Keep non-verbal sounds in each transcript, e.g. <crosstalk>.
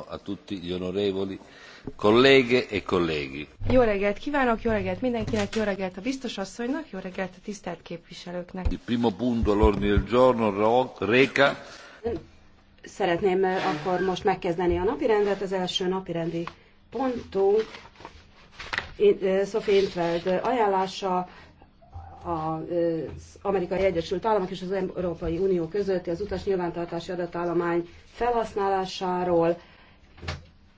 buongiorno a tutti gli onorevoli e Jó reggelt kívánok, jó reggelt mindenkinek, jó reggelt a biztos asszonynak, jó reggelt a tisztelt képviselőknek. Il primo punto all'ordine del Szeretném eh, akkor most megkezdeni a napirendet. Az első napirendi pontunk eh, Sophie Intveld ajánlása az Amerikai Egyesült Államok és az Európai Unió közötti az utas nyilvántartási adatállomány felhasználásáról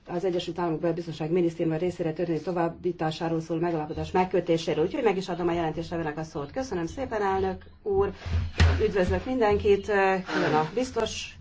az Egyesült Államok Belbiztonság Minisztériuma részére történő továbbításáról szóló megalapodás megkötéséről. Úgyhogy meg is adom a jelentéstevőnek a szót. Köszönöm szépen, elnök úr, üdvözlök mindenkit, külön a biztos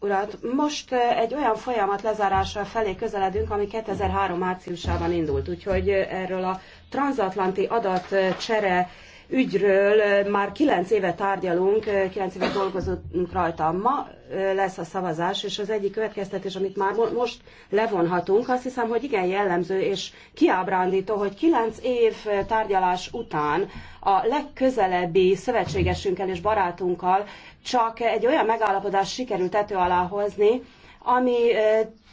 urat. Most eh, egy olyan folyamat lezárása felé közeledünk, ami 2003 márciusában indult, úgyhogy eh, erről a transatlanti adatcsere ügyről már kilenc éve tárgyalunk, kilenc éve dolgozunk rajta. Ma lesz a szavazás, és az egyik következtetés, amit már most levonhatunk, azt hiszem, hogy igen jellemző és kiábrándító, hogy kilenc év tárgyalás után a legközelebbi szövetségesünkkel és barátunkkal csak egy olyan megállapodás sikerült tető alá hozni, ami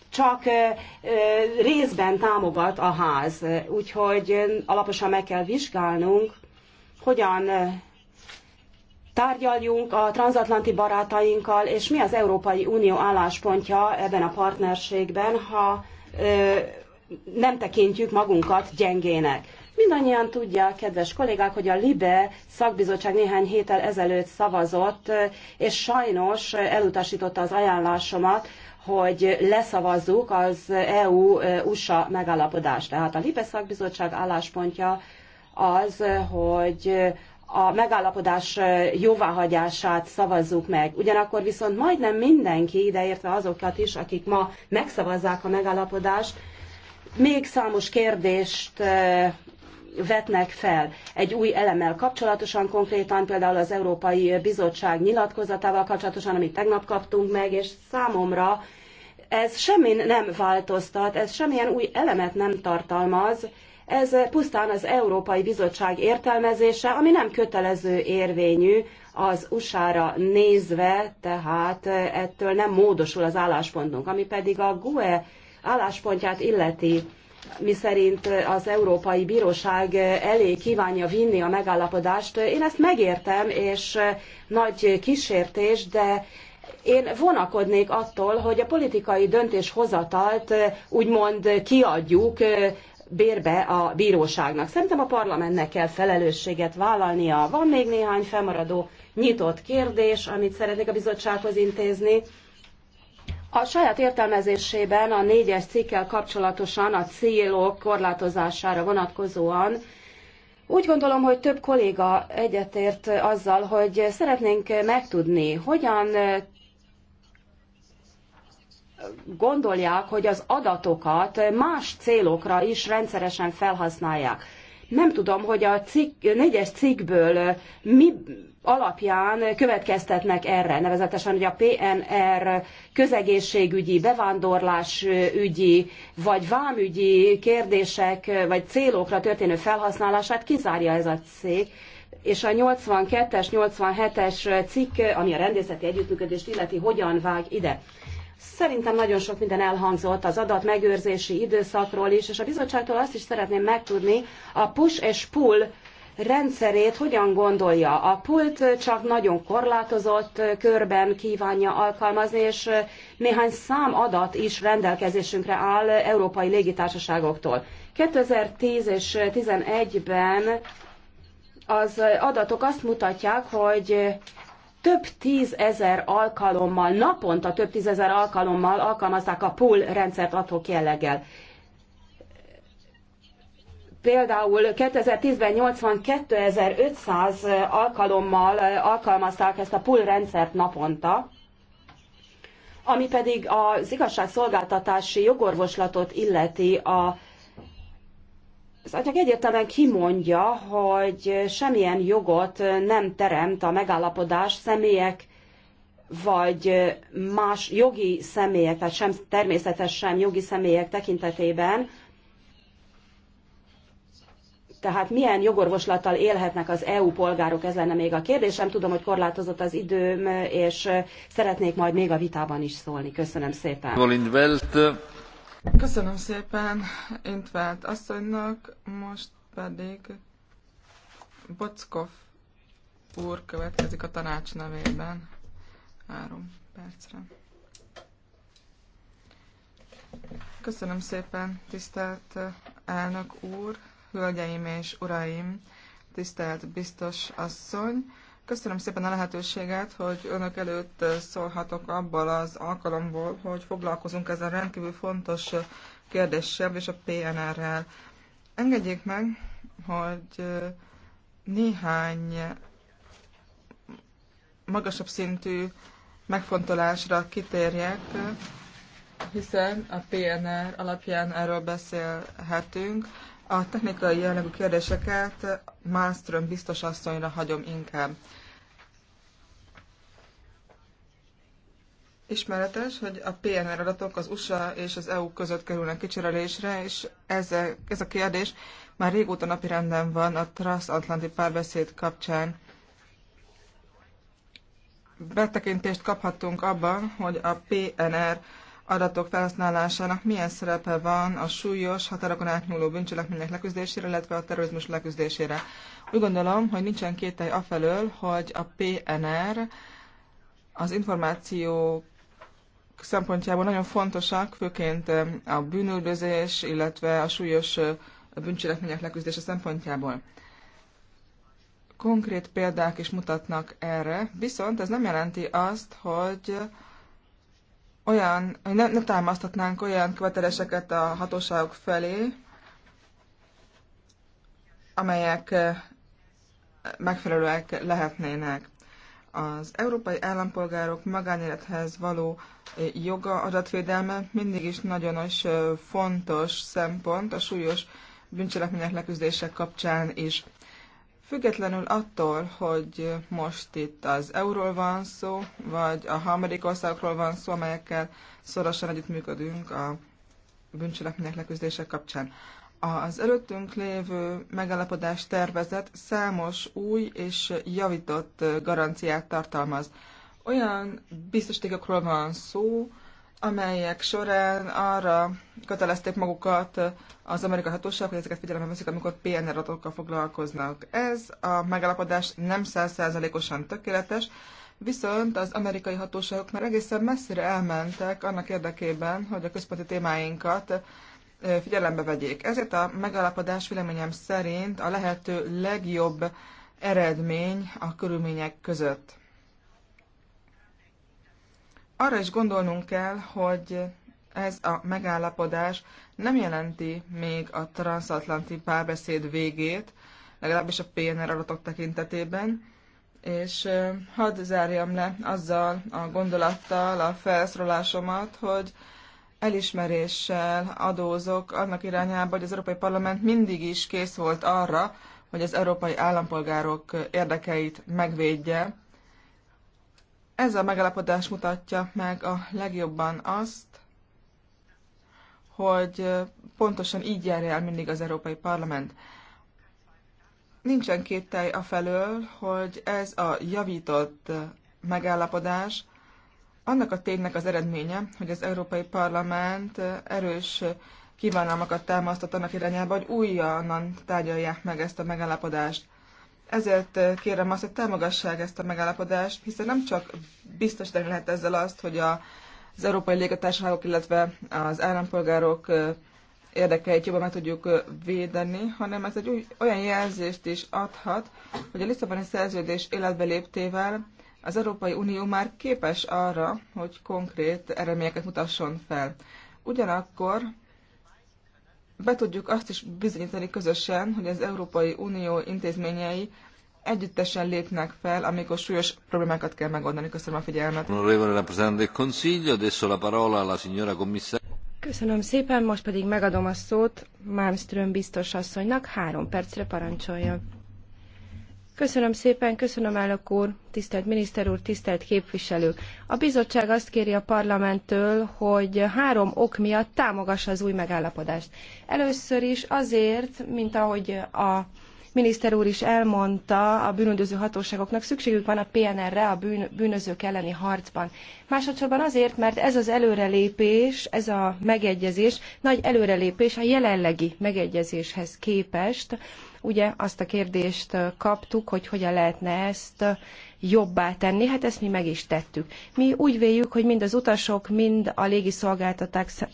csak részben támogat a ház. Úgyhogy alaposan meg kell vizsgálnunk, hogyan tárgyaljunk a transatlanti barátainkkal, és mi az Európai Unió álláspontja ebben a partnerségben, ha nem tekintjük magunkat gyengének. Mindannyian tudja, kedves kollégák, hogy a LIBE szakbizottság néhány héttel ezelőtt szavazott, és sajnos elutasította az ajánlásomat, hogy leszavazzuk az EU-USA megállapodást. Tehát a LIBE szakbizottság álláspontja az, hogy a megállapodás jóváhagyását szavazzuk meg. Ugyanakkor viszont majdnem mindenki, ideértve azokat is, akik ma megszavazzák a megállapodást, még számos kérdést vetnek fel egy új elemmel kapcsolatosan, konkrétan például az Európai Bizottság nyilatkozatával kapcsolatosan, amit tegnap kaptunk meg, és számomra ez semmi nem változtat, ez semmilyen új elemet nem tartalmaz, ez pusztán az Európai Bizottság értelmezése, ami nem kötelező érvényű az USA-ra nézve, tehát ettől nem módosul az álláspontunk, ami pedig a GUE álláspontját illeti miszerint az Európai Bíróság elé kívánja vinni a megállapodást. Én ezt megértem, és nagy kísértés, de én vonakodnék attól, hogy a politikai döntéshozatalt úgymond kiadjuk bérbe a bíróságnak. Szerintem a parlamentnek kell felelősséget vállalnia. Van még néhány felmaradó nyitott kérdés, amit szeretnék a bizottsághoz intézni. A saját értelmezésében a négyes cikkel kapcsolatosan a célok korlátozására vonatkozóan úgy gondolom, hogy több kolléga egyetért azzal, hogy szeretnénk megtudni, hogyan gondolják, hogy az adatokat más célokra is rendszeresen felhasználják. Nem tudom, hogy a cikk, négyes cikkből mi alapján következtetnek erre, nevezetesen, hogy a PNR közegészségügyi, bevándorlásügyi, vagy vámügyi kérdések, vagy célokra történő felhasználását kizárja ez a cég és a 82-es, 87-es cikk, ami a rendészeti együttműködést illeti, hogyan vág ide. Szerintem nagyon sok minden elhangzott az adat megőrzési időszakról is, és a bizottságtól azt is szeretném megtudni, a push és pull rendszerét hogyan gondolja. A pult csak nagyon korlátozott körben kívánja alkalmazni, és néhány szám adat is rendelkezésünkre áll európai légitársaságoktól. 2010 és 2011 ben az adatok azt mutatják, hogy több tízezer alkalommal, naponta több tízezer alkalommal alkalmazták a pool rendszert adhok jelleggel. Például 2010-ben 82.500 alkalommal alkalmazták ezt a pool rendszert naponta, ami pedig az igazságszolgáltatási jogorvoslatot illeti a az atyák egyértelműen kimondja, hogy semmilyen jogot nem teremt a megállapodás személyek vagy más jogi személyek, tehát sem természetes, sem jogi személyek tekintetében, tehát milyen jogorvoslattal élhetnek az EU polgárok, ez lenne még a kérdésem. Tudom, hogy korlátozott az időm, és szeretnék majd még a vitában is szólni. Köszönöm szépen. Köszönöm szépen Intvált asszonynak, most pedig Bockov úr következik a tanács nevében. Három percre. Köszönöm szépen, tisztelt elnök úr, hölgyeim és uraim, tisztelt biztos asszony. Köszönöm szépen a lehetőséget, hogy önök előtt szólhatok abból az alkalomból, hogy foglalkozunk ezzel rendkívül fontos kérdéssel és a PNR-rel. Engedjék meg, hogy néhány magasabb szintű megfontolásra kitérjek, hiszen a PNR alapján erről beszélhetünk. A technikai jellegű kérdéseket Malmström biztos asszonyra hagyom inkább. ismeretes, hogy a PNR adatok az USA és az EU között kerülnek kicserélésre, és ez a, ez a kérdés már régóta napirenden van a transatlanti párbeszéd kapcsán. Betekintést kaphattunk abban, hogy a PNR adatok felhasználásának milyen szerepe van a súlyos, határokon átnyúló bűncselekmények leküzdésére, illetve a terrorizmus leküzdésére. Úgy gondolom, hogy nincsen kételj afelől, hogy a PNR az információk szempontjából nagyon fontosak, főként a bűnüldözés, illetve a súlyos bűncselekmények leküzdése szempontjából. Konkrét példák is mutatnak erre, viszont ez nem jelenti azt, hogy olyan, hogy nem, nem támasztatnánk olyan követeléseket a hatóságok felé, amelyek megfelelőek lehetnének. Az európai állampolgárok magánélethez való joga adatvédelme mindig is nagyon is fontos szempont a súlyos bűncselekmények leküzdése kapcsán is. Függetlenül attól, hogy most itt az euról van szó, vagy a harmadik országokról van szó, amelyekkel szorosan együttműködünk a bűncselekmények leküzdése kapcsán. Az előttünk lévő megállapodás tervezet számos új és javított garanciát tartalmaz. Olyan biztosítékokról van szó, amelyek során arra kötelezték magukat az amerikai hatóságok, hogy ezeket figyelembe veszik, amikor PNR adatokkal foglalkoznak. Ez a megállapodás nem százszázalékosan tökéletes, viszont az amerikai hatóságok már egészen messzire elmentek annak érdekében, hogy a központi témáinkat figyelembe vegyék. Ezért a megállapodás véleményem szerint a lehető legjobb eredmény a körülmények között. Arra is gondolnunk kell, hogy ez a megállapodás nem jelenti még a transatlanti párbeszéd végét, legalábbis a PNR adatok tekintetében, és hadd zárjam le azzal a gondolattal a felszólásomat, hogy elismeréssel adózok annak irányába, hogy az Európai Parlament mindig is kész volt arra, hogy az európai állampolgárok érdekeit megvédje. Ez a megállapodás mutatja meg a legjobban azt, hogy pontosan így jár el mindig az Európai Parlament. Nincsen kéttelj a felől, hogy ez a javított megállapodás annak a ténynek az eredménye, hogy az Európai Parlament erős kívánalmakat támasztott annak irányába, hogy újonnan tárgyalják meg ezt a megállapodást. Ezért kérem azt, hogy támogassák ezt a megállapodást, hiszen nem csak biztosítani lehet ezzel azt, hogy a, az európai légitársaságok, illetve az állampolgárok érdekeit jobban meg tudjuk védeni, hanem ez egy új, olyan jelzést is adhat, hogy a Lisszaboni szerződés életbe léptével az Európai Unió már képes arra, hogy konkrét eredményeket mutasson fel. Ugyanakkor be tudjuk azt is bizonyítani közösen, hogy az Európai Unió intézményei együttesen lépnek fel, amikor súlyos problémákat kell megoldani. Köszönöm a figyelmet. Köszönöm szépen, most pedig megadom a szót Malmström biztos asszonynak, három percre parancsoljon. Köszönöm szépen, köszönöm elnök úr, tisztelt miniszter úr, tisztelt képviselők. A bizottság azt kéri a parlamenttől, hogy három ok miatt támogassa az új megállapodást. Először is azért, mint ahogy a miniszter úr is elmondta, a bűnöldöző hatóságoknak szükségük van a PNR-re a bűn, bűnözők elleni harcban. Másodszorban azért, mert ez az előrelépés, ez a megegyezés nagy előrelépés a jelenlegi megegyezéshez képest, Ugye azt a kérdést kaptuk, hogy hogyan lehetne ezt jobbá tenni, hát ezt mi meg is tettük. Mi úgy véljük, hogy mind az utasok, mind a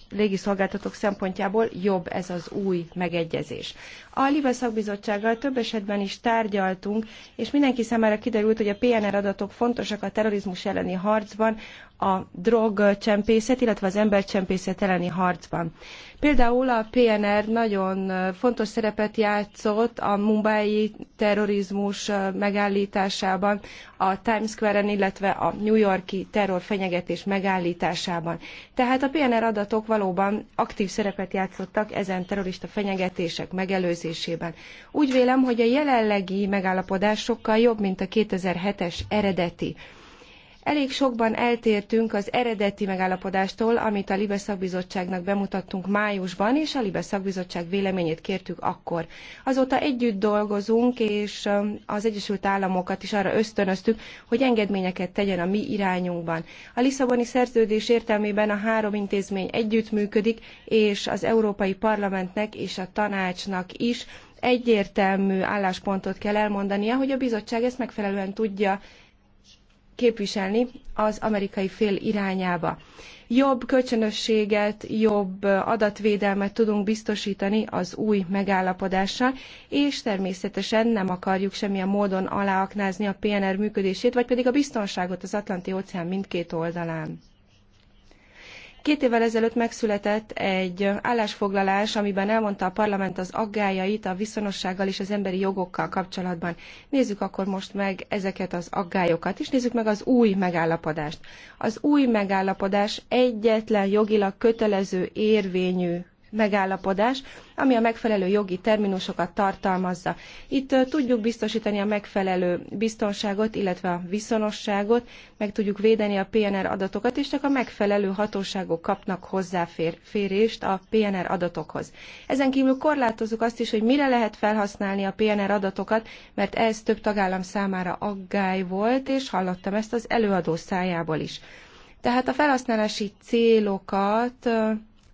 légiszolgáltatók szempontjából jobb ez az új megegyezés. A Libe szakbizottsággal több esetben is tárgyaltunk, és mindenki számára kiderült, hogy a PNR adatok fontosak a terrorizmus elleni harcban, a drogcsempészet, illetve az embercsempészet elleni harcban. Például a PNR nagyon fontos szerepet játszott a mumbai terrorizmus megállításában, a Times Square-en, illetve a New Yorki terrorfenyegetés megállításában. Tehát a PNR adatok valóban aktív szerepet játszottak ezen terrorista fenyegetések megelőzésében. Úgy vélem, hogy a jelenlegi megállapodás sokkal jobb, mint a 2007-es eredeti Elég sokban eltértünk az eredeti megállapodástól, amit a Libe szakbizottságnak bemutattunk májusban, és a Libe szakbizottság véleményét kértük akkor. Azóta együtt dolgozunk, és um, az Egyesült Államokat is arra ösztönöztük, hogy engedményeket tegyen a mi irányunkban. A Lisszaboni szerződés értelmében a három intézmény együttműködik, és az Európai Parlamentnek és a tanácsnak is egyértelmű álláspontot kell elmondania, hogy a bizottság ezt megfelelően tudja képviselni az amerikai fél irányába. Jobb kölcsönösséget, jobb adatvédelmet tudunk biztosítani az új megállapodással, és természetesen nem akarjuk semmilyen módon aláaknázni a PNR működését, vagy pedig a biztonságot az Atlanti óceán mindkét oldalán. Két évvel ezelőtt megszületett egy állásfoglalás, amiben elmondta a parlament az aggályait a viszonossággal és az emberi jogokkal kapcsolatban. Nézzük akkor most meg ezeket az aggályokat, és nézzük meg az új megállapodást. Az új megállapodás egyetlen jogilag kötelező érvényű megállapodás, ami a megfelelő jogi terminusokat tartalmazza. Itt tudjuk biztosítani a megfelelő biztonságot, illetve a viszonosságot, meg tudjuk védeni a PNR adatokat, és csak a megfelelő hatóságok kapnak hozzáférést a PNR adatokhoz. Ezen kívül korlátozunk azt is, hogy mire lehet felhasználni a PNR adatokat, mert ez több tagállam számára aggály volt, és hallottam ezt az előadó szájából is. Tehát a felhasználási célokat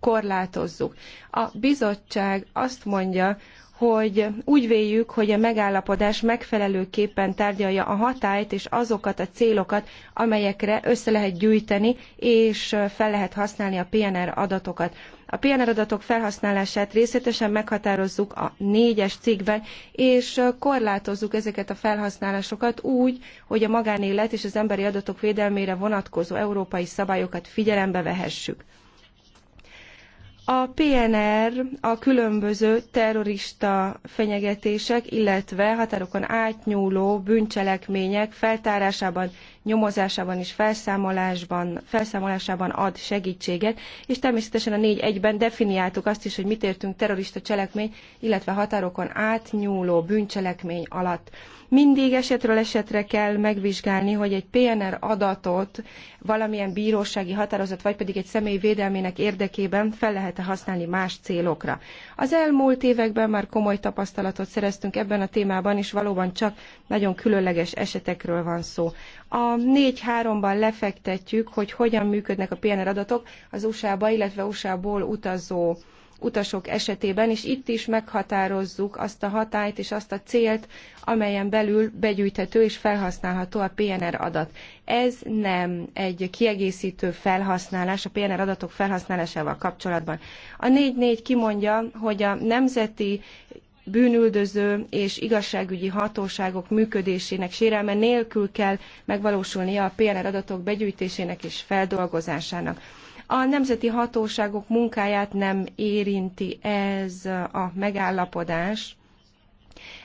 korlátozzuk. A bizottság azt mondja, hogy úgy véljük, hogy a megállapodás megfelelőképpen tárgyalja a hatályt és azokat a célokat, amelyekre össze lehet gyűjteni és fel lehet használni a PNR adatokat. A PNR adatok felhasználását részletesen meghatározzuk a négyes cikkben, és korlátozzuk ezeket a felhasználásokat úgy, hogy a magánélet és az emberi adatok védelmére vonatkozó európai szabályokat figyelembe vehessük. A PNR a különböző terrorista fenyegetések, illetve határokon átnyúló bűncselekmények feltárásában, nyomozásában és felszámolásban, felszámolásában ad segítséget, és természetesen a négy ben definiáltuk azt is, hogy mit értünk terrorista cselekmény, illetve határokon átnyúló bűncselekmény alatt. Mindig esetről esetre kell megvizsgálni, hogy egy PNR adatot valamilyen bírósági határozat, vagy pedig egy személy védelmének érdekében fel lehet lehet-e használni más célokra. Az elmúlt években már komoly tapasztalatot szereztünk ebben a témában, és valóban csak nagyon különleges esetekről van szó. A 4-3-ban lefektetjük, hogy hogyan működnek a PNR adatok az USA-ba, illetve USA-ból utazó utasok esetében, és itt is meghatározzuk azt a hatályt és azt a célt, amelyen belül begyűjthető és felhasználható a PNR adat. Ez nem egy kiegészítő felhasználás a PNR adatok felhasználásával kapcsolatban. A 4.4 kimondja, hogy a nemzeti bűnüldöző és igazságügyi hatóságok működésének sérelme nélkül kell megvalósulnia a PNR adatok begyűjtésének és feldolgozásának a nemzeti hatóságok munkáját nem érinti ez a megállapodás.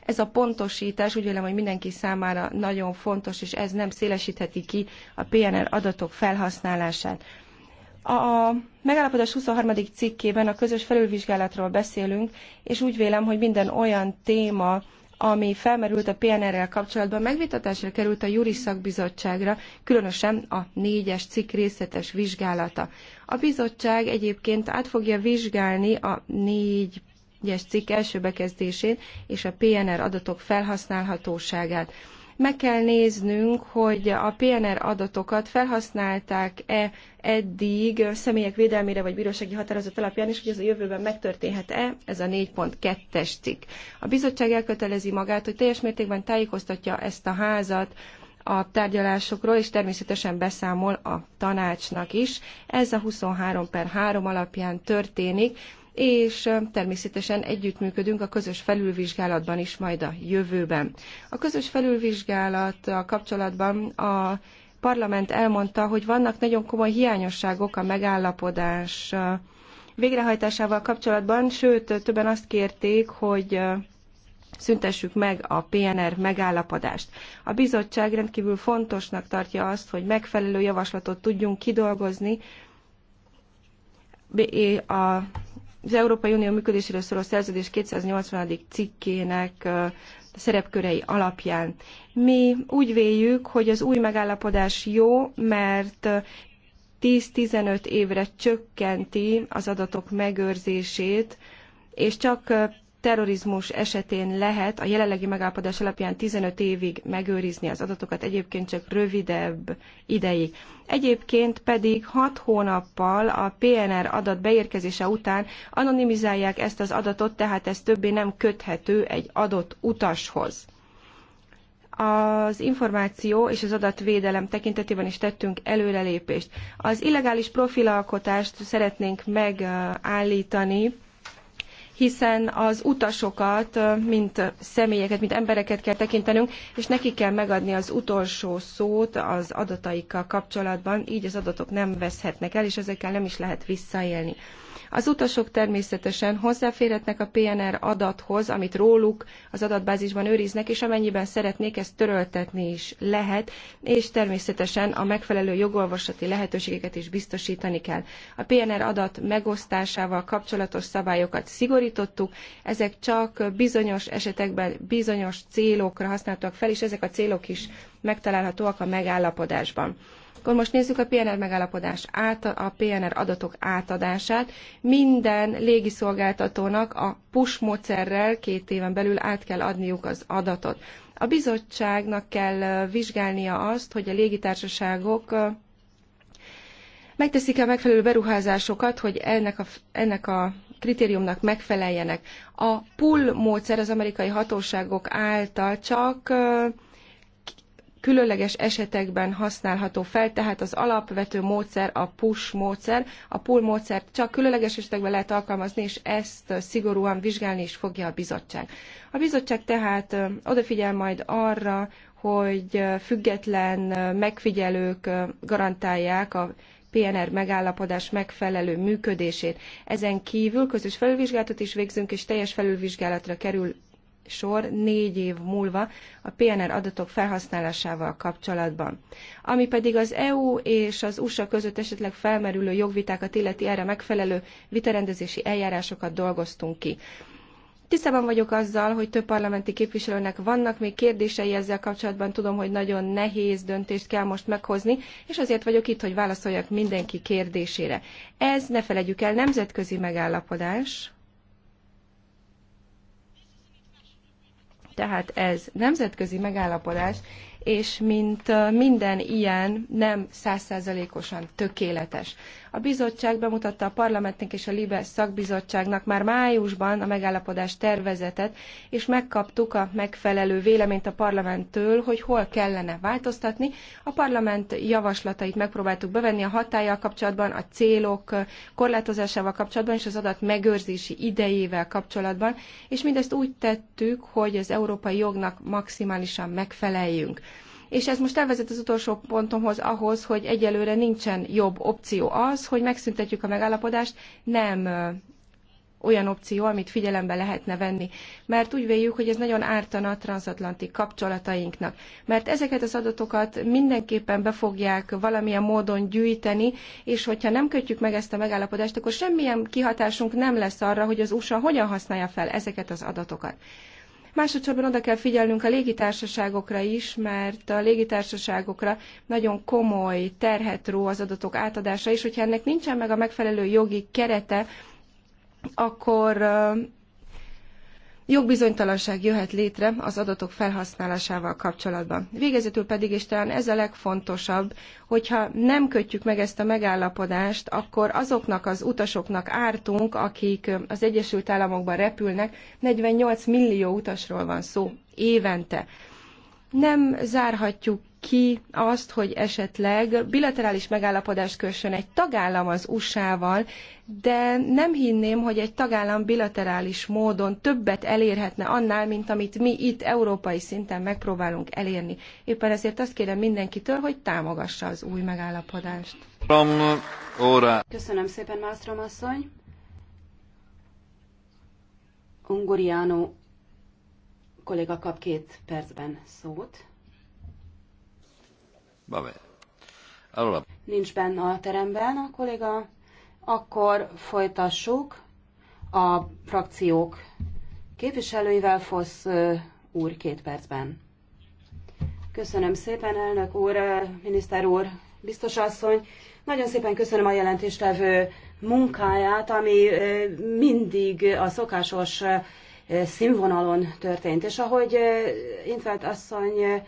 Ez a pontosítás úgy vélem, hogy mindenki számára nagyon fontos, és ez nem szélesítheti ki a PNR adatok felhasználását. A megállapodás 23. cikkében a közös felülvizsgálatról beszélünk, és úgy vélem, hogy minden olyan téma, ami felmerült a PNR-rel kapcsolatban, megvitatásra került a Juri Szakbizottságra, különösen a négyes cikk részletes vizsgálata. A bizottság egyébként át fogja vizsgálni a négy egyes cikk első bekezdését és a PNR adatok felhasználhatóságát. Meg kell néznünk, hogy a PNR adatokat felhasználták-e eddig személyek védelmére vagy bírósági határozat alapján, és hogy ez a jövőben megtörténhet-e, ez a 4.2-es cikk. A bizottság elkötelezi magát, hogy teljes mértékben tájékoztatja ezt a házat, a tárgyalásokról, és természetesen beszámol a tanácsnak is. Ez a 23 per 3 alapján történik, és természetesen együttműködünk a közös felülvizsgálatban is majd a jövőben. A közös felülvizsgálat a kapcsolatban a parlament elmondta, hogy vannak nagyon komoly hiányosságok a megállapodás végrehajtásával kapcsolatban, sőt, többen azt kérték, hogy szüntessük meg a PNR megállapodást. A bizottság rendkívül fontosnak tartja azt, hogy megfelelő javaslatot tudjunk kidolgozni a az Európai Unió működéséről szóló szerződés 280. cikkének szerepkörei alapján. Mi úgy véljük, hogy az új megállapodás jó, mert 10-15 évre csökkenti az adatok megőrzését, és csak terrorizmus esetén lehet a jelenlegi megállapodás alapján 15 évig megőrizni az adatokat, egyébként csak rövidebb ideig. Egyébként pedig 6 hónappal a PNR adat beérkezése után anonimizálják ezt az adatot, tehát ez többé nem köthető egy adott utashoz. Az információ és az adatvédelem tekintetében is tettünk előrelépést. Az illegális profilalkotást szeretnénk megállítani, hiszen az utasokat, mint személyeket, mint embereket kell tekintenünk, és nekik kell megadni az utolsó szót az adataikkal kapcsolatban, így az adatok nem veszhetnek el, és ezekkel nem is lehet visszaélni. Az utasok természetesen hozzáférhetnek a PNR adathoz, amit róluk az adatbázisban őriznek, és amennyiben szeretnék, ezt töröltetni is lehet, és természetesen a megfelelő jogolvasati lehetőségeket is biztosítani kell. A PNR adat megosztásával kapcsolatos szabályokat szigorítottuk, ezek csak bizonyos esetekben bizonyos célokra használtak fel, és ezek a célok is megtalálhatóak a megállapodásban. Akkor most nézzük a PNR megállapodás át, a PNR adatok átadását. Minden légiszolgáltatónak a push módszerrel két éven belül át kell adniuk az adatot. A bizottságnak kell vizsgálnia azt, hogy a légitársaságok megteszik-e a megfelelő beruházásokat, hogy ennek a, ennek a kritériumnak megfeleljenek. A pull módszer az amerikai hatóságok által csak különleges esetekben használható fel, tehát az alapvető módszer a push módszer, a pull módszer. csak különleges esetekben lehet alkalmazni, és ezt szigorúan vizsgálni is fogja a bizottság. A bizottság tehát odafigyel majd arra, hogy független megfigyelők garantálják a PNR megállapodás megfelelő működését. Ezen kívül közös felülvizsgálatot is végzünk, és teljes felülvizsgálatra kerül sor négy év múlva a PNR adatok felhasználásával kapcsolatban. Ami pedig az EU és az USA között esetleg felmerülő jogvitákat illeti erre megfelelő vitarendezési eljárásokat dolgoztunk ki. Tisztában vagyok azzal, hogy több parlamenti képviselőnek vannak még kérdései ezzel kapcsolatban, tudom, hogy nagyon nehéz döntést kell most meghozni, és azért vagyok itt, hogy válaszoljak mindenki kérdésére. Ez, ne felejtjük el, nemzetközi megállapodás, Tehát ez nemzetközi megállapodás, és mint minden ilyen nem százszázalékosan tökéletes. A bizottság bemutatta a parlamentnek és a LIBE szakbizottságnak már májusban a megállapodás tervezetet, és megkaptuk a megfelelő véleményt a parlamenttől, hogy hol kellene változtatni. A parlament javaslatait megpróbáltuk bevenni a hatállyal kapcsolatban, a célok korlátozásával kapcsolatban és az adat megőrzési idejével kapcsolatban, és mindezt úgy tettük, hogy az európai jognak maximálisan megfeleljünk és ez most elvezet az utolsó pontomhoz ahhoz, hogy egyelőre nincsen jobb opció az, hogy megszüntetjük a megállapodást, nem olyan opció, amit figyelembe lehetne venni. Mert úgy véljük, hogy ez nagyon ártana a transatlanti kapcsolatainknak. Mert ezeket az adatokat mindenképpen be fogják valamilyen módon gyűjteni, és hogyha nem kötjük meg ezt a megállapodást, akkor semmilyen kihatásunk nem lesz arra, hogy az USA hogyan használja fel ezeket az adatokat. Másodszorban oda kell figyelnünk a légitársaságokra is, mert a légitársaságokra nagyon komoly terhet ró az adatok átadása, és hogyha ennek nincsen meg a megfelelő jogi kerete, akkor jogbizonytalanság jöhet létre az adatok felhasználásával kapcsolatban. Végezetül pedig, és talán ez a legfontosabb, hogyha nem kötjük meg ezt a megállapodást, akkor azoknak az utasoknak ártunk, akik az Egyesült Államokban repülnek, 48 millió utasról van szó évente. Nem zárhatjuk ki azt, hogy esetleg bilaterális megállapodást kössön egy tagállam az USA-val, de nem hinném, hogy egy tagállam bilaterális módon többet elérhetne annál, mint amit mi itt európai szinten megpróbálunk elérni. Éppen ezért azt kérem mindenkitől, hogy támogassa az új megállapodást. Köszönöm szépen, Mászrom asszony. Ungoriano kolléga kap két percben szót. Nincs benne a teremben a kolléga. Akkor folytassuk a frakciók képviselőivel Fosz úr két percben. Köszönöm szépen, elnök úr, miniszter úr, biztos asszony. Nagyon szépen köszönöm a jelentéstevő munkáját, ami mindig a szokásos színvonalon történt. És ahogy Intvelt asszony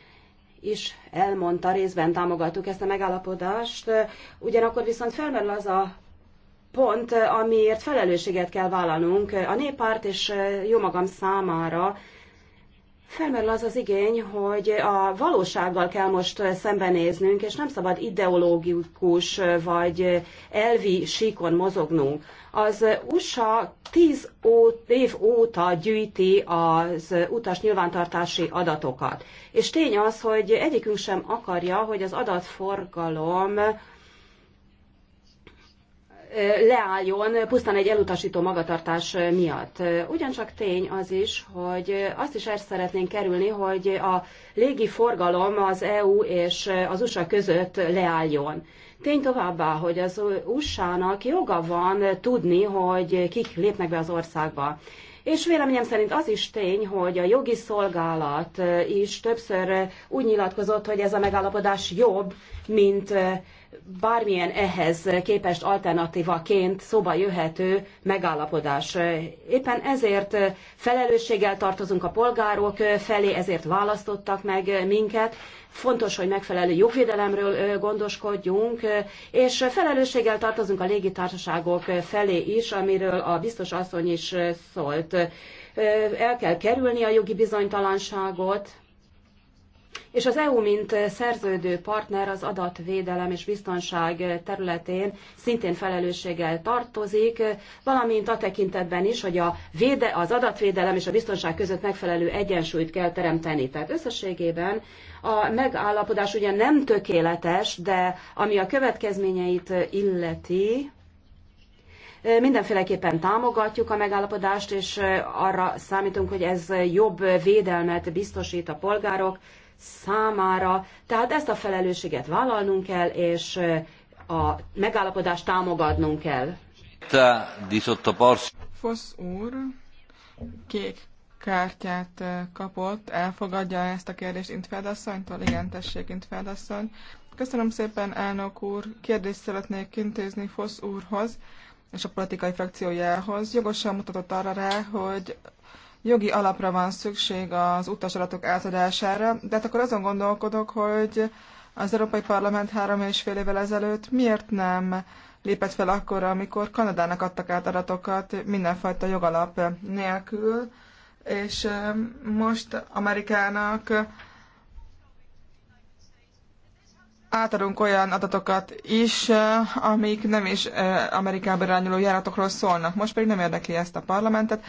is elmondta, részben támogattuk ezt a megállapodást, ugyanakkor viszont felmerül az a pont, amiért felelősséget kell vállalnunk a néppárt és jó magam számára, Felmerül az az igény, hogy a valósággal kell most szembenéznünk, és nem szabad ideológikus vagy elvi síkon mozognunk. Az USA 10 év óta gyűjti az utas nyilvántartási adatokat. És tény az, hogy egyikünk sem akarja, hogy az adatforgalom leálljon pusztán egy elutasító magatartás miatt. Ugyancsak tény az is, hogy azt is el szeretnénk kerülni, hogy a légi forgalom az EU és az USA között leálljon. Tény továbbá, hogy az USA-nak joga van tudni, hogy kik lépnek be az országba. És véleményem szerint az is tény, hogy a jogi szolgálat is többször úgy nyilatkozott, hogy ez a megállapodás jobb, mint bármilyen ehhez képest alternatívaként szóba jöhető megállapodás. Éppen ezért felelősséggel tartozunk a polgárok felé, ezért választottak meg minket, fontos, hogy megfelelő jogvédelemről gondoskodjunk, és felelősséggel tartozunk a légitársaságok felé is, amiről a biztos asszony is szólt. El kell kerülni a jogi bizonytalanságot, és az EU, mint szerződő partner az adatvédelem és biztonság területén szintén felelősséggel tartozik, valamint a tekintetben is, hogy a véde, az adatvédelem és a biztonság között megfelelő egyensúlyt kell teremteni. Tehát összességében a megállapodás ugye nem tökéletes, de ami a következményeit illeti, mindenféleképpen támogatjuk a megállapodást, és arra számítunk, hogy ez jobb védelmet biztosít a polgárok számára. Tehát ezt a felelősséget vállalnunk kell, és a megállapodást támogatnunk kell. Fosz úr, kék kártyát kapott. Elfogadja ezt a kérdést Intfeld asszonytól? Igen, tessék, Intfeld asszony. Köszönöm szépen, elnök úr. Kérdést szeretnék intézni Fosz úrhoz és a politikai frakciójához. Jogosan mutatott arra rá, hogy jogi alapra van szükség az utasadatok átadására, de hát akkor azon gondolkodok, hogy az Európai Parlament három és fél évvel ezelőtt miért nem lépett fel akkor, amikor Kanadának adtak át adatokat mindenfajta jogalap nélkül, és most Amerikának átadunk olyan adatokat is, amik nem is Amerikába irányuló járatokról szólnak. Most pedig nem érdekli ezt a parlamentet,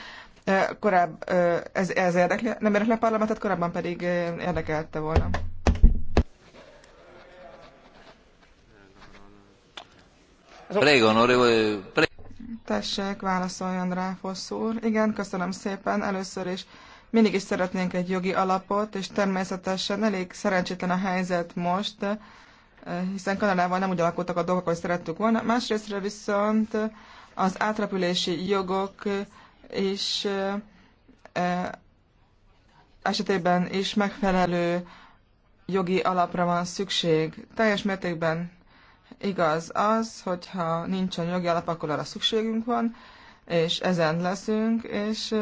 korább, ez, ez érdekli, nem érdekli a parlamentet, korábban pedig érdekelte volna. Prego, onorevole, prego tessék, válaszoljon rá, Fossz úr. Igen, köszönöm szépen. Először is mindig is szeretnénk egy jogi alapot, és természetesen elég szerencsétlen a helyzet most, eh, hiszen Kanadával nem úgy alakultak a dolgok, ahogy szerettük volna. Másrésztről viszont az átrepülési jogok eh, is eh, esetében is megfelelő jogi alapra van szükség. Teljes mértékben Igaz az, hogyha nincsen jogi alap, akkor arra szükségünk van, és ezen leszünk, és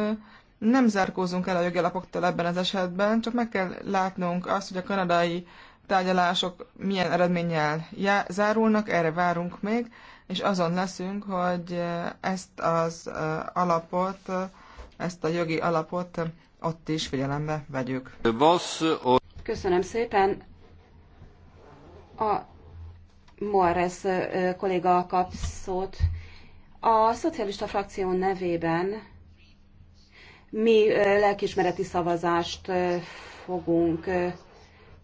nem zárkózunk el a jogi alapoktól ebben az esetben, csak meg kell látnunk azt, hogy a kanadai tárgyalások milyen eredménnyel zárulnak, erre várunk még, és azon leszünk, hogy ezt az alapot, ezt a jogi alapot ott is figyelembe vegyük. Köszönöm szépen. A Moares kolléga kap szót. A szocialista frakció nevében mi lelkismereti szavazást fogunk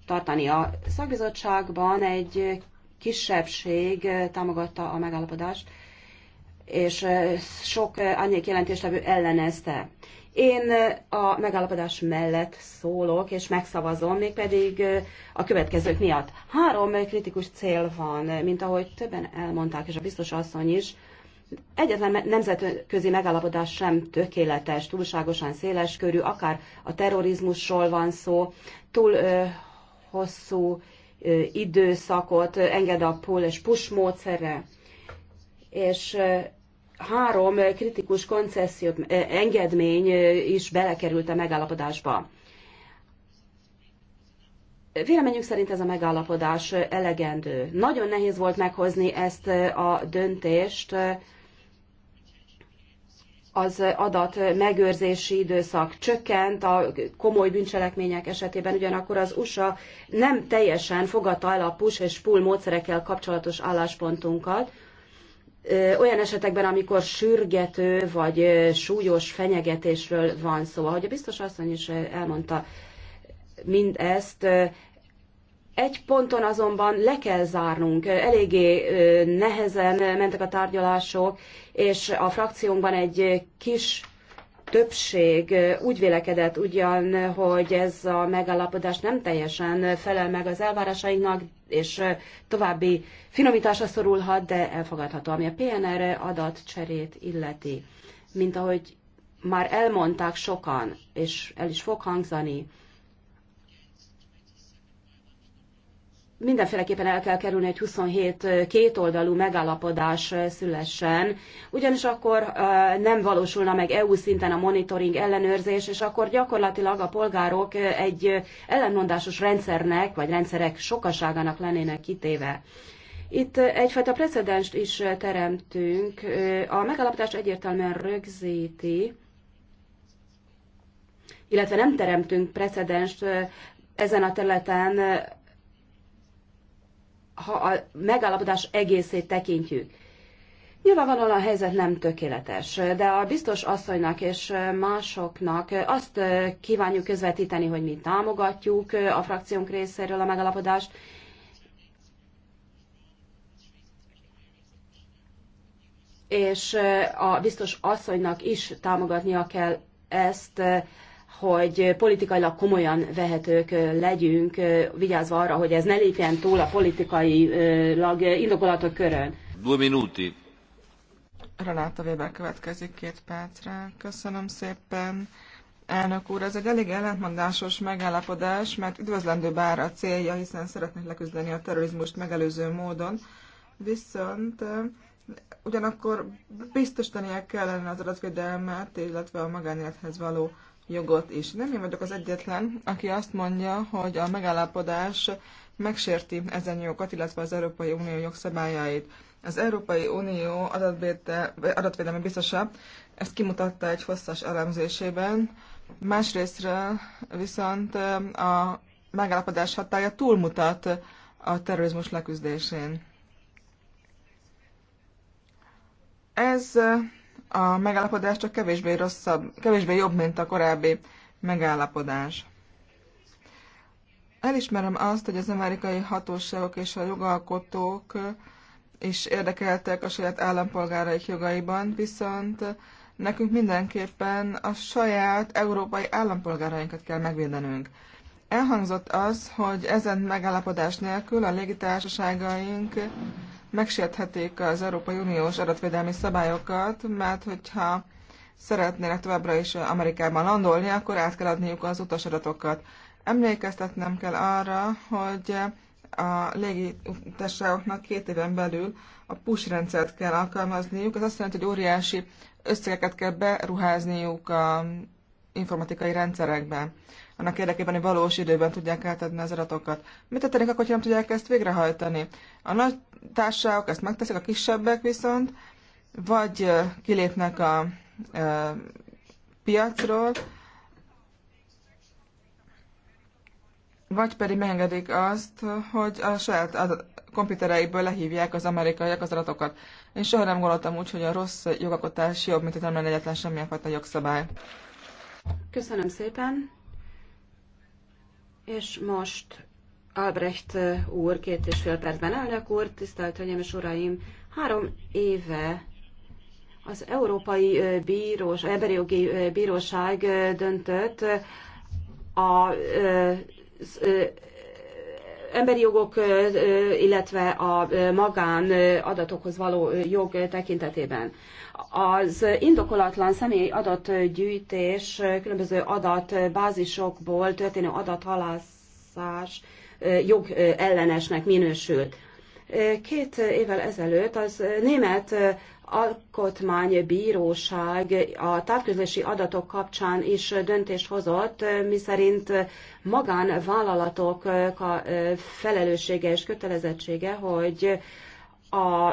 tartani. A szakbizottságban egy kisebbség támogatta a megállapodást, és sok árnyék jelentéstevő ellenezte. Én a megállapodás mellett szólok, és megszavazom, mégpedig a következők miatt. Három kritikus cél van, mint ahogy többen elmondták, és a biztos asszony is, egyetlen nemzetközi megállapodás sem tökéletes, túlságosan széles körű, akár a terrorizmusról van szó, túl ö, hosszú ö, időszakot enged a pull és push módszerre, és ö, három kritikus konceszió eh, engedmény eh, is belekerült a megállapodásba. Véleményünk szerint ez a megállapodás eh, elegendő. Nagyon nehéz volt meghozni ezt a döntést az adat megőrzési időszak csökkent, a komoly bűncselekmények esetében ugyanakkor az USA nem teljesen fogadta el a push és pull módszerekkel kapcsolatos álláspontunkat, olyan esetekben, amikor sürgető vagy súlyos fenyegetésről van szó. Ahogy a biztos asszony is elmondta mindezt, egy ponton azonban le kell zárnunk. Eléggé nehezen mentek a tárgyalások, és a frakciónkban egy kis többség úgy vélekedett ugyan, hogy ez a megállapodás nem teljesen felel meg az elvárásainknak, és további finomításra szorulhat, de elfogadható, ami a PNR adatcserét illeti. Mint ahogy már elmondták sokan, és el is fog hangzani, mindenféleképpen el kell kerülni, hogy 27 kétoldalú megállapodás szülessen, ugyanis akkor nem valósulna meg EU szinten a monitoring ellenőrzés, és akkor gyakorlatilag a polgárok egy ellenmondásos rendszernek, vagy rendszerek sokaságának lennének kitéve. Itt egyfajta precedenst is teremtünk. A megállapodás egyértelműen rögzíti, illetve nem teremtünk precedenst ezen a területen ha a megállapodás egészét tekintjük. Nyilvánvalóan a helyzet nem tökéletes, de a biztos asszonynak és másoknak azt kívánjuk közvetíteni, hogy mi támogatjuk a frakciónk részéről a megalapodást, és a biztos asszonynak is támogatnia kell ezt, hogy politikailag komolyan vehetők legyünk, vigyázva arra, hogy ez ne lépjen túl a politikailag indokolatok körön. Due minuti. Renáta Weber következik két percre. Köszönöm szépen. Elnök úr, ez egy elég ellentmondásos megállapodás, mert üdvözlendő bár a célja, hiszen szeretnék leküzdeni a terrorizmust megelőző módon, viszont eh, ugyanakkor biztosítania kellene az adatvédelmet, illetve a magánélethez való jogot is. Nem én vagyok az egyetlen, aki azt mondja, hogy a megállapodás megsérti ezen jogokat, illetve az Európai Unió jogszabályait. Az Európai Unió adatvédelmi biztosa ezt kimutatta egy hosszas elemzésében, másrésztről viszont a megállapodás hatája túlmutat a terrorizmus leküzdésén. Ez a megállapodás csak kevésbé rosszabb, kevésbé jobb, mint a korábbi megállapodás. Elismerem azt, hogy az amerikai hatóságok és a jogalkotók is érdekeltek a saját állampolgáraik jogaiban, viszont nekünk mindenképpen a saját európai állampolgárainkat kell megvédenünk. Elhangzott az, hogy ezen megállapodás nélkül a légitársaságaink megsérthetik az Európai Uniós adatvédelmi szabályokat, mert hogyha szeretnének továbbra is Amerikában landolni, akkor át kell adniuk az utas adatokat. Emlékeztetnem kell arra, hogy a légitársaságoknak két éven belül a push rendszert kell alkalmazniuk. Ez azt jelenti, hogy óriási összegeket kell beruházniuk a informatikai rendszerekbe annak érdekében, hogy valós időben tudják átadni az adatokat. Mit tettenek akkor, hogyha nem tudják ezt végrehajtani? A nagy társaságok ezt megteszik, a kisebbek viszont vagy kilépnek a a piacról, vagy pedig megengedik azt, hogy a saját a komputereikből lehívják az amerikaiak az adatokat. Én soha nem gondoltam úgy, hogy a rossz jogakotás jobb, mint hogy nem lenne egyetlen semmilyen fajta jogszabály. Köszönöm szépen! És most Albrecht úr, két és fél percben elnök úr, tisztelt Hölgyeim és Uraim, három éve az Európai Bírós, Emberi Jogi Bíróság döntött a, a, a emberi jogok, illetve a magán adatokhoz való jog tekintetében. Az indokolatlan személyi adatgyűjtés, különböző adatbázisokból történő adathalászás jogellenesnek minősül. Két évvel ezelőtt az német alkotmánybíróság a távközlési adatok kapcsán is döntést hozott, miszerint magánvállalatok a felelőssége és kötelezettsége, hogy a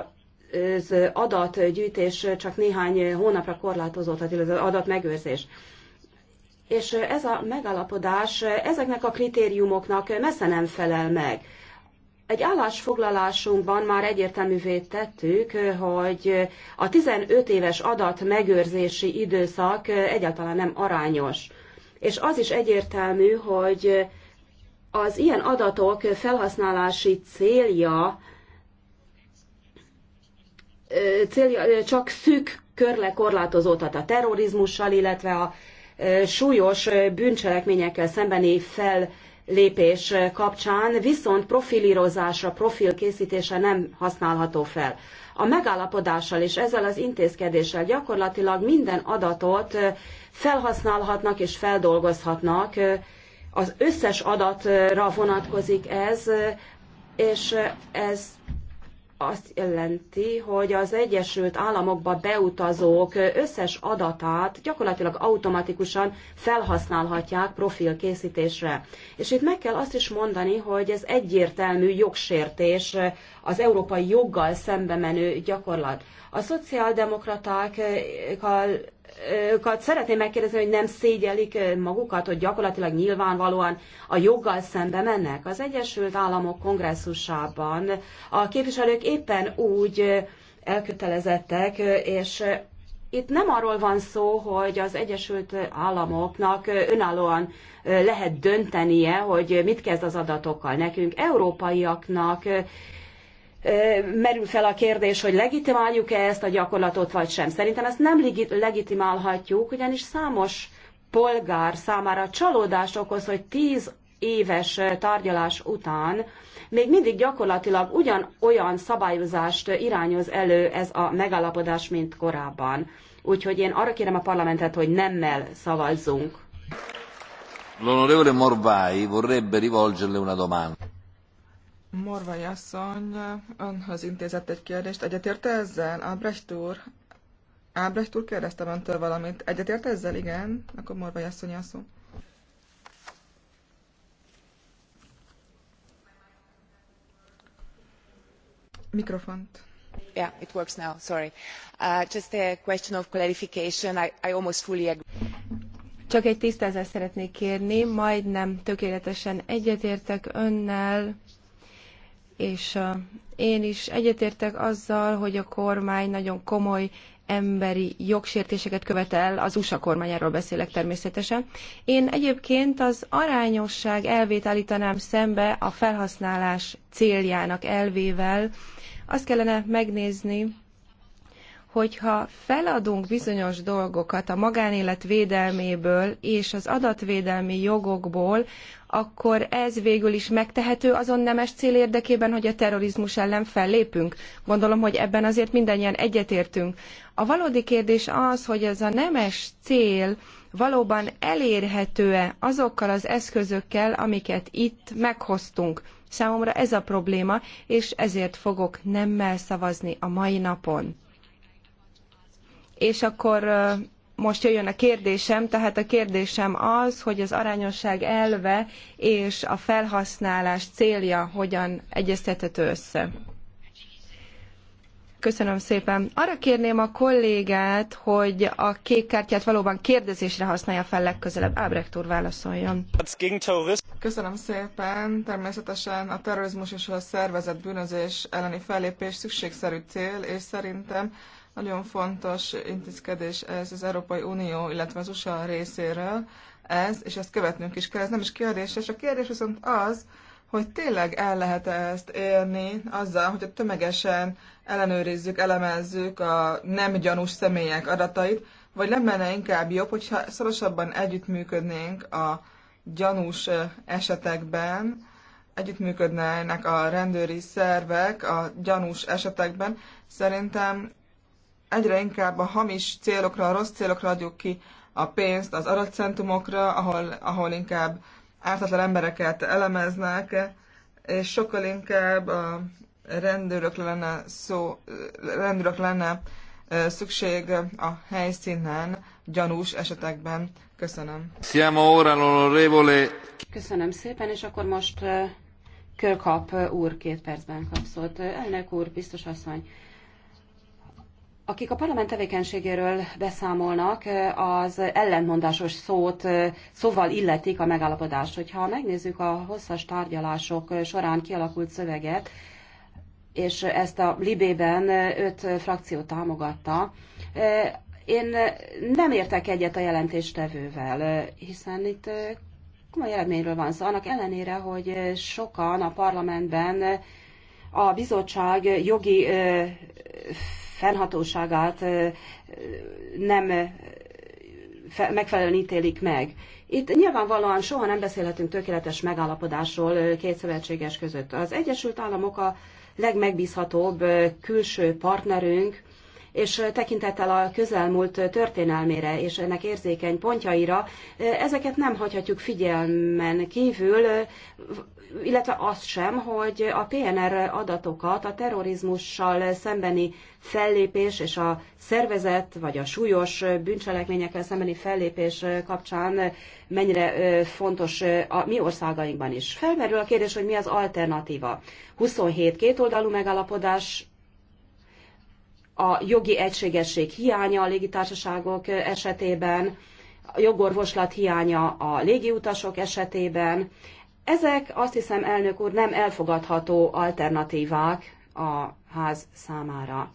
az adatgyűjtés csak néhány hónapra korlátozott, illetve az adatmegőrzés. És ez a megállapodás ezeknek a kritériumoknak messze nem felel meg. Egy állásfoglalásunkban már egyértelművé tettük, hogy a 15 éves adat megőrzési időszak egyáltalán nem arányos. És az is egyértelmű, hogy az ilyen adatok felhasználási célja, célja csak szűk körle korlátozódhat a terrorizmussal, illetve a súlyos bűncselekményekkel szembeni fel lépés kapcsán, viszont profilírozásra, profilkészítésre nem használható fel. A megállapodással és ezzel az intézkedéssel gyakorlatilag minden adatot felhasználhatnak és feldolgozhatnak. Az összes adatra vonatkozik ez, és ez azt jelenti, hogy az Egyesült Államokba beutazók összes adatát gyakorlatilag automatikusan felhasználhatják profilkészítésre. És itt meg kell azt is mondani, hogy ez egyértelmű jogsértés, az európai joggal szembe menő gyakorlat. A szociáldemokratákkal őkat szeretném megkérdezni, hogy nem szégyelik magukat, hogy gyakorlatilag nyilvánvalóan a joggal szembe mennek. Az Egyesült Államok kongresszusában a képviselők éppen úgy elkötelezettek, és itt nem arról van szó, hogy az Egyesült Államoknak önállóan lehet döntenie, hogy mit kezd az adatokkal nekünk, európaiaknak merül fel a kérdés, hogy legitimáljuk-e ezt a gyakorlatot, vagy sem. Szerintem ezt nem legitimálhatjuk, ugyanis számos polgár számára csalódást okoz, hogy tíz éves tárgyalás után még mindig gyakorlatilag ugyanolyan szabályozást irányoz elő ez a megállapodás, mint korábban. Úgyhogy én arra kérem a parlamentet, hogy nemmel szavazzunk. L'onorevole Morvai vorrebbe rivolgerle una domanda. Morvai asszony önhöz intézett egy kérdést. Egyetérte ezzel? Albrecht úr? Albrecht úr kérdezte öntől valamit. Egyetérte ezzel? Igen? Akkor Morvai asszony a szó. Mikrofont. Yeah, it works now. Sorry. Uh, just a question of clarification. I, I almost fully agree. Csak egy tisztázást szeretnék kérni, majdnem tökéletesen egyetértek önnel és én is egyetértek azzal, hogy a kormány nagyon komoly emberi jogsértéseket követel, az USA kormányáról beszélek természetesen. Én egyébként az arányosság elvét állítanám szembe a felhasználás céljának elvével. Azt kellene megnézni, hogyha feladunk bizonyos dolgokat a magánélet védelméből és az adatvédelmi jogokból, akkor ez végül is megtehető azon nemes cél érdekében, hogy a terrorizmus ellen fellépünk. Gondolom, hogy ebben azért mindannyian egyetértünk. A valódi kérdés az, hogy ez a nemes cél valóban elérhető-e azokkal az eszközökkel, amiket itt meghoztunk. Számomra ez a probléma, és ezért fogok nemmel szavazni a mai napon. És akkor most jöjjön a kérdésem, tehát a kérdésem az, hogy az arányosság elve és a felhasználás célja hogyan egyeztethető össze. Köszönöm szépen. Arra kérném a kollégát, hogy a kék kártyát valóban kérdezésre használja fel legközelebb. Ábrecht úr válaszoljon. Köszönöm szépen. Természetesen a terrorizmus és a szervezett bűnözés elleni fellépés szükségszerű cél, és szerintem nagyon fontos intézkedés ez az Európai Unió, illetve az USA részéről, ez, és ezt követnünk is kell. Ez nem is kérdés és A kérdés viszont az, hogy tényleg el lehet -e ezt érni azzal, hogy tömegesen ellenőrizzük, elemezzük a nem gyanús személyek adatait, vagy nem lenne inkább jobb, hogyha szorosabban együttműködnénk a gyanús esetekben, együttműködnének a rendőri szervek a gyanús esetekben. Szerintem egyre inkább a hamis célokra, a rossz célokra adjuk ki a pénzt, az aracentumokra, ahol, ahol inkább ártatlan embereket elemeznek, és sokkal inkább a rendőrök lenne, szó, rendőrök lenne szükség a helyszínen gyanús esetekben. Köszönöm. Köszönöm szépen, és akkor most Körkap úr két percben kapszott. Elnök úr, biztos asszony, akik a parlament tevékenységéről beszámolnak, az ellentmondásos szót szóval illetik a megállapodást. Hogyha megnézzük a hosszas tárgyalások során kialakult szöveget, és ezt a Libében öt frakció támogatta, én nem értek egyet a jelentéstevővel, hiszen itt komoly eredményről van szó, annak ellenére, hogy sokan a parlamentben a bizottság jogi fennhatóságát nem megfelelően ítélik meg. Itt nyilvánvalóan soha nem beszélhetünk tökéletes megállapodásról két szövetséges között. Az Egyesült Államok a legmegbízhatóbb külső partnerünk, és tekintettel a közelmúlt történelmére és ennek érzékeny pontjaira, ezeket nem hagyhatjuk figyelmen kívül, illetve azt sem, hogy a PNR adatokat a terrorizmussal szembeni fellépés és a szervezet vagy a súlyos bűncselekményekkel szembeni fellépés kapcsán mennyire fontos a mi országainkban is. Felmerül a kérdés, hogy mi az alternatíva. 27 kétoldalú megállapodás a jogi egységesség hiánya a légitársaságok esetében, a jogorvoslat hiánya a légiutasok esetében, ezek azt hiszem, elnök úr, nem elfogadható alternatívák a ház számára.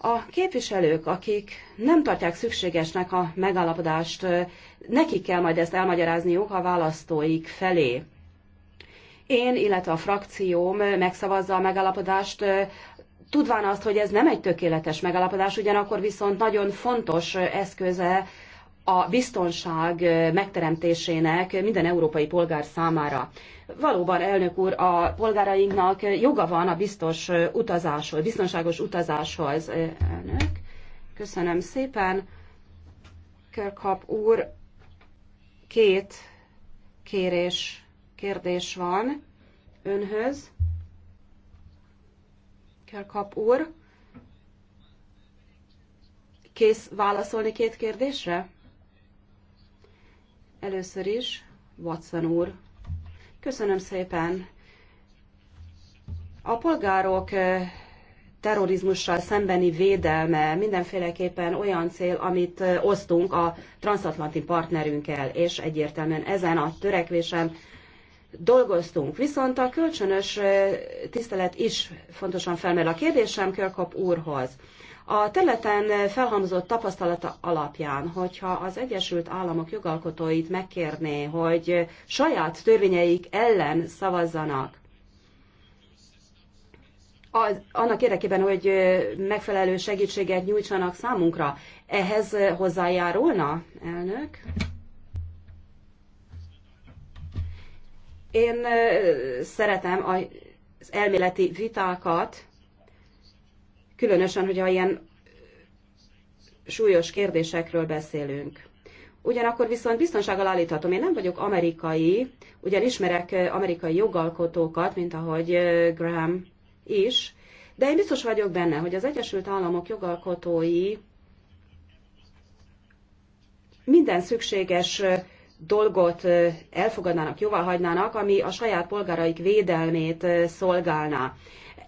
A képviselők, akik nem tartják szükségesnek a megállapodást, nekik kell majd ezt elmagyarázniuk a választóik felé. Én, illetve a frakcióm megszavazza a megállapodást, tudván azt, hogy ez nem egy tökéletes megállapodás, ugyanakkor viszont nagyon fontos eszköze a biztonság megteremtésének minden európai polgár számára. Valóban, elnök úr, a polgárainknak joga van a biztos utazáshoz, biztonságos utazáshoz. Elnök, köszönöm szépen. Körkap úr, két kérés, kérdés van önhöz. Körkap úr, kész válaszolni két kérdésre? Először is, Watson úr, köszönöm szépen. A polgárok eh, terrorizmussal szembeni védelme mindenféleképpen olyan cél, amit eh, osztunk a transatlanti partnerünkkel, és egyértelműen ezen a törekvésen dolgoztunk. Viszont a kölcsönös tisztelet is fontosan felmerül. A kérdésem Körkop úrhoz. A területen felhalmozott tapasztalata alapján, hogyha az Egyesült Államok jogalkotóit megkérné, hogy saját törvényeik ellen szavazzanak, az, annak érdekében, hogy megfelelő segítséget nyújtsanak számunkra, ehhez hozzájárulna, elnök? Én szeretem az elméleti vitákat, különösen, hogyha ilyen súlyos kérdésekről beszélünk. Ugyanakkor viszont biztonsággal állíthatom, én nem vagyok amerikai, ugyan ismerek amerikai jogalkotókat, mint ahogy Graham is, de én biztos vagyok benne, hogy az Egyesült Államok jogalkotói minden szükséges dolgot elfogadnának, jóvá hagynának, ami a saját polgáraik védelmét szolgálná.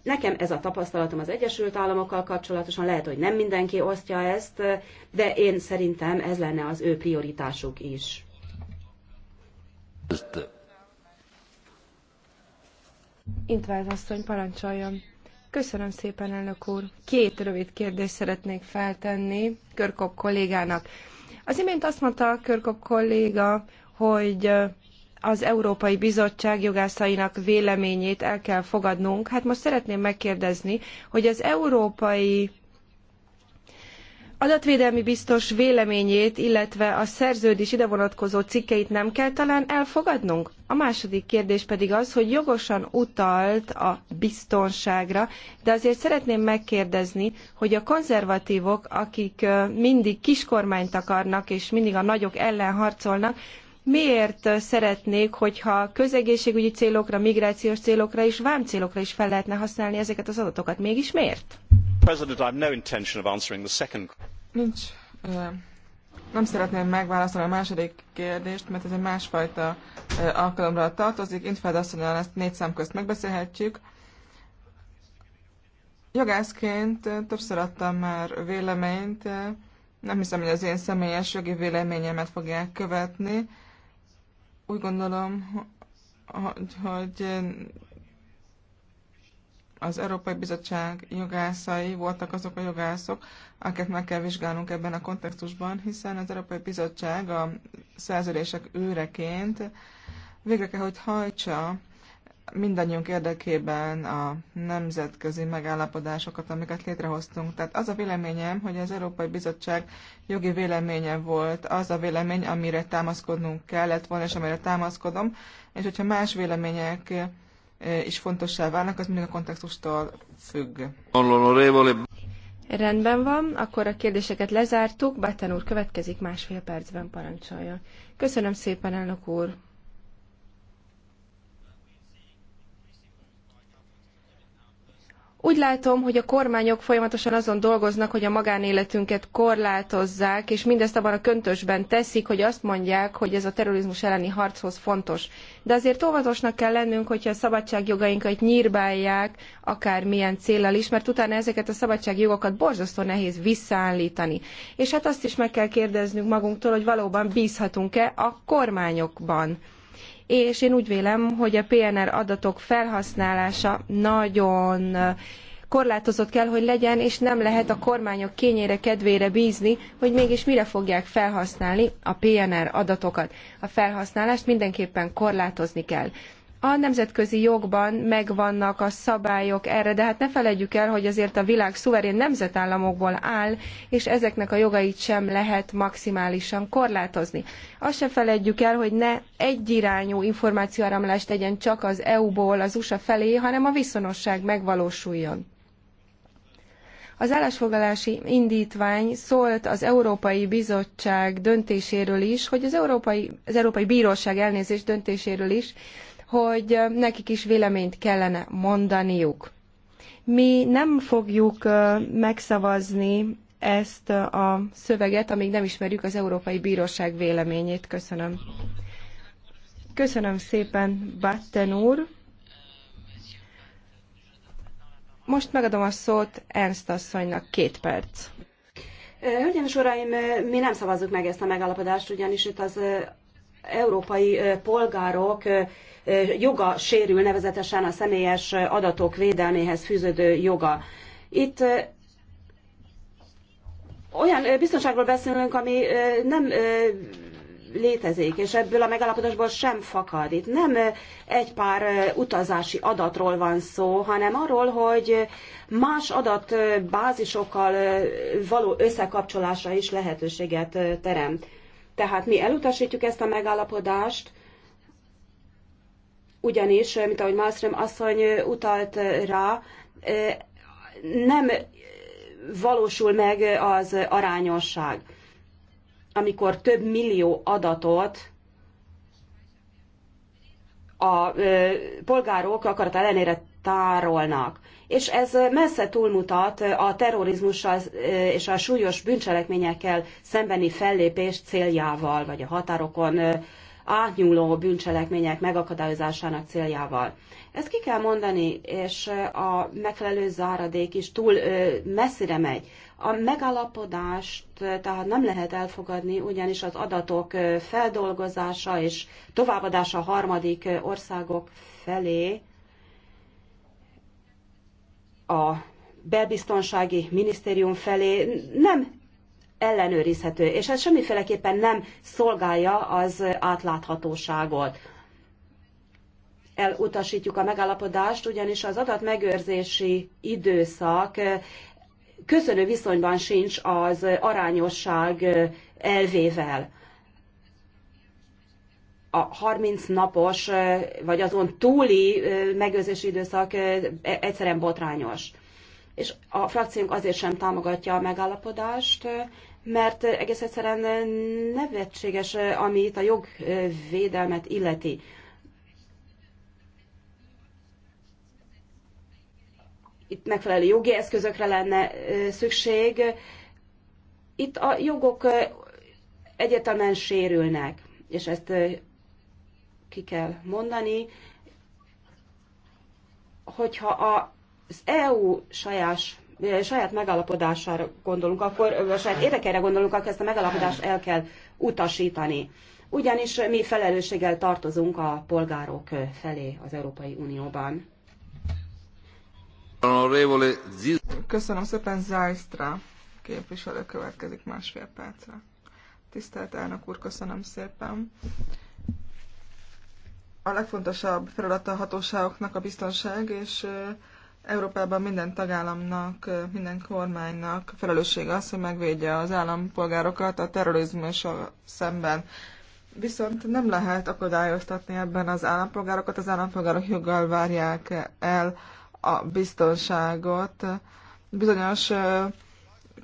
Nekem ez a tapasztalatom az Egyesült Államokkal kapcsolatosan, lehet, hogy nem mindenki osztja ezt, de én szerintem ez lenne az ő prioritásuk is. Intvált asszony, parancsoljon. Köszönöm szépen, elnök úr. Két rövid kérdést szeretnék feltenni Körkop kollégának. Az imént azt mondta a kolléga, hogy az Európai Bizottság jogászainak véleményét el kell fogadnunk. Hát most szeretném megkérdezni, hogy az Európai adatvédelmi biztos véleményét, illetve a szerződés ide vonatkozó cikkeit nem kell talán elfogadnunk? A második kérdés pedig az, hogy jogosan utalt a biztonságra, de azért szeretném megkérdezni, hogy a konzervatívok, akik mindig kiskormányt akarnak és mindig a nagyok ellen harcolnak, miért szeretnék, hogyha közegészségügyi célokra, migrációs célokra és vámcélokra is fel lehetne használni ezeket az adatokat? Mégis miért? President, I have no intention of answering the second. Nincs. Nem szeretném megválaszolni a második kérdést, mert ez egy másfajta alkalomra tartozik. Intfeld asszonyal ezt négy szám közt megbeszélhetjük. Jogászként többször adtam már véleményt, nem hiszem, hogy az én személyes jogi véleményemet fogják követni. Úgy gondolom, hogy, hogy az Európai Bizottság jogászai voltak azok a jogászok, akiket meg kell vizsgálnunk ebben a kontextusban, hiszen az Európai Bizottság a szerződések őreként végre kell, hogy hajtsa mindannyiunk érdekében a nemzetközi megállapodásokat, amiket létrehoztunk. Tehát az a véleményem, hogy az Európai Bizottság jogi véleménye volt az a vélemény, amire támaszkodnunk kellett volna, és amire támaszkodom, és hogyha más vélemények is fontossá válnak, az mindig a kontextustól függ. Rendben van, akkor a kérdéseket lezártuk. Batten úr következik másfél percben parancsolja. Köszönöm szépen, elnök úr! Úgy látom, hogy a kormányok folyamatosan azon dolgoznak, hogy a magánéletünket korlátozzák, és mindezt abban a köntösben teszik, hogy azt mondják, hogy ez a terrorizmus elleni harchoz fontos. De azért óvatosnak kell lennünk, hogyha a szabadságjogainkat nyírbálják, akármilyen célral is, mert utána ezeket a szabadságjogokat borzasztó nehéz visszaállítani. És hát azt is meg kell kérdeznünk magunktól, hogy valóban bízhatunk-e a kormányokban és én úgy vélem, hogy a PNR adatok felhasználása nagyon korlátozott kell, hogy legyen, és nem lehet a kormányok kényére, kedvére bízni, hogy mégis mire fogják felhasználni a PNR adatokat. A felhasználást mindenképpen korlátozni kell. A nemzetközi jogban megvannak a szabályok erre, de hát ne feledjük el, hogy azért a világ szuverén nemzetállamokból áll, és ezeknek a jogait sem lehet maximálisan korlátozni. Azt se feledjük el, hogy ne egyirányú információáramlást tegyen csak az EU-ból az USA felé, hanem a viszonosság megvalósuljon. Az állásfoglalási indítvány szólt az Európai Bizottság döntéséről is, hogy az Európai, az Európai Bíróság elnézés döntéséről is, hogy nekik is véleményt kellene mondaniuk. Mi nem fogjuk megszavazni ezt a szöveget, amíg nem ismerjük az Európai Bíróság véleményét. Köszönöm. Köszönöm szépen, Batten úr. Most megadom a szót Ernst asszonynak két perc. Hölgyeim és uraim, mi nem szavazzuk meg ezt a megállapodást, ugyanis itt az európai polgárok joga sérül, nevezetesen a személyes adatok védelméhez fűződő joga. Itt olyan biztonságról beszélünk, ami nem létezik, és ebből a megállapodásból sem fakad. Itt nem egy pár utazási adatról van szó, hanem arról, hogy más adatbázisokkal való összekapcsolásra is lehetőséget teremt. Tehát mi elutasítjuk ezt a megállapodást, ugyanis, mint ahogy Malmström asszony utalt rá, nem valósul meg az arányosság, amikor több millió adatot a polgárok akarat ellenére tárolnak és ez messze túlmutat a terrorizmussal eh, és a súlyos bűncselekményekkel szembeni fellépés céljával, vagy a határokon eh, átnyúló bűncselekmények megakadályozásának céljával. Ezt ki kell mondani, és eh, a megfelelő záradék is túl messzire megy. A megállapodást tehát nem lehet elfogadni, ugyanis az adatok feldolgozása és továbbadása a harmadik országok felé a belbiztonsági minisztérium felé nem ellenőrizhető, és ez semmiféleképpen nem szolgálja az átláthatóságot. Elutasítjuk a megállapodást, ugyanis az adatmegőrzési időszak köszönő viszonyban sincs az arányosság elvével a 30 napos, vagy azon túli megőrzési időszak e-, egyszerűen botrányos. És a frakciónk azért sem támogatja a megállapodást, mert egész egyszerűen nevetséges, ami itt a jogvédelmet illeti. Itt megfelelő jogi eszközökre lenne szükség. Itt a jogok egyértelműen sérülnek, és ezt ki kell mondani, hogyha az EU sajás, eh, saját megállapodására gondolunk, akkor eh, a saját érdekére gondolunk, akkor ezt a megállapodást el kell utasítani. Ugyanis mi felelősséggel tartozunk a polgárok eh, felé az Európai Unióban. Köszönöm szépen, Zajstra képviselő következik másfél percre. Tisztelt elnök úr, köszönöm szépen a legfontosabb feladat a hatóságoknak a biztonság, és Európában minden tagállamnak, minden kormánynak felelősség az, hogy megvédje az állampolgárokat a terrorizmus szemben. Viszont nem lehet akadályoztatni ebben az állampolgárokat, az állampolgárok joggal várják el a biztonságot. Bizonyos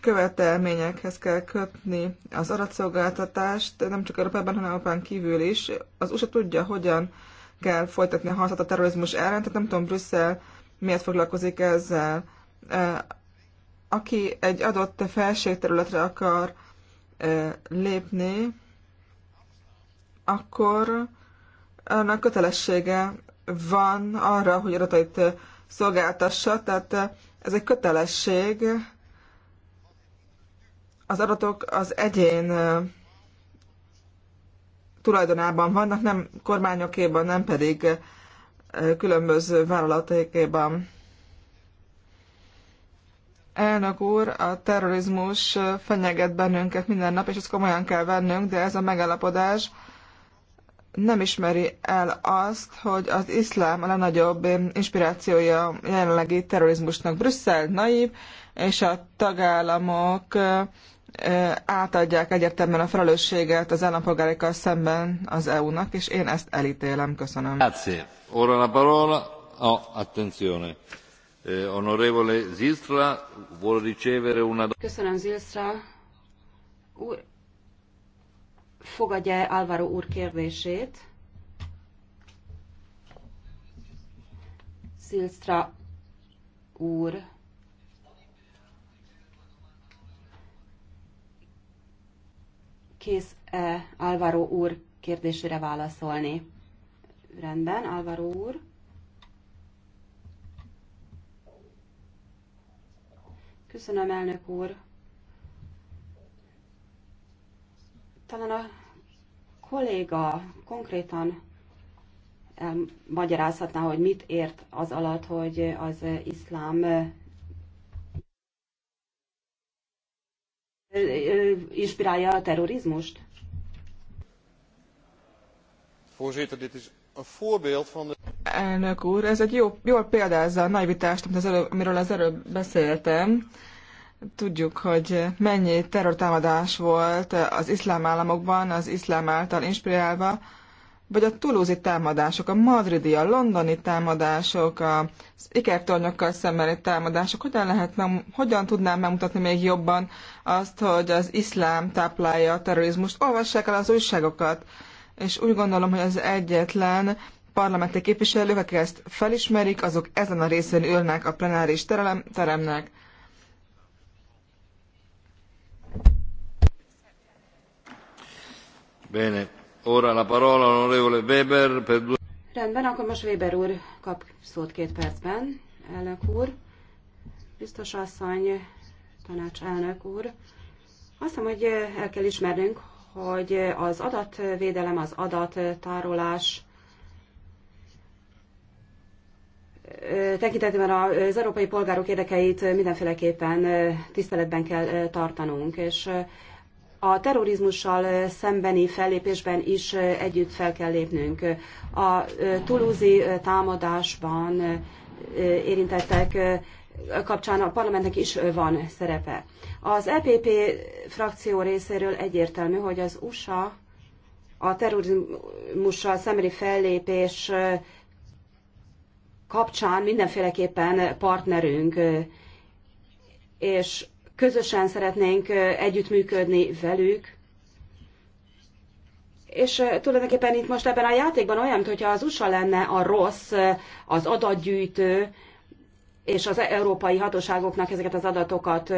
követelményekhez kell kötni az adatszolgáltatást, nem csak Európában, hanem Európán kívül is. Az USA tudja, hogyan kell folytatni a harcot a terrorizmus ellen, tehát nem tudom Brüsszel miért foglalkozik ezzel. Aki egy adott felségterületre akar lépni, akkor annak kötelessége van arra, hogy adatait szolgáltassa, tehát ez egy kötelesség. Az adatok az egyén tulajdonában vannak, nem kormányokéban, nem pedig eh, különböző vállalatékében. Elnök úr, a terrorizmus eh, fenyeget bennünket minden nap, és ezt komolyan kell vennünk, de ez a megállapodás nem ismeri el azt, hogy az iszlám a legnagyobb eh, inspirációja jelenlegi terrorizmusnak. Brüsszel naív, és a tagállamok átadják egyértelműen a felelősséget az állampolgárikkal szemben az EU-nak, és én ezt elítélem. Köszönöm. Grazie. Ora la parola. Oh, attenzione. Eh, onorevole Zilstra vuole ricevere una... Köszönöm, Zilstra. Úr, fogadja Álvaro úr kérdését. Zilstra úr. kész-e Álvaro úr kérdésére válaszolni? Rendben, Álvaro úr. Köszönöm, elnök úr. Talán a kolléga konkrétan magyarázhatná, hogy mit ért az alatt, hogy az iszlám inspirálja a terrorizmust? Voorzitter, dit is een voorbeeld van de... Elnök úr, ez egy jó, jól példázza a naivitást, amit az előbb, amiről az előbb beszéltem. Tudjuk, hogy mennyi terrortámadás volt az iszlám államokban, az iszlám által inspirálva, vagy a tulúzi támadások, a madridi, a londoni támadások, az ikertornyokkal szembeni támadások, hogyan, lehet, hogyan tudnám megmutatni még jobban azt, hogy az iszlám táplálja a terrorizmust. Olvassák el az újságokat, és úgy gondolom, hogy az egyetlen parlamenti képviselők, akik ezt felismerik, azok ezen a részén ülnek a plenáris terem, teremnek. Bene. Rendben, akkor most Weber úr kap szót két percben. Elnök úr, biztos asszony, elnök úr. Azt hiszem, hogy el kell ismernünk, hogy az adatvédelem, az adattárolás tekintetében az európai polgárok érdekeit mindenféleképpen tiszteletben kell tartanunk, és a terrorizmussal szembeni fellépésben is együtt fel kell lépnünk. A tulúzi támadásban érintettek kapcsán a parlamentnek is van szerepe. Az EPP frakció részéről egyértelmű, hogy az USA a terrorizmussal szembeni fellépés kapcsán mindenféleképpen partnerünk, és közösen szeretnénk együttműködni velük, és tulajdonképpen itt most ebben a játékban olyan, mintha az USA lenne a rossz, az adatgyűjtő, és az európai hatóságoknak ezeket az adatokat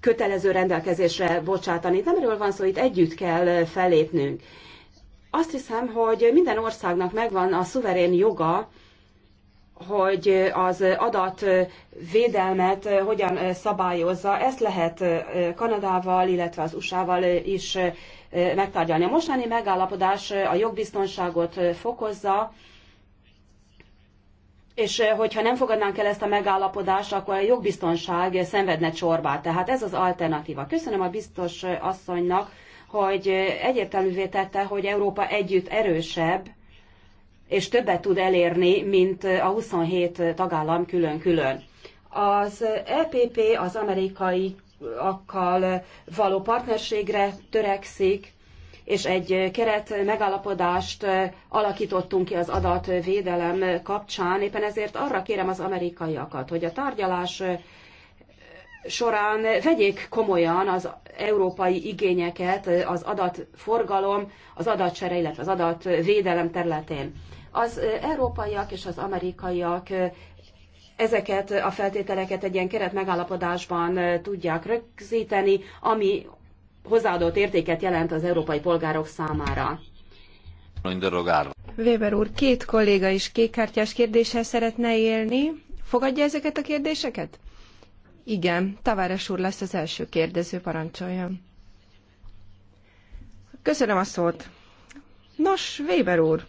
kötelező rendelkezésre bocsátani. Nem erről van szó, itt együtt kell fellépnünk. Azt hiszem, hogy minden országnak megvan a szuverén joga, hogy az adatvédelmet hogyan szabályozza, ezt lehet Kanadával, illetve az USA-val is megtárgyalni. A mostani megállapodás a jogbiztonságot fokozza, és hogyha nem fogadnánk el ezt a megállapodást, akkor a jogbiztonság szenvedne csorbát. Tehát ez az alternatíva. Köszönöm a biztos asszonynak, hogy egyértelművé tette, hogy Európa együtt erősebb, és többet tud elérni, mint a 27 tagállam külön-külön. Az EPP az amerikaiakkal való partnerségre törekszik, és egy keret megállapodást alakítottunk ki az adatvédelem kapcsán. Éppen ezért arra kérem az amerikaiakat, hogy a tárgyalás során vegyék komolyan az európai igényeket az adatforgalom, az adatcsere, illetve az adatvédelem területén. Az európaiak és az amerikaiak ezeket a feltételeket egy ilyen keret megállapodásban tudják rögzíteni, ami hozzáadott értéket jelent az európai polgárok számára. Weber úr, két kolléga is kékkártyás kérdéssel szeretne élni. Fogadja ezeket a kérdéseket? Igen, Taváres úr lesz az első kérdező, parancsoljon. Köszönöm a szót. Nos, Weber úr,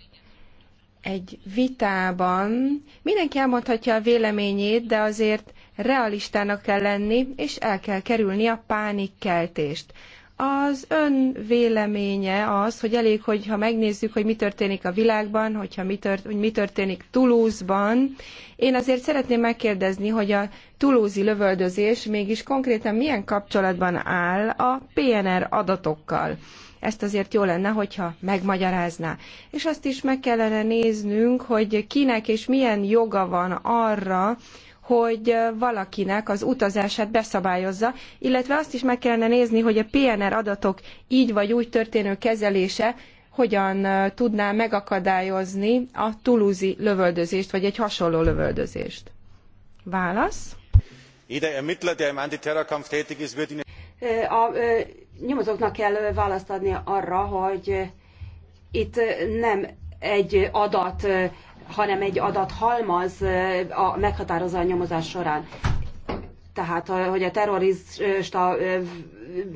egy vitában mindenki elmondhatja a véleményét, de azért realistának kell lenni, és el kell kerülni a pánikkeltést. Az ön véleménye az, hogy elég, hogyha megnézzük, hogy mi történik a világban, hogyha mi tört, hogy mi történik Toulouse-ban. Én azért szeretném megkérdezni, hogy a tulózi lövöldözés mégis konkrétan milyen kapcsolatban áll a PNR adatokkal. Ezt azért jó lenne, hogyha megmagyarázná. És azt is meg kellene néznünk, hogy kinek és milyen joga van arra, hogy valakinek az utazását beszabályozza, illetve azt is meg kellene nézni, hogy a PNR adatok így vagy úgy történő kezelése hogyan tudná megakadályozni a tuluzi lövöldözést, vagy egy hasonló lövöldözést. Válasz? Jeder Ermittler, der im Antiterrorkampf tätig ist, wird Ihnen... A nyomozóknak kell választ adni arra, hogy itt nem egy adat hanem egy adathalmaz a meghatározó nyomozás során. Tehát, hogy a terrorista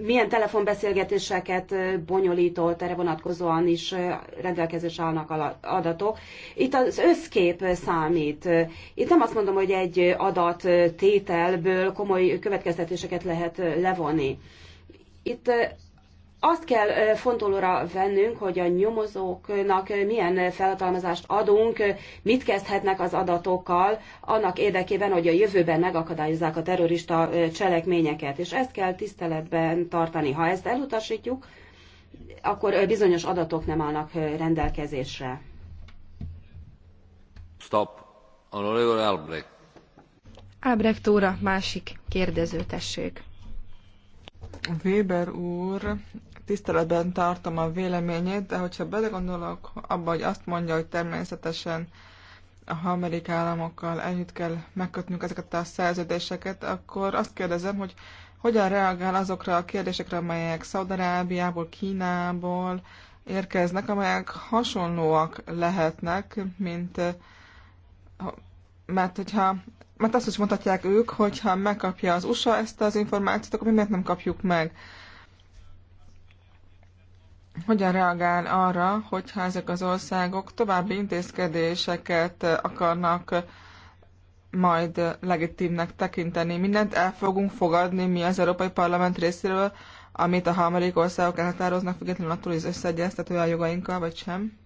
milyen telefonbeszélgetéseket bonyolított, erre vonatkozóan is rendelkezés állnak adatok. Itt az összkép számít. Itt nem azt mondom, hogy egy adat tételből komoly következtetéseket lehet levonni. Itt azt kell fontolóra vennünk, hogy a nyomozóknak milyen felhatalmazást adunk, mit kezdhetnek az adatokkal, annak érdekében, hogy a jövőben megakadályozzák a terrorista cselekményeket. És ezt kell tiszteletben tartani. Ha ezt elutasítjuk, akkor bizonyos adatok nem állnak rendelkezésre. Stop. Honorable Albrecht. Albrecht óra, másik kérdező, tessék. Weber úr tiszteletben tartom a véleményét, de hogyha belegondolok abba, hogy azt mondja, hogy természetesen a amerikai államokkal együtt kell megkötnünk ezeket a szerződéseket, akkor azt kérdezem, hogy hogyan reagál azokra a kérdésekre, amelyek Szaudarábiából, Kínából érkeznek, amelyek hasonlóak lehetnek, mint mert hogyha mert azt is mondhatják ők, hogyha megkapja az USA ezt az információt, akkor mi miért nem kapjuk meg? hogyan reagál arra, hogyha ezek az országok további intézkedéseket akarnak majd legitimnek tekinteni. Mindent el fogunk fogadni mi az Európai Parlament részéről, amit a harmadik országok elhatároznak, függetlenül attól, hogy ez összeegyeztető a jogainkkal, vagy sem.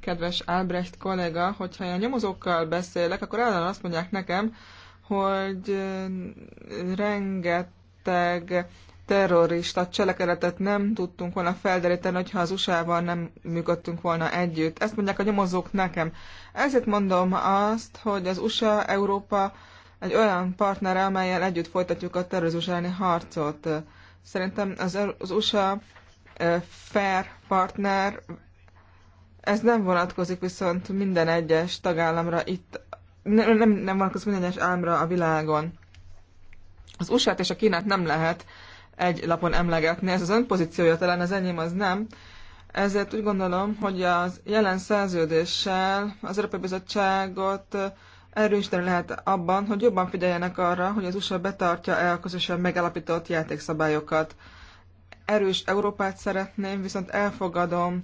Kedves Albrecht kollega, hogyha a nyomozókkal beszélek, akkor állandóan azt mondják nekem, hogy eh, rengeteg terrorista cselekedetet nem tudtunk volna felderíteni, hogyha az USA-val nem működtünk volna együtt. Ezt mondják a nyomozók nekem. Ezért mondom azt, hogy az USA, Európa egy olyan partnere, amelyel együtt folytatjuk a terrorizmus elleni harcot. Szerintem az, az USA fair partner, ez nem vonatkozik viszont minden egyes tagállamra itt, nem, nem, nem vonatkozik minden egyes államra a világon. Az USA-t és a Kínát nem lehet egy lapon emlegetni. Ez az ön pozíciója talán, az enyém az nem. Ezért úgy gondolom, hogy az jelen szerződéssel az Európai Bizottságot erősíteni lehet abban, hogy jobban figyeljenek arra, hogy az USA betartja-e a közösen megalapított játékszabályokat. Erős Európát szeretném, viszont elfogadom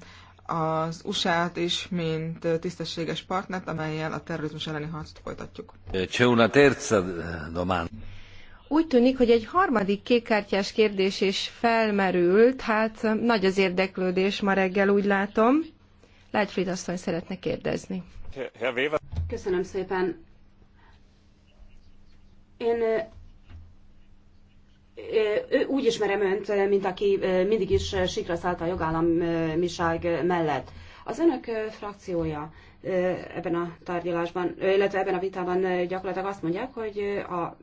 az USA-t is, mint tisztességes partnert, amelyel a terrorizmus elleni harcot folytatjuk. C'è una terza domanda. Úgy tűnik, hogy egy harmadik kékkártyás kérdés is felmerült, hát nagy az érdeklődés ma reggel, úgy látom. Lágyfried asszony szeretne kérdezni. Köszönöm szépen. Én úgy ismerem önt, mint aki mindig is sikra szállt a jogállamiság mellett. Az önök frakciója ebben a tárgyalásban, illetve ebben a vitában gyakorlatilag azt mondják, hogy a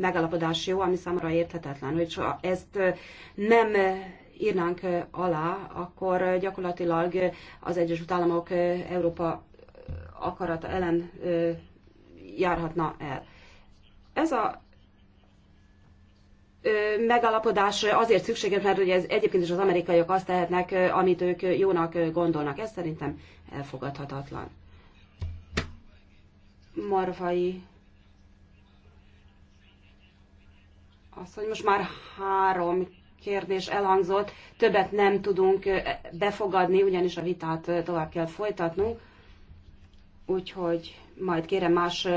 megalapodás jó, ami számomra érthetetlen, hogy ha ezt nem írnánk alá, akkor gyakorlatilag az Egyesült Államok Európa akarata ellen járhatna el. Ez a megalapodás azért szükséges, mert ugye ez egyébként is az amerikaiak azt tehetnek, amit ők jónak gondolnak. Ez szerintem elfogadhatatlan. Marvai az, hogy most már három kérdés elhangzott, többet nem tudunk befogadni, ugyanis a vitát tovább kell folytatnunk, úgyhogy majd kérem más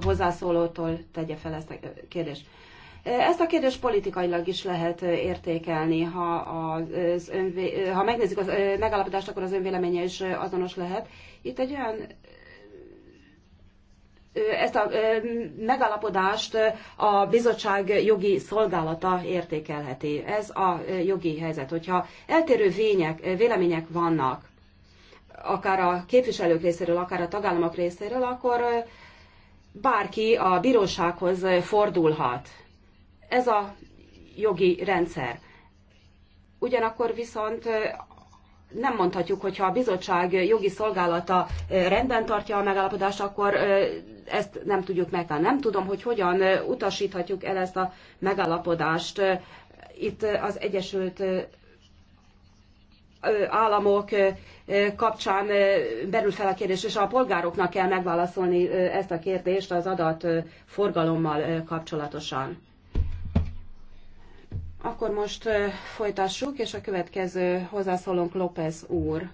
hozzászólótól tegye fel ezt a kérdést. Ezt a kérdést politikailag is lehet értékelni. Ha, az önvé, ha megnézzük a megállapodást, akkor az önvéleménye is azonos lehet. Itt egy olyan ezt a megállapodást a bizottság jogi szolgálata értékelheti. Ez a jogi helyzet. Hogyha eltérő vények, vélemények vannak, akár a képviselők részéről, akár a tagállamok részéről, akkor bárki a bírósághoz fordulhat. Ez a jogi rendszer. Ugyanakkor viszont nem mondhatjuk, hogyha a bizottság jogi szolgálata rendben tartja a megállapodást, akkor ezt nem tudjuk meg. Nem tudom, hogy hogyan utasíthatjuk el ezt a megállapodást. Itt az Egyesült államok kapcsán merül fel a kérdés, és a polgároknak kell megválaszolni ezt a kérdést az adatforgalommal kapcsolatosan. Akkor most folytassuk, és a következő hozzászólónk López úr.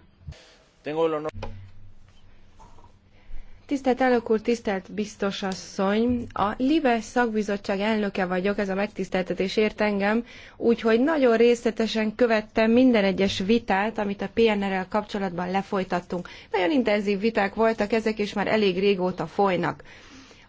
Tisztelt elnök úr, tisztelt biztos asszony! A LIBE szakbizottság elnöke vagyok, ez a megtiszteltetés ért engem, úgyhogy nagyon részletesen követtem minden egyes vitát, amit a PNR-rel kapcsolatban lefolytattunk. Nagyon intenzív viták voltak ezek, és már elég régóta folynak.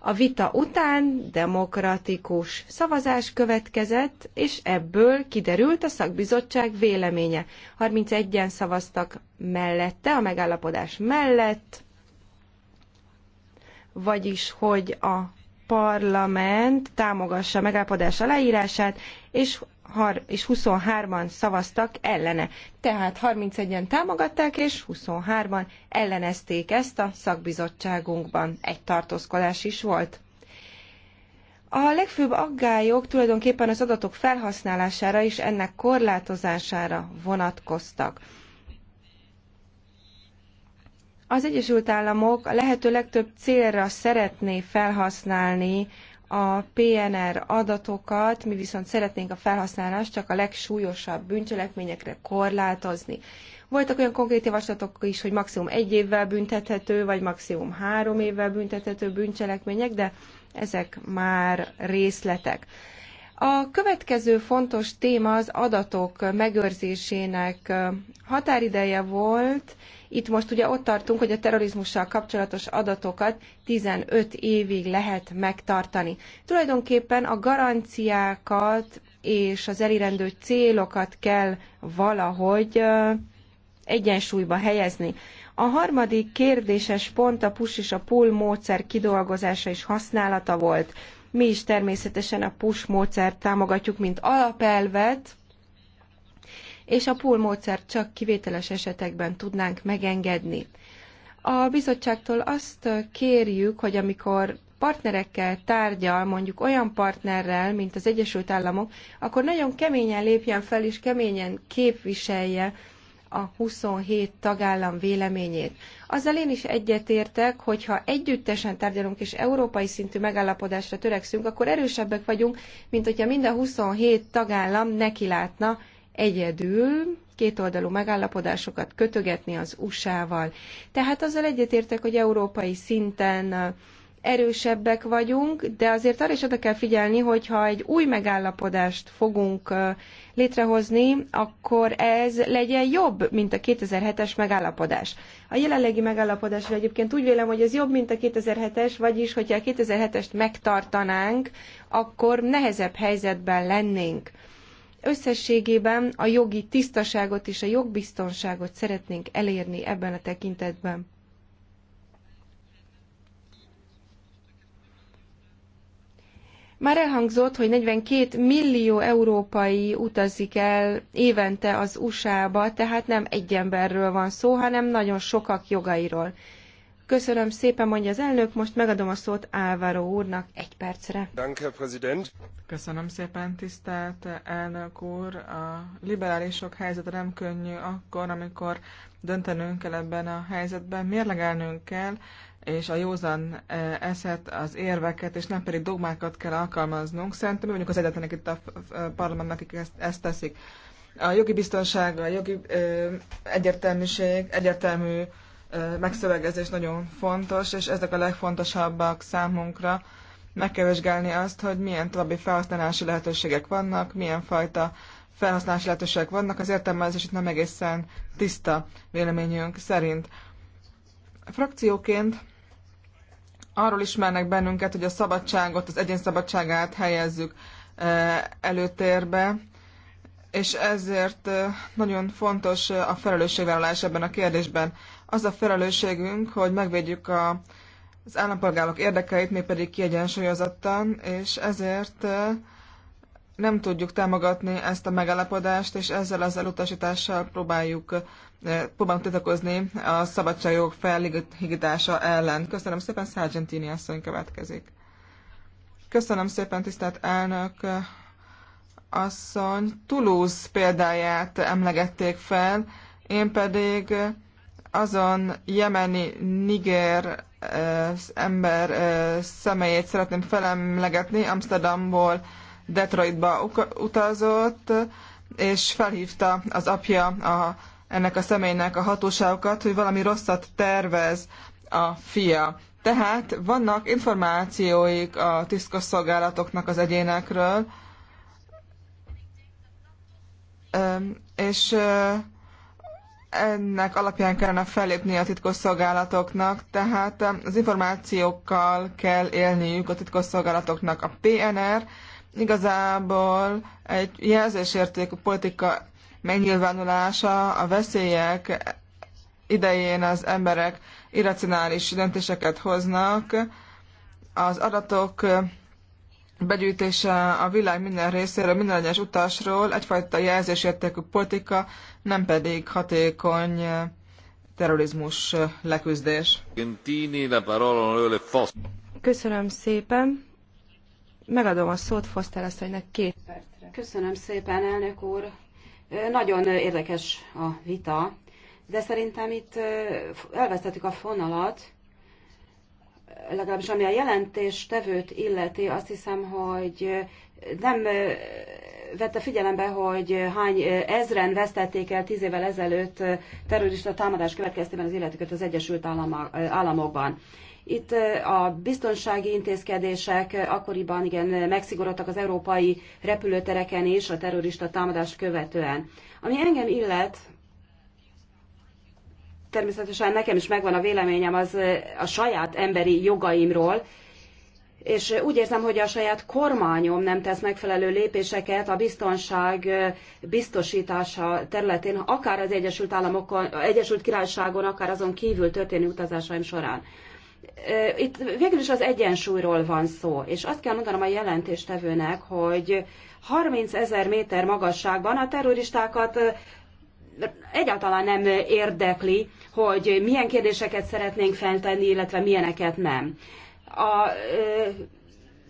A vita után demokratikus szavazás következett, és ebből kiderült a szakbizottság véleménye. 31-en szavaztak mellette, a megállapodás mellett, vagyis hogy a Parlament támogassa a megállapodás aláírását, és és 23-an szavaztak ellene. Tehát 31-en támogatták, és 23-an ellenezték ezt a szakbizottságunkban. Egy tartózkodás is volt. A legfőbb aggályok tulajdonképpen az adatok felhasználására és ennek korlátozására vonatkoztak. Az Egyesült Államok a lehető legtöbb célra szeretné felhasználni a PNR adatokat, mi viszont szeretnénk a felhasználást csak a legsúlyosabb bűncselekményekre korlátozni. Voltak olyan konkrét javaslatok is, hogy maximum egy évvel büntethető, vagy maximum három évvel büntethető bűncselekmények, de ezek már részletek. A következő fontos téma az adatok megőrzésének határideje volt, itt most ugye ott tartunk, hogy a terrorizmussal kapcsolatos adatokat 15 évig lehet megtartani. Tulajdonképpen a garanciákat és az elirendő célokat kell valahogy egyensúlyba helyezni. A harmadik kérdéses pont a push és a pull módszer kidolgozása és használata volt. Mi is természetesen a push módszert támogatjuk, mint alapelvet, és a pool módszert csak kivételes esetekben tudnánk megengedni. A bizottságtól azt kérjük, hogy amikor partnerekkel tárgyal, mondjuk olyan partnerrel, mint az Egyesült Államok, akkor nagyon keményen lépjen fel és keményen képviselje a 27 tagállam véleményét. Azzal én is egyetértek, hogy ha együttesen tárgyalunk és európai szintű megállapodásra törekszünk, akkor erősebbek vagyunk, mint hogyha mind a 27 tagállam nekilátna egyedül kétoldalú megállapodásokat kötögetni az USA-val. Tehát azzal egyetértek, hogy európai szinten erősebbek vagyunk, de azért arra is oda kell figyelni, hogyha egy új megállapodást fogunk létrehozni, akkor ez legyen jobb, mint a 2007-es megállapodás. A jelenlegi megállapodás egyébként úgy vélem, hogy ez jobb, mint a 2007-es, vagyis hogyha a 2007-est megtartanánk, akkor nehezebb helyzetben lennénk. Összességében a jogi tisztaságot és a jogbiztonságot szeretnénk elérni ebben a tekintetben. Már elhangzott, hogy 42 millió európai utazik el évente az USA-ba, tehát nem egy emberről van szó, hanem nagyon sokak jogairól. Köszönöm szépen, mondja az elnök, most megadom a szót Álvaro úrnak egy percre. Köszönöm szépen, tisztelt elnök úr. A liberálisok helyzete nem könnyű akkor, amikor döntenünk kell ebben a helyzetben, mérlegelnünk kell, és a józan e, eszet, az érveket, és nem pedig dogmákat kell alkalmaznunk. Szerintem mi vagyunk az egyetlenek itt a parlamentnek, akik ezt, ezt teszik. A jogi biztonság, a jogi ö, e, egyértelműség, egyértelmű megszövegezés nagyon fontos, és ezek a legfontosabbak számunkra. Meg kell vizsgálni azt, hogy milyen további felhasználási lehetőségek vannak, milyen fajta felhasználási lehetőségek vannak, az értelmezés itt nem egészen tiszta véleményünk szerint. A frakcióként arról ismernek bennünket, hogy a szabadságot, az egyén szabadságát helyezzük előtérbe, és ezért nagyon fontos a felelősségvállalás ebben a kérdésben az a felelősségünk, hogy megvédjük a, az állampolgárok érdekeit, mi pedig kiegyensúlyozottan, és ezért nem tudjuk támogatni ezt a megállapodást, és ezzel az elutasítással próbáljuk, próbálunk titakozni a szabadságjog felhigítása ellen. Köszönöm szépen, Sargentini asszony következik. Köszönöm szépen, tisztelt elnök asszony. Toulouse példáját emlegették fel, én pedig azon jemeni niger eh, ember eh, személyét szeretném felemlegetni, Amsterdamból Detroitba utazott, és felhívta az apja a, ennek a személynek a hatóságokat, hogy valami rosszat tervez a fia. Tehát vannak információik a tiszkosszolgálatoknak az egyénekről, eh, és ennek alapján kellene fellépni a titkosszolgálatoknak, tehát um, az információkkal kell élniük a titkosszolgálatoknak. A PNR igazából egy jelzésértékű politika megnyilvánulása a veszélyek idején az emberek irracionális döntéseket hoznak, az adatok begyűjtése a világ minden részéről, minden egyes utasról egyfajta jelzésértékű politika, nem pedig hatékony eh, terrorizmus eh, leküzdés. Köszönöm szépen. Megadom a szót Foster asszonynak két percre. Köszönöm szépen, elnök úr. Nagyon érdekes a vita, de szerintem itt elvesztettük a fonalat, legalábbis ami a jelentés tevőt illeti, azt hiszem, hogy nem vette figyelembe, hogy hány ezren vesztették el tíz évvel ezelőtt terrorista támadás következtében az életüket az Egyesült Államokban. Itt a biztonsági intézkedések akkoriban igen megszigorodtak az európai repülőtereken is a terrorista támadást követően. Ami engem illet, természetesen nekem is megvan a véleményem az a saját emberi jogaimról, és úgy érzem, hogy a saját kormányom nem tesz megfelelő lépéseket a biztonság biztosítása területén, akár az Egyesült, Államokon, Egyesült Királyságon, akár azon kívül történő utazásaim során. Itt végül is az egyensúlyról van szó, és azt kell mondanom a jelentéstevőnek, hogy 30 ezer méter magasságban a terroristákat egyáltalán nem érdekli, hogy milyen kérdéseket szeretnénk feltenni, illetve milyeneket nem. A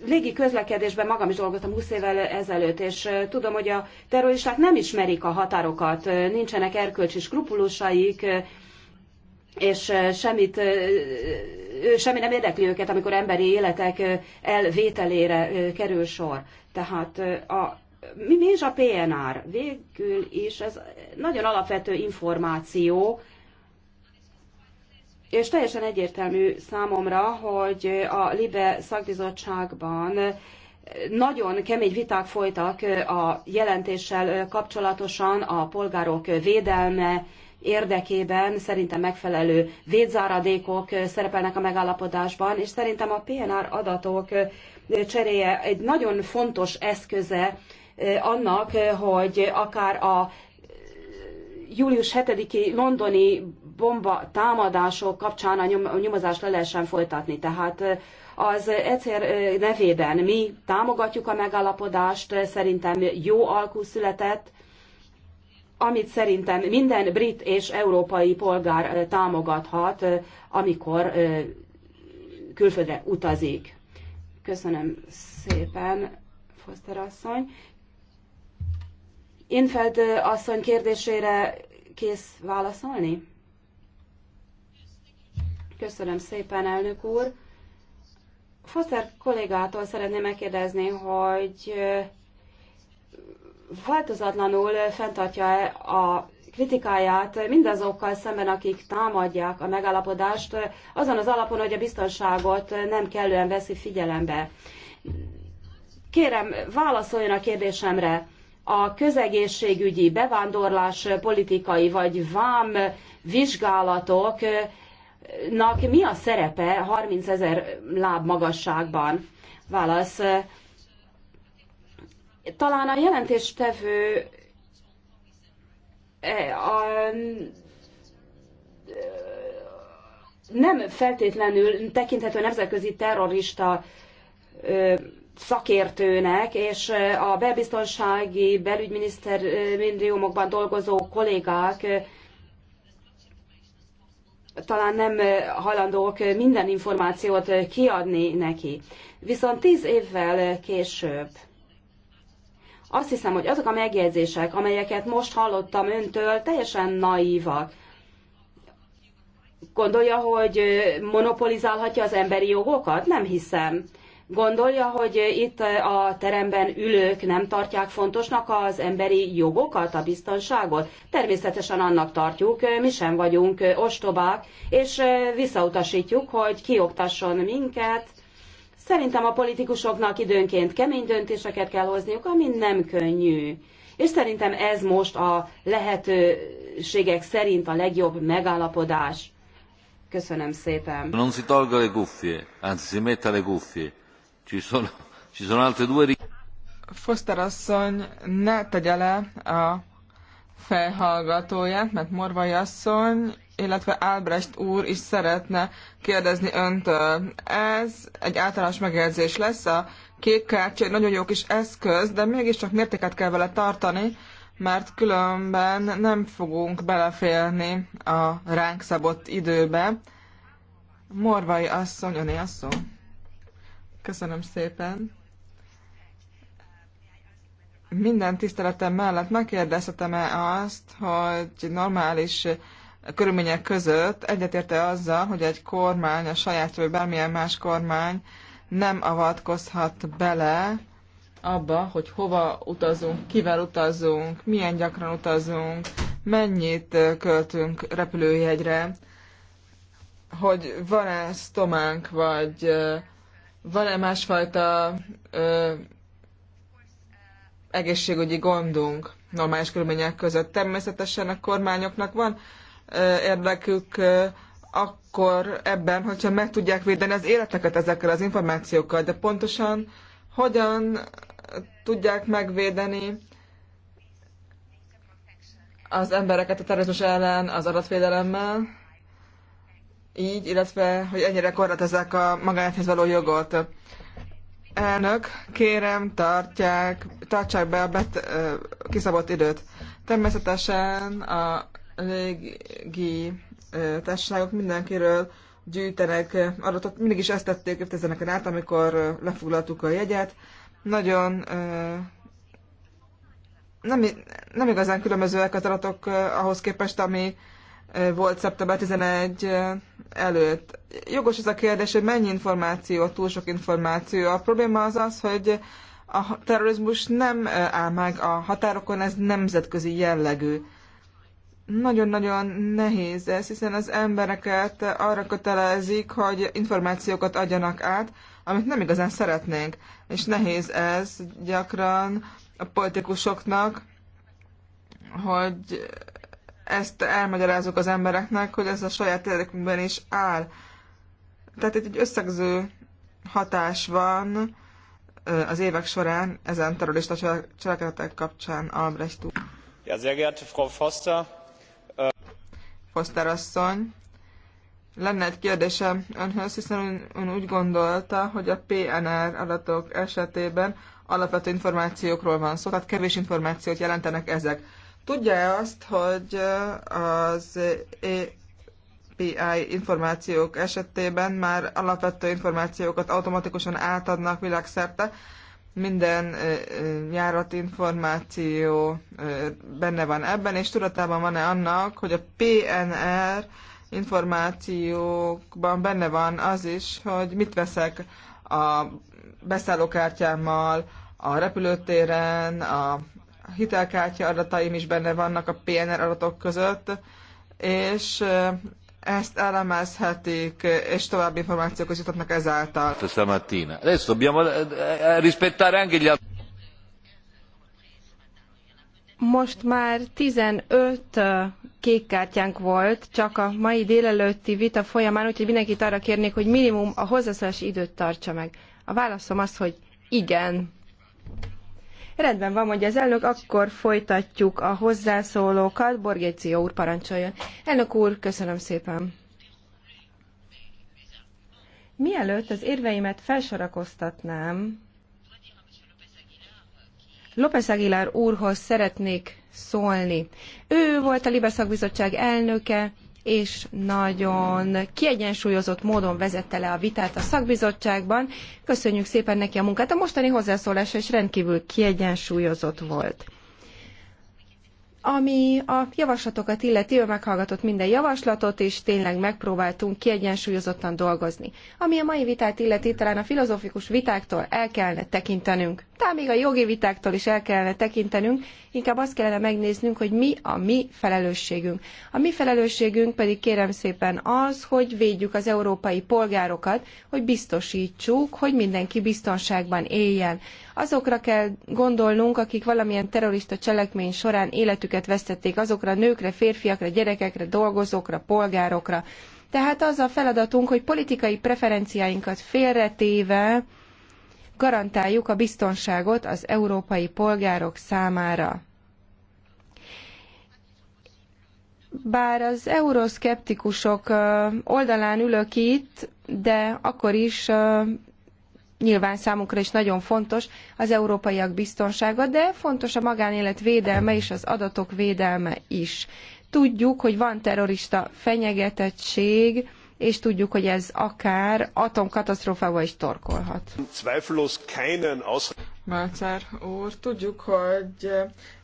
légi közlekedésben magam is dolgoztam 20 évvel ezelőtt, és tudom, hogy a terroristák nem ismerik a határokat, nincsenek erkölcsi skrupulusaik, és semmit, semmi nem érdekli őket, amikor emberi életek elvételére kerül sor. Tehát a, mi, mi is a PNR? Végül is ez nagyon alapvető információ, és teljesen egyértelmű számomra, hogy a LIBE szakbizottságban nagyon kemény viták folytak a jelentéssel kapcsolatosan a polgárok védelme érdekében szerintem megfelelő védzáradékok szerepelnek a megállapodásban, és szerintem a PNR adatok cseréje egy nagyon fontos eszköze annak, hogy akár a július 7-i londoni bomba támadások kapcsán a, nyomozást le lehessen folytatni. Tehát az egyszer nevében mi támogatjuk a megállapodást, szerintem jó alkú született, amit szerintem minden brit és európai polgár támogathat, amikor külföldre utazik. Köszönöm szépen, Foster asszony. Infeld asszony kérdésére kész válaszolni? Köszönöm szépen, elnök úr. Foster kollégától szeretném megkérdezni, hogy változatlanul fenntartja-e a kritikáját mindazokkal szemben, akik támadják a megállapodást, azon az alapon, hogy a biztonságot nem kellően veszi figyelembe. Kérem, válaszoljon a kérdésemre. A közegészségügyi bevándorlás politikai vagy vám vizsgálatok nak mi a szerepe 30 ezer láb magasságban? Válasz. Talán a jelentéstevő e, a, nem feltétlenül tekinthető nemzetközi terrorista szakértőnek, és a belbiztonsági belügyminisztériumokban dolgozó kollégák talán nem hajlandók minden információt kiadni neki. Viszont tíz évvel később azt hiszem, hogy azok a megjegyzések, amelyeket most hallottam öntől, teljesen naívak. Gondolja, hogy monopolizálhatja az emberi jogokat? Nem hiszem. Gondolja, hogy itt a teremben ülők nem tartják fontosnak az emberi jogokat, a biztonságot? Természetesen annak tartjuk, mi sem vagyunk ostobák, és visszautasítjuk, hogy kioktasson minket. Szerintem a politikusoknak időnként kemény döntéseket kell hozniuk, ami nem könnyű. És szerintem ez most a lehetőségek szerint a legjobb megállapodás. Köszönöm szépen. Non si tolga le cuffie, anzi si metta le cuffie. Ci sono, ci sono altre due... Foster asszony, ne tegye le a fejhallgatóját, mert Morvai asszony, illetve Albrecht úr is szeretne kérdezni öntől. Ez egy általános megjegyzés lesz, a kék kártya egy nagyon jó kis eszköz, de mégiscsak mértéket kell vele tartani, mert különben nem fogunk beleférni a ránk szabott időbe. Morvai asszony, öné a szó. Köszönöm szépen. Minden tiszteletem mellett megkérdeztetem-e azt, hogy normális körülmények között egyetérte azzal, hogy egy kormány, a saját vagy bármilyen más kormány nem avatkozhat bele abba, hogy hova utazunk, kivel utazunk, milyen gyakran utazunk, mennyit költünk repülőjegyre, hogy van-e sztománk, vagy van-e másfajta ö, egészségügyi gondunk normális körülmények között? Természetesen a kormányoknak van ö, érdekük ö, akkor ebben, hogyha meg tudják védeni az életeket ezekkel az információkkal, de pontosan hogyan tudják megvédeni az embereket a terrorizmus ellen az adatvédelemmel? így, illetve hogy ennyire korlátozzák a magánéhez való jogot. Elnök, kérem, tartják, tartsák be a bet, kiszabott időt. Természetesen a légi társaságok mindenkiről gyűjtenek adatot. Mindig is ezt tették évtizedeken át, amikor lefoglaltuk a jegyet. Nagyon nem, nem igazán különbözőek az adatok ahhoz képest, ami volt szeptember 11 előtt. Jogos ez a kérdés, hogy mennyi információ, túl sok információ. A probléma az az, hogy a terrorizmus nem áll meg a határokon, ez nemzetközi jellegű. Nagyon-nagyon nehéz ez, hiszen az embereket arra kötelezik, hogy információkat adjanak át, amit nem igazán szeretnénk. És nehéz ez gyakran a politikusoknak, hogy ezt elmagyarázzuk az embereknek, hogy ez a saját érdekünkben is áll. Tehát itt egy összegző hatás van az évek során ezen terrorista cselekedetek kapcsán Albrecht úr. Ja, sehr geehrte Frau Foster. Foster asszony, lenne egy kérdésem önhöz, hiszen ön úgy gondolta, hogy a PNR adatok esetében alapvető információkról van szó, tehát kevés információt jelentenek ezek Tudja-e azt, hogy az API információk esetében már alapvető információkat automatikusan átadnak világszerte, minden járati információ benne van ebben, és tudatában van-e annak, hogy a PNR információkban benne van az is, hogy mit veszek a beszállókártyámmal, a repülőtéren, a hitelkártya adataim is benne vannak a PNR adatok között, és eh, ezt elemezhetik, és további információkhoz jutatnak ezáltal. Eh, eh, Most már 15 kék kártyánk volt, csak a mai délelőtti vita folyamán, úgyhogy mindenkit arra kérnék, hogy minimum a hozzászólási időt tartsa meg. A válaszom az, hogy igen. Rendben van, mondja az elnök, akkor folytatjuk a hozzászólókat. Borgéció úr parancsoljon. Elnök úr, köszönöm szépen. Mielőtt az érveimet felsorakoztatnám, López Aguilar úrhoz szeretnék szólni. Ő volt a Libeszakbizottság elnöke, és nagyon kiegyensúlyozott módon vezette le a vitát a szakbizottságban. Köszönjük szépen neki a munkát. A mostani hozzászólása is rendkívül kiegyensúlyozott volt. Ami a javaslatokat illeti, ő meghallgatott minden javaslatot, és tényleg megpróbáltunk kiegyensúlyozottan dolgozni. Ami a mai vitát illeti, talán a filozófikus vitáktól el kellene tekintenünk talán még a jogi vitáktól is el kellene tekintenünk, inkább azt kellene megnéznünk, hogy mi a mi felelősségünk. A mi felelősségünk pedig kérem szépen az, hogy védjük az európai polgárokat, hogy biztosítsuk, hogy mindenki biztonságban éljen. Azokra kell gondolnunk, akik valamilyen terrorista cselekmény során életüket vesztették, azokra a nőkre, férfiakra, gyerekekre, dolgozókra, polgárokra. Tehát az a feladatunk, hogy politikai preferenciáinkat félretéve, garantáljuk a biztonságot az európai polgárok számára. Bár az euroszkeptikusok oldalán ülök itt, de akkor is nyilván számukra is nagyon fontos az európaiak biztonsága, de fontos a magánélet védelme és az adatok védelme is. Tudjuk, hogy van terrorista fenyegetettség, és tudjuk, hogy ez akár atomkatasztrófába is torkolhat. Mácár úr, tudjuk, hogy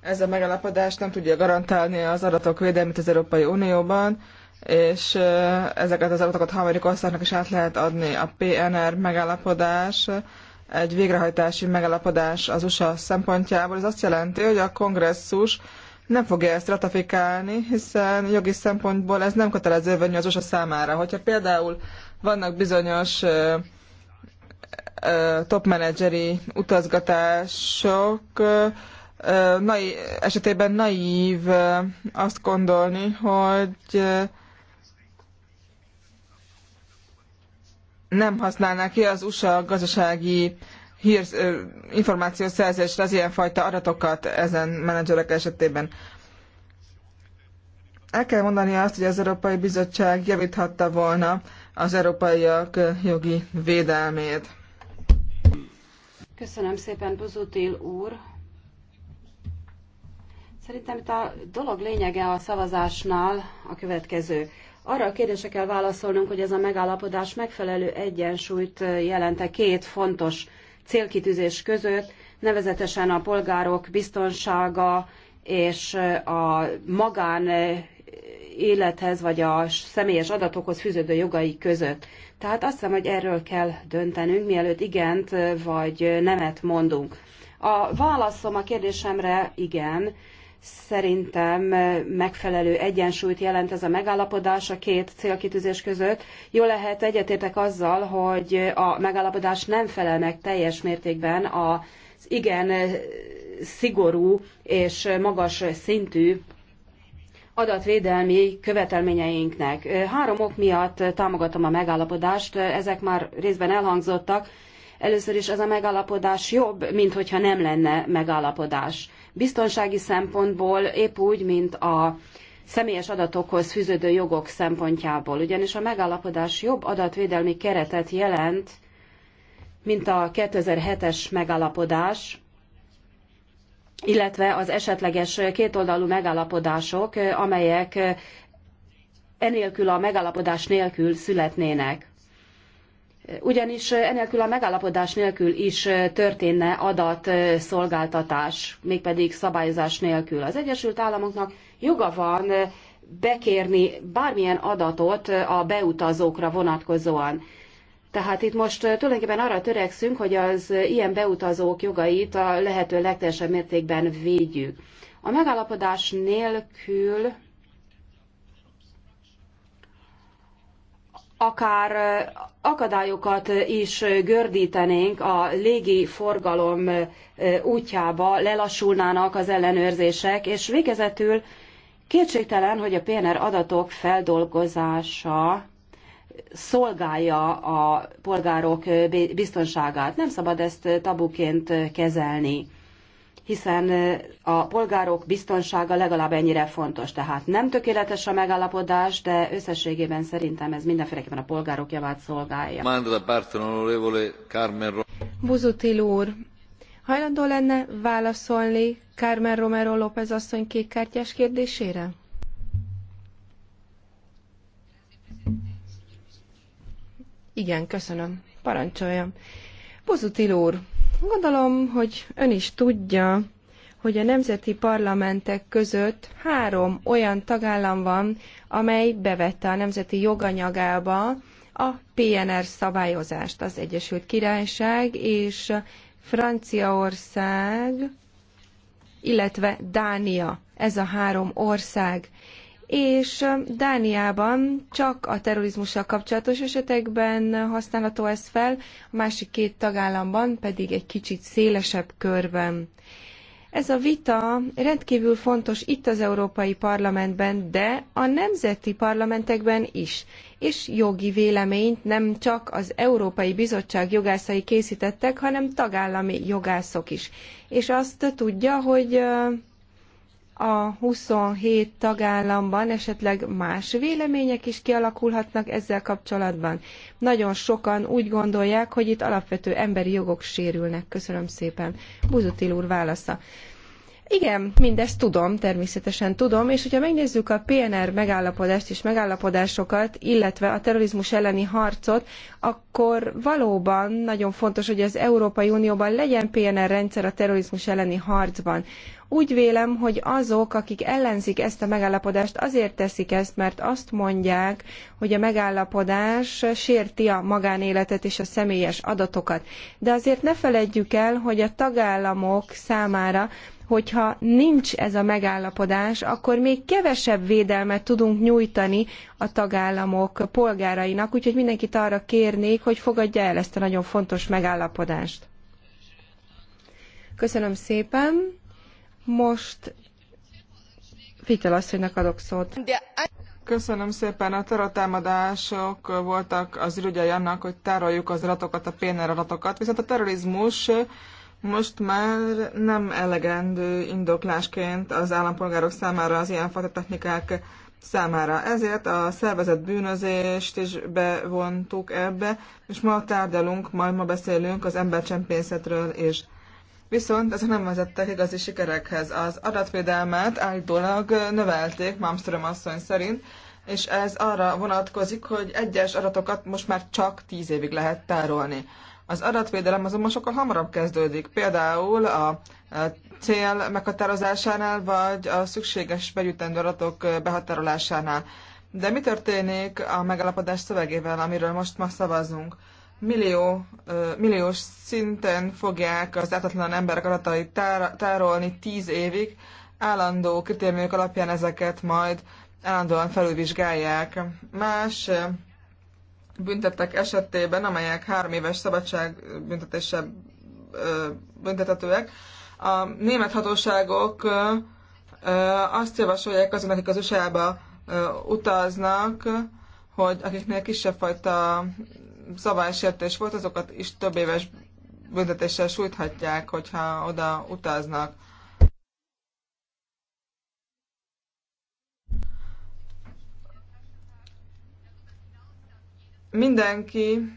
ez a megalapodás nem tudja garantálni az adatok védelmét az Európai Unióban, és ezeket az adatokat harmadik országnak is át lehet adni. A PNR megalapodás, egy végrehajtási megalapodás, az USA szempontjából. Ez azt jelenti, hogy a kongresszus nem fogja ezt ratifikálni, hiszen jogi szempontból ez nem kötelező venni az USA számára. Hogyha például vannak bizonyos topmenedzseri utazgatások, esetében naív azt gondolni, hogy nem használná ki az USA gazdasági hír, információszerzésre az ilyenfajta adatokat ezen menedzserek esetében. El kell mondani azt, hogy az Európai Bizottság javíthatta volna az európaiak jogi védelmét. Köszönöm szépen, Buzutil úr. Szerintem itt a dolog lényege a szavazásnál a következő. Arra a kérdésre kell válaszolnunk, hogy ez a megállapodás megfelelő egyensúlyt jelente két fontos célkitűzés között, nevezetesen a polgárok biztonsága és a magán eh, élethez vagy a személyes adatokhoz fűződő jogai között. Tehát azt hiszem, hogy erről kell döntenünk, mielőtt igent eh, vagy eh, nemet mondunk. A válaszom a kérdésemre igen, szerintem eh, megfelelő egyensúlyt jelent ez a megállapodás a két célkitűzés között. Jó lehet egyetértek azzal, hogy a megállapodás nem felel meg teljes mértékben az igen eh, szigorú és magas szintű adatvédelmi követelményeinknek. Eh, három ok miatt támogatom a megállapodást, ezek már részben elhangzottak. Először is ez a megállapodás jobb, mint hogyha nem lenne megállapodás biztonsági szempontból, épp úgy, mint a személyes adatokhoz fűződő jogok szempontjából. Ugyanis a megállapodás jobb adatvédelmi keretet jelent, mint a 2007-es megállapodás, illetve az esetleges kétoldalú megállapodások, amelyek enélkül a megállapodás nélkül születnének ugyanis enélkül a megállapodás nélkül is történne adatszolgáltatás, mégpedig szabályozás nélkül. Az Egyesült Államoknak joga van bekérni bármilyen adatot a beutazókra vonatkozóan. Tehát itt most tulajdonképpen arra törekszünk, hogy az ilyen beutazók jogait a lehető legteljesebb mértékben védjük. A megállapodás nélkül akár akadályokat is gördítenénk a légi forgalom útjába, lelassulnának az ellenőrzések, és végezetül kétségtelen, hogy a PNR adatok feldolgozása szolgálja a polgárok biztonságát. Nem szabad ezt tabuként kezelni hiszen a polgárok biztonsága legalább ennyire fontos. Tehát nem tökéletes a megállapodás, de összességében szerintem ez mindenféleképpen a polgárok javát szolgálja. Buzutil úr, hajlandó lenne válaszolni Carmen Romero López asszony kékkártyás kérdésére? Igen, köszönöm. Parancsoljam. Buzutil úr, Gondolom, hogy ön is tudja, hogy a nemzeti parlamentek között három olyan tagállam van, amely bevette a nemzeti joganyagába a PNR szabályozást, az Egyesült Királyság és Franciaország, illetve Dánia. Ez a három ország és Dániában csak a terrorizmussal kapcsolatos esetekben használható ez fel, a másik két tagállamban pedig egy kicsit szélesebb körben. Ez a vita rendkívül fontos itt az Európai Parlamentben, de a nemzeti parlamentekben is. És jogi véleményt nem csak az Európai Bizottság jogászai készítettek, hanem tagállami jogászok is. És azt tudja, hogy a 27 tagállamban esetleg más vélemények is kialakulhatnak ezzel kapcsolatban. Nagyon sokan úgy gondolják, hogy itt alapvető emberi jogok sérülnek. Köszönöm szépen. Buzutil úr válasza. Igen, mindezt tudom, természetesen tudom, és hogyha megnézzük a PNR megállapodást és megállapodásokat, illetve a terrorizmus elleni harcot, akkor valóban nagyon fontos, hogy az Európai Unióban legyen PNR rendszer a terrorizmus elleni harcban. Úgy vélem, hogy azok, akik ellenzik ezt a megállapodást, azért teszik ezt, mert azt mondják, hogy a megállapodás sérti a magánéletet és a személyes adatokat. De azért ne feledjük el, hogy a tagállamok számára hogyha nincs ez a megállapodás, akkor még kevesebb védelmet tudunk nyújtani a tagállamok polgárainak, úgyhogy mindenkit arra kérnék, hogy fogadja el ezt a nagyon fontos megállapodást. Köszönöm szépen. Most Fitel asszonynak adok szót. Köszönöm szépen. A terrortámadások voltak az ürügyei annak, hogy tároljuk az adatokat, a PNR adatokat, viszont a terrorizmus most már nem elegendő indoklásként az állampolgárok számára az ilyenfajta technikák számára. Ezért a szervezett bűnözést is bevontuk ebbe, és ma tárgyalunk, majd ma beszélünk az embercsempészetről is. Viszont ezek nem vezettek igazi sikerekhez. Az adatvédelmet állítólag növelték, Malmström asszony szerint, és ez arra vonatkozik, hogy egyes adatokat most már csak tíz évig lehet tárolni. Az adatvédelem azonban sokkal hamarabb kezdődik, például a cél meghatározásánál, vagy a szükséges begyűjtendő adatok behatárolásánál. De mi történik a megállapodás szövegével, amiről most ma szavazunk? Millió, milliós szinten fogják az ártatlan emberek adatait tárolni tíz évig, állandó kritériumok alapján ezeket majd állandóan felülvizsgálják. Más büntettek esetében, amelyek három éves büntetése büntetetőek, a német hatóságok azt javasolják azon, akik az USA-ba utaznak, hogy akiknél kisebb fajta szabálysértés volt, azokat is több éves büntetéssel sújthatják, hogyha oda utaznak. mindenki,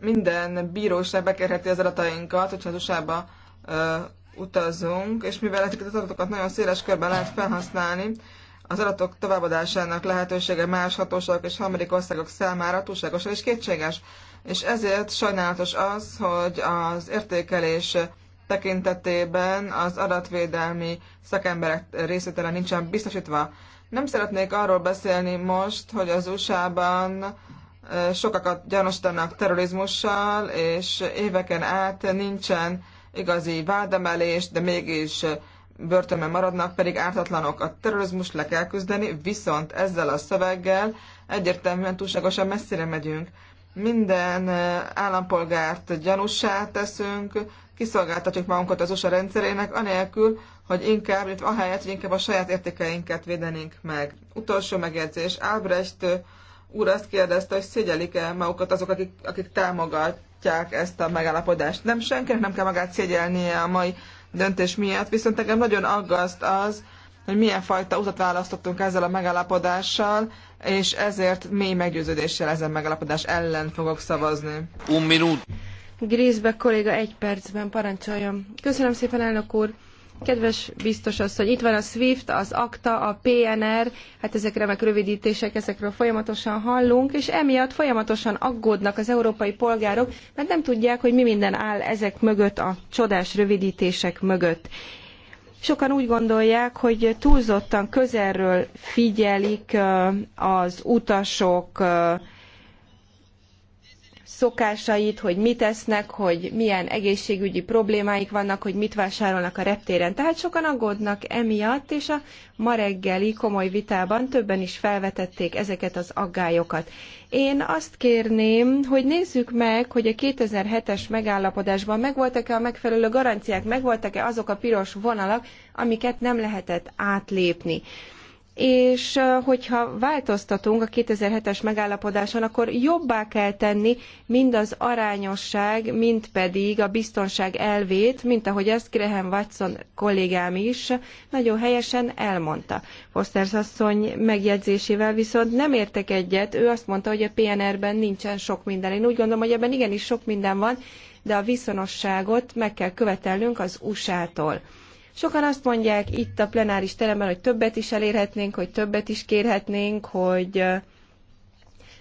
minden bíróság bekerheti az adatainkat, hogyha az usa ö, utazunk, és mivel ezeket az adatokat nagyon széles körben lehet felhasználni, az adatok továbbadásának lehetősége más hatóságok és harmadik országok számára túlságosan és kétséges. És ezért sajnálatos az, hogy az értékelés tekintetében az adatvédelmi szakemberek részétele nincsen biztosítva. Nem szeretnék arról beszélni most, hogy az USA-ban sokakat gyanúsítanak terrorizmussal, és éveken át nincsen igazi vádemelés, de mégis börtönben maradnak, pedig ártatlanok. A terrorizmus le kell küzdeni, viszont ezzel a szöveggel egyértelműen túlságosan messzire megyünk. Minden állampolgárt gyanussá teszünk, kiszolgáltatjuk magunkat az USA rendszerének, anélkül, hogy inkább, ahelyett, hogy inkább a saját értékeinket védenénk meg. Utolsó megjegyzés, Albrecht úr azt kérdezte, hogy szégyelik-e magukat azok, akik, akik támogatják ezt a megállapodást. Nem, senkinek nem kell magát szégyelnie a mai döntés miatt, viszont engem nagyon aggaszt az, hogy milyen fajta utat választottunk ezzel a megállapodással, és ezért mély meggyőződéssel ezen megállapodás ellen fogok szavazni. Un minut. Grízbe kolléga egy percben parancsoljon. Köszönöm szépen, elnök úr! Kedves biztos asszony, itt van a SWIFT, az ACTA, a PNR, hát ezek remek rövidítések, ezekről folyamatosan hallunk, és emiatt folyamatosan aggódnak az európai polgárok, mert nem tudják, hogy mi minden áll ezek mögött, a csodás rövidítések mögött. Sokan úgy gondolják, hogy túlzottan közelről figyelik az utasok szokásait, hogy mit esznek, hogy milyen egészségügyi problémáik vannak, hogy mit vásárolnak a reptéren. Tehát sokan aggódnak emiatt, és a ma reggeli komoly vitában többen is felvetették ezeket az aggályokat. Én azt kérném, hogy nézzük meg, hogy a 2007-es megállapodásban megvoltak-e a megfelelő garanciák, megvoltak-e azok a piros vonalak, amiket nem lehetett átlépni és hogyha változtatunk a 2007-es megállapodáson, akkor jobbá kell tenni mind az arányosság, mind pedig a biztonság elvét, mint ahogy ezt Graham Watson kollégám is nagyon helyesen elmondta. Foster asszony megjegyzésével viszont nem értek egyet, ő azt mondta, hogy a PNR-ben nincsen sok minden. Én úgy gondolom, hogy ebben igenis sok minden van, de a viszonosságot meg kell követelnünk az USA-tól. Sokan azt mondják itt a plenáris teremben, hogy többet is elérhetnénk, hogy többet is kérhetnénk, hogy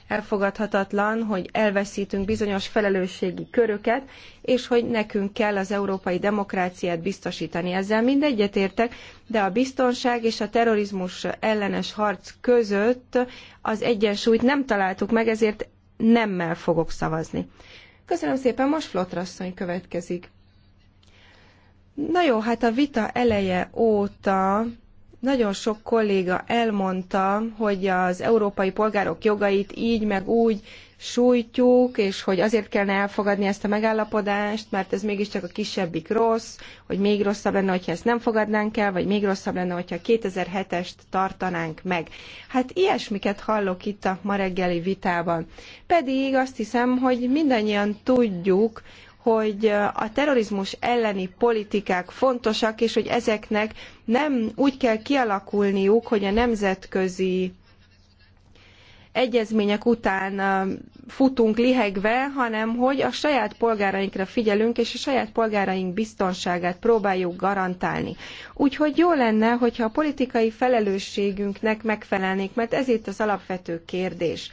elfogadhatatlan, hogy elveszítünk bizonyos felelősségi köröket, és hogy nekünk kell az európai demokráciát biztosítani. Ezzel mind egyetértek, de a biztonság és a terrorizmus ellenes harc között az egyensúlyt nem találtuk meg, ezért nemmel fogok szavazni. Köszönöm szépen, most Flotrasszony következik. Na jó, hát a vita eleje óta nagyon sok kolléga elmondta, hogy az európai polgárok jogait így meg úgy sújtjuk, és hogy azért kellene elfogadni ezt a megállapodást, mert ez mégiscsak a kisebbik rossz, hogy még rosszabb lenne, hogyha ezt nem fogadnánk el, vagy még rosszabb lenne, hogyha 2007-est tartanánk meg. Hát ilyesmiket hallok itt a ma reggeli vitában. Pedig azt hiszem, hogy mindannyian tudjuk, hogy a terrorizmus elleni politikák fontosak, és hogy ezeknek nem úgy kell kialakulniuk, hogy a nemzetközi egyezmények után futunk lihegve, hanem hogy a saját polgárainkra figyelünk, és a saját polgáraink biztonságát próbáljuk garantálni. Úgyhogy jó lenne, hogyha a politikai felelősségünknek megfelelnék, mert ez itt az alapvető kérdés.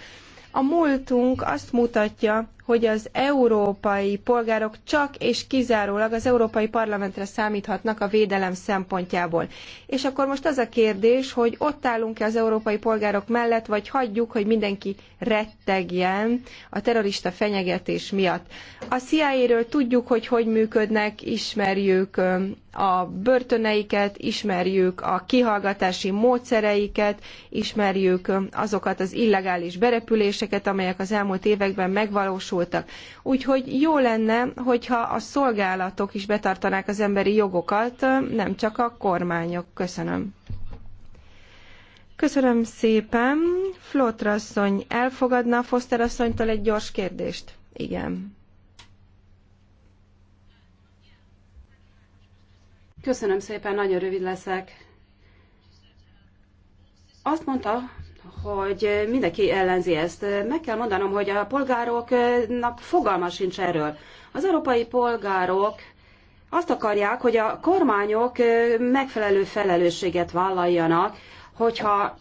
A múltunk azt mutatja, hogy az európai polgárok csak és kizárólag az Európai Parlamentre számíthatnak a védelem szempontjából. És akkor most az a kérdés, hogy ott állunk-e az európai polgárok mellett, vagy hagyjuk, hogy mindenki rettegjen a terrorista fenyegetés miatt. A CIA-ről tudjuk, hogy hogy működnek, ismerjük a börtöneiket, ismerjük a kihallgatási módszereiket, ismerjük azokat az illegális berepüléseket, amelyek az elmúlt években megvalósultak, jogosultak. Úgyhogy jó lenne, hogyha a szolgálatok is betartanák az emberi jogokat, nem csak a kormányok. Köszönöm. Köszönöm szépen. Flotrasszony elfogadna a Foster asszonytól egy gyors kérdést? Igen. Köszönöm szépen, nagyon rövid leszek. Azt mondta, hogy mindenki ellenzi ezt. Meg kell mondanom, hogy a polgároknak fogalma sincs erről. Az európai polgárok azt akarják, hogy a kormányok megfelelő felelősséget vállaljanak, hogyha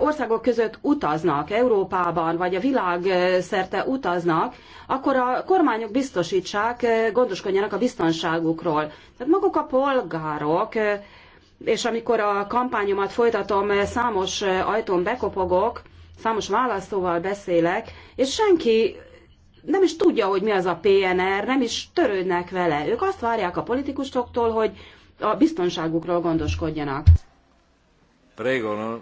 országok között utaznak, Európában vagy a világ szerte utaznak, akkor a kormányok biztosítsák, gondoskodjanak a biztonságukról. Tehát maguk a polgárok és amikor a kampányomat folytatom, eh, számos eh, ajtón bekopogok, számos választóval beszélek, és senki nem is tudja, hogy mi az a PNR, nem is törődnek vele. Ők azt várják a politikusoktól, hogy a biztonságukról gondoskodjanak. Prego, no?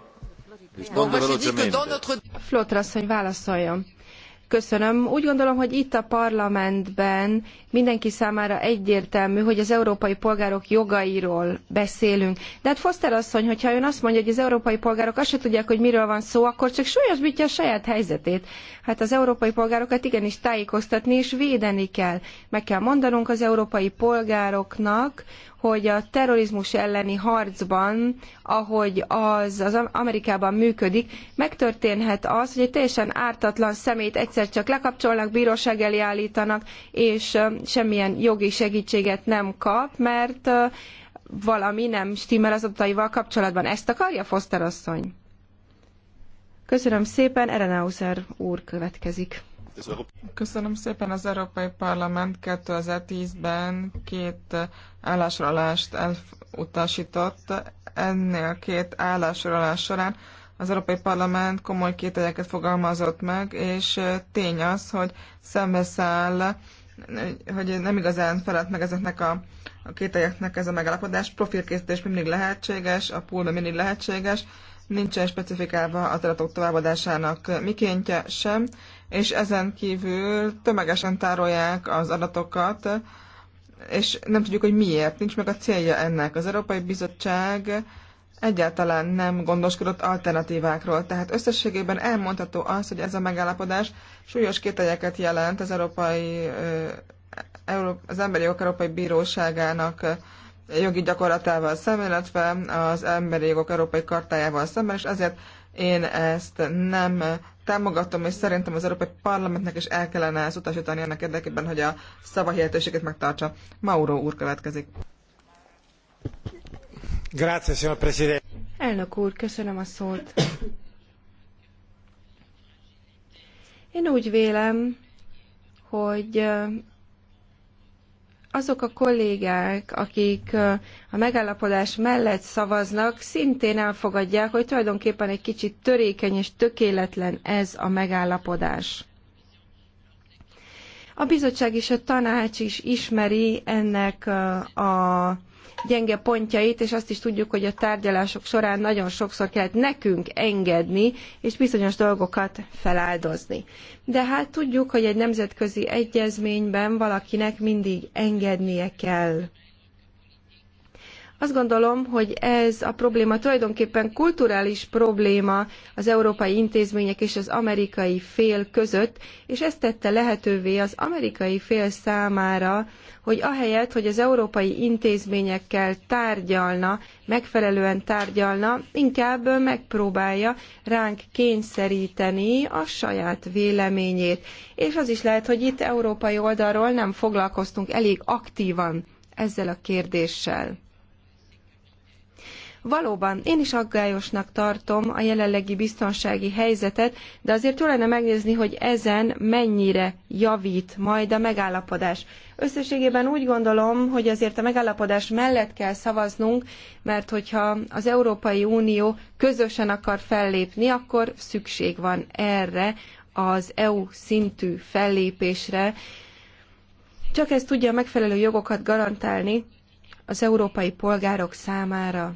Flotra, hogy válaszoljon köszönöm. Úgy gondolom, hogy itt a parlamentben mindenki számára egyértelmű, hogy az európai polgárok jogairól beszélünk. De hát Foster asszony, hogyha ön azt mondja, hogy az európai polgárok azt se tudják, hogy miről van szó, akkor csak súlyosbítja a saját helyzetét. Hát az európai polgárokat igenis tájékoztatni és védeni kell. Meg kell mondanunk az európai polgároknak, hogy a terrorizmus elleni harcban, ahogy az, az Amerikában működik, megtörténhet az, hogy egy teljesen ártatlan szemét egyszer csak lekapcsolnak, bíróság elé állítanak, és semmilyen jogi segítséget nem kap, mert valami nem stimmel az adataival kapcsolatban. Ezt akarja Foster asszony? Köszönöm szépen, Erenhauser úr következik. Köszönöm szépen az Európai Parlament 2010-ben két állásralást elutasított. Ennél a két állásralás során az Európai Parlament komoly kételyeket fogalmazott meg, és tény az, hogy szembeszáll, hogy nem igazán felelt meg ezeknek a, a kételyeknek ez a megállapodás. Profilkészítés mindig lehetséges, a pool mindig lehetséges, nincsen specifikálva az adatok továbbadásának mikéntje sem, és ezen kívül tömegesen tárolják az adatokat, és nem tudjuk, hogy miért, nincs meg a célja ennek. Az Európai Bizottság egyáltalán nem gondoskodott alternatívákról, tehát összességében elmondható az, hogy ez a megállapodás súlyos kételyeket jelent az Európai az Emberi Jogok Európai Bíróságának jogi gyakorlatával szemben, illetve az Emberi Jogok Európai Kartájával szemben, és ezért én ezt nem támogatom, és szerintem az Európai Parlamentnek is el kellene ezt utasítani annak érdekében, hogy a szavahihetőséget megtartsa. Mauro úr következik. Grazie, signor Presidente. Elnök úr, köszönöm a szót. Én úgy vélem, hogy azok a kollégák, akik a megállapodás mellett szavaznak, szintén elfogadják, hogy tulajdonképpen egy kicsit törékeny és tökéletlen ez a megállapodás. A bizottság és a tanács is ismeri ennek a gyenge pontjait, és azt is tudjuk, hogy a tárgyalások során nagyon sokszor kellett nekünk engedni, és bizonyos dolgokat feláldozni. De hát tudjuk, hogy egy nemzetközi egyezményben valakinek mindig engednie kell. Azt gondolom, hogy ez a probléma tulajdonképpen kulturális probléma az európai intézmények és az amerikai fél között, és ezt tette lehetővé az amerikai fél számára, hogy ahelyett, hogy az európai intézményekkel tárgyalna, megfelelően tárgyalna, inkább megpróbálja ránk kényszeríteni a saját véleményét. És az is lehet, hogy itt európai oldalról nem foglalkoztunk elég aktívan ezzel a kérdéssel. Valóban, én is aggályosnak tartom a jelenlegi biztonsági helyzetet, de azért jó lenne megnézni, hogy ezen mennyire javít majd a megállapodás. Összességében úgy gondolom, hogy azért a megállapodás mellett kell szavaznunk, mert hogyha az Európai Unió közösen akar fellépni, akkor szükség van erre az EU szintű fellépésre. Csak ez tudja a megfelelő jogokat garantálni az európai polgárok számára.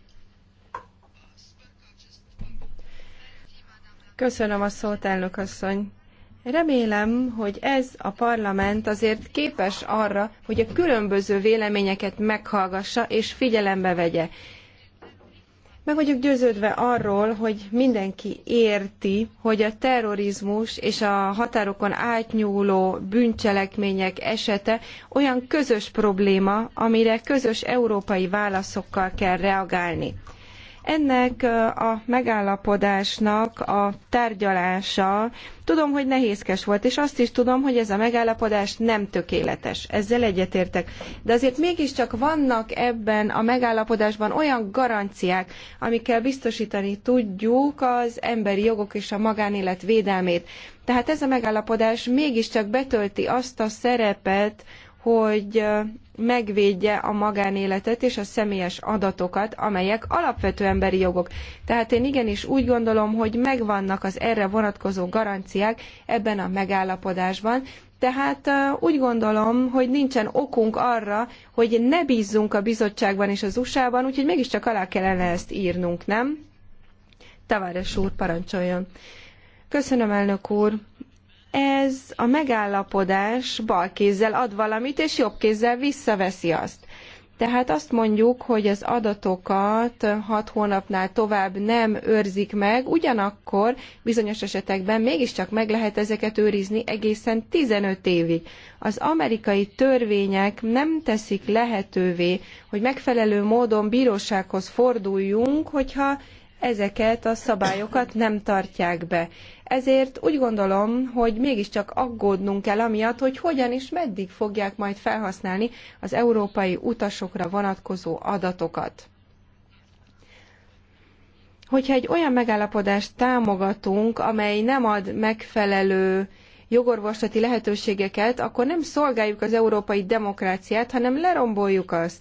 Köszönöm a szót, elnök asszony. Remélem, hogy ez a parlament azért képes arra, hogy a különböző véleményeket meghallgassa és figyelembe vegye. Meg vagyok győződve arról, hogy mindenki érti, hogy a terrorizmus és a határokon átnyúló bűncselekmények esete olyan közös probléma, amire közös európai válaszokkal kell reagálni. Ennek a megállapodásnak a tárgyalása tudom, hogy nehézkes volt, és azt is tudom, hogy ez a megállapodás nem tökéletes. Ezzel egyetértek. De azért mégiscsak vannak ebben a megállapodásban olyan garanciák, amikkel biztosítani tudjuk az emberi jogok és a magánélet védelmét. Tehát ez a megállapodás mégiscsak betölti azt a szerepet, hogy megvédje a magánéletet és a személyes adatokat, amelyek alapvető emberi jogok. Tehát én igenis úgy gondolom, hogy megvannak az erre vonatkozó garanciák ebben a megállapodásban, tehát úgy gondolom, hogy nincsen okunk arra, hogy ne bízzunk a bizottságban és az USA-ban, úgyhogy mégiscsak alá kellene ezt írnunk, nem? Tavares úr, parancsoljon. Köszönöm, elnök úr ez a megállapodás bal kézzel ad valamit, és jobb kézzel visszaveszi azt. Tehát azt mondjuk, hogy az adatokat hat hónapnál tovább nem őrzik meg, ugyanakkor bizonyos esetekben mégiscsak meg lehet ezeket őrizni egészen 15 évig. Az amerikai törvények nem teszik lehetővé, hogy megfelelő módon bírósághoz forduljunk, hogyha ezeket a szabályokat nem tartják be. Ezért úgy gondolom, hogy mégiscsak aggódnunk kell amiatt, hogy hogyan és meddig fogják majd felhasználni az európai utasokra vonatkozó adatokat hogyha egy olyan megállapodást támogatunk, amely nem ad megfelelő jogorvoslati lehetőségeket, akkor nem szolgáljuk az európai demokráciát, hanem leromboljuk azt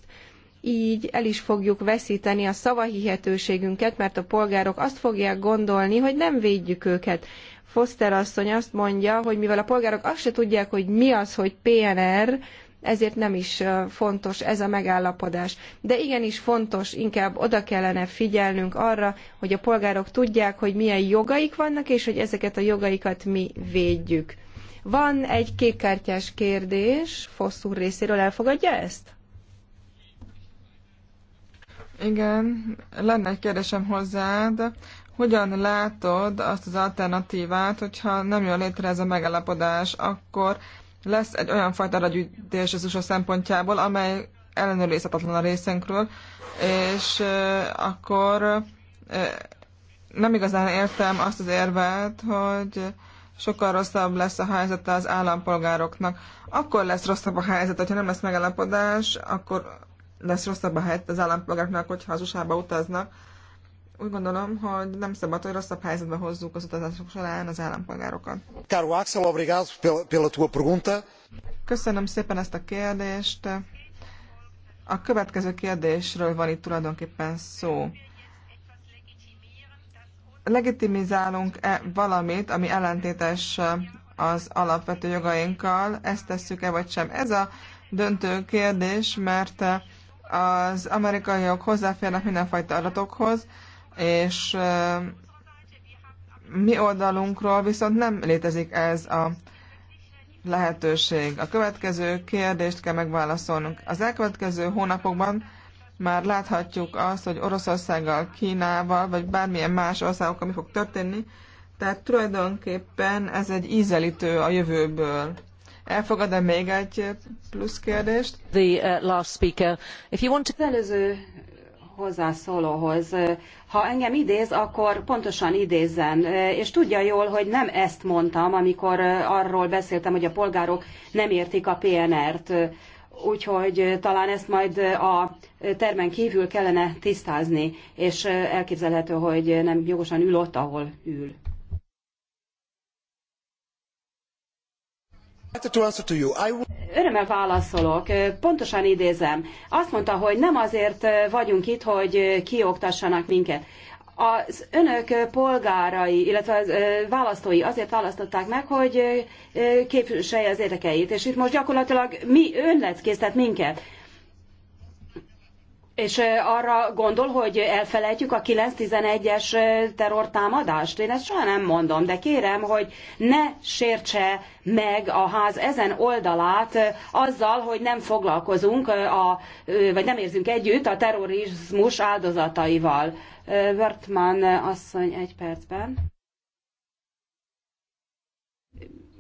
így el is fogjuk veszíteni a szavahihetőségünket, mert a polgárok azt fogják gondolni, hogy nem védjük őket. Foster asszony azt mondja, hogy mivel a polgárok azt se tudják, hogy mi az, hogy PNR, ezért nem is fontos ez a megállapodás. De igenis fontos, inkább oda kellene figyelnünk arra, hogy a polgárok tudják, hogy milyen jogaik vannak, és hogy ezeket a jogaikat mi védjük. Van egy kékkártyás kérdés, Fosszúr részéről elfogadja ezt? Igen, lenne egy kérdésem hozzád. Hogyan látod azt az alternatívát, hogyha nem jön létre ez a megállapodás, akkor lesz egy olyan fajta ragyütés az USA szempontjából, amely ellenőrizhetetlen a részünkről, és akkor nem igazán értem azt az érvet, hogy sokkal rosszabb lesz a helyzete az állampolgároknak. Akkor lesz rosszabb a helyzet, ha nem lesz megállapodás, akkor lesz rosszabb a helyzet az állampolgáknak, hogyha az usa utaznak. Úgy gondolom, hogy nem szabad, hogy rosszabb helyzetbe hozzuk az utazások során az állampolgárokat. Caro Axel, obrigado pela tua pergunta. Köszönöm szépen ezt a kérdést. A következő kérdésről van itt tulajdonképpen szó. Legitimizálunk-e valamit, ami ellentétes az alapvető jogainkkal? Ezt tesszük-e vagy sem? Ez a döntő kérdés, mert az amerikaiak hozzáférnek mindenfajta adatokhoz, és mi oldalunkról viszont nem létezik ez a lehetőség. A következő kérdést kell megválaszolnunk. Az elkövetkező hónapokban már láthatjuk azt, hogy Oroszországgal, Kínával, vagy bármilyen más országokkal mi fog történni, tehát tulajdonképpen ez egy ízelítő a jövőből elfogad -e még egy plusz kérdést? The uh, last speaker. If you want to... Az előző hozzászólóhoz. Uh, ha engem idéz, akkor pontosan idézzen, uh, és tudja jól, hogy nem ezt mondtam, amikor uh, arról beszéltem, hogy a polgárok nem értik a PNR-t. Úgyhogy talán ezt majd a termen kívül kellene tisztázni, és elképzelhető, hogy nem jogosan ül ott, ahol ül. Örömmel válaszolok, pontosan idézem. Azt mondta, hogy nem azért vagyunk itt, hogy kioktassanak minket. Az önök polgárai, illetve az választói azért választották meg, hogy képviselje az érdekeit, és itt most gyakorlatilag mi ön lett minket. És arra gondol, hogy elfelejtjük a 9-11-es terrortámadást? Én ezt soha nem mondom, de kérem, hogy ne sértse meg a ház ezen oldalát azzal, hogy nem foglalkozunk, a, vagy nem érzünk együtt a terrorizmus áldozataival. Wörtmann asszony egy percben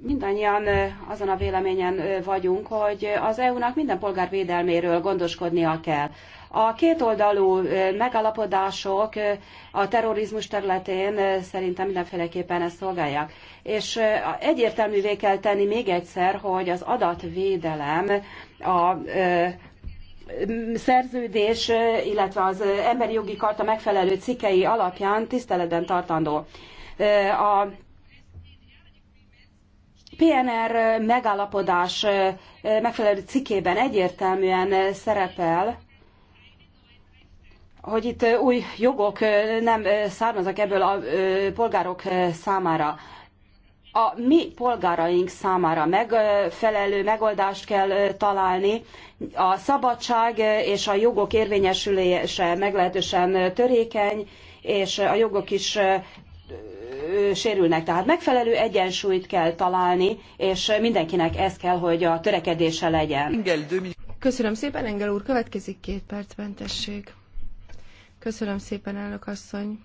mindannyian azon a véleményen vagyunk, hogy az EU-nak minden polgár védelméről gondoskodnia kell. A kétoldalú megállapodások a terrorizmus területén szerintem mindenféleképpen ezt szolgálják. És egyértelművé kell tenni még egyszer, hogy az adatvédelem a szerződés, illetve az emberi jogi karta megfelelő cikkei alapján tiszteletben tartandó. A PNR megállapodás megfelelő cikkében egyértelműen szerepel, hogy itt új jogok nem származnak ebből a polgárok számára. A mi polgáraink számára megfelelő megoldást kell találni. A szabadság és a jogok érvényesülése meglehetősen törékeny, és a jogok is sérülnek. Tehát megfelelő egyensúlyt kell találni, és mindenkinek ez kell, hogy a törekedése legyen. Köszönöm szépen, Engel úr. Következik két percben, mentesség. Köszönöm szépen, elnök asszony.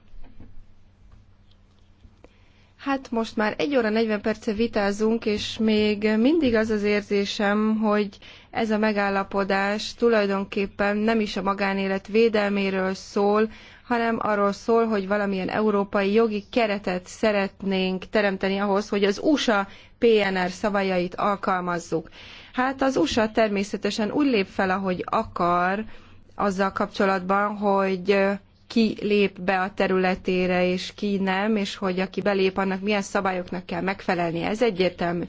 Hát most már egy óra 40 perce vitázunk, és még mindig az az érzésem, hogy ez a megállapodás tulajdonképpen nem is a magánélet védelméről szól, hanem arról szól, hogy valamilyen európai jogi keretet szeretnénk teremteni ahhoz, hogy az USA PNR szabályait alkalmazzuk. Hát az USA természetesen úgy lép fel, ahogy akar, azzal kapcsolatban, hogy ki lép be a területére, és ki nem, és hogy aki belép, annak milyen szabályoknak kell megfelelnie. Ez egyértelmű.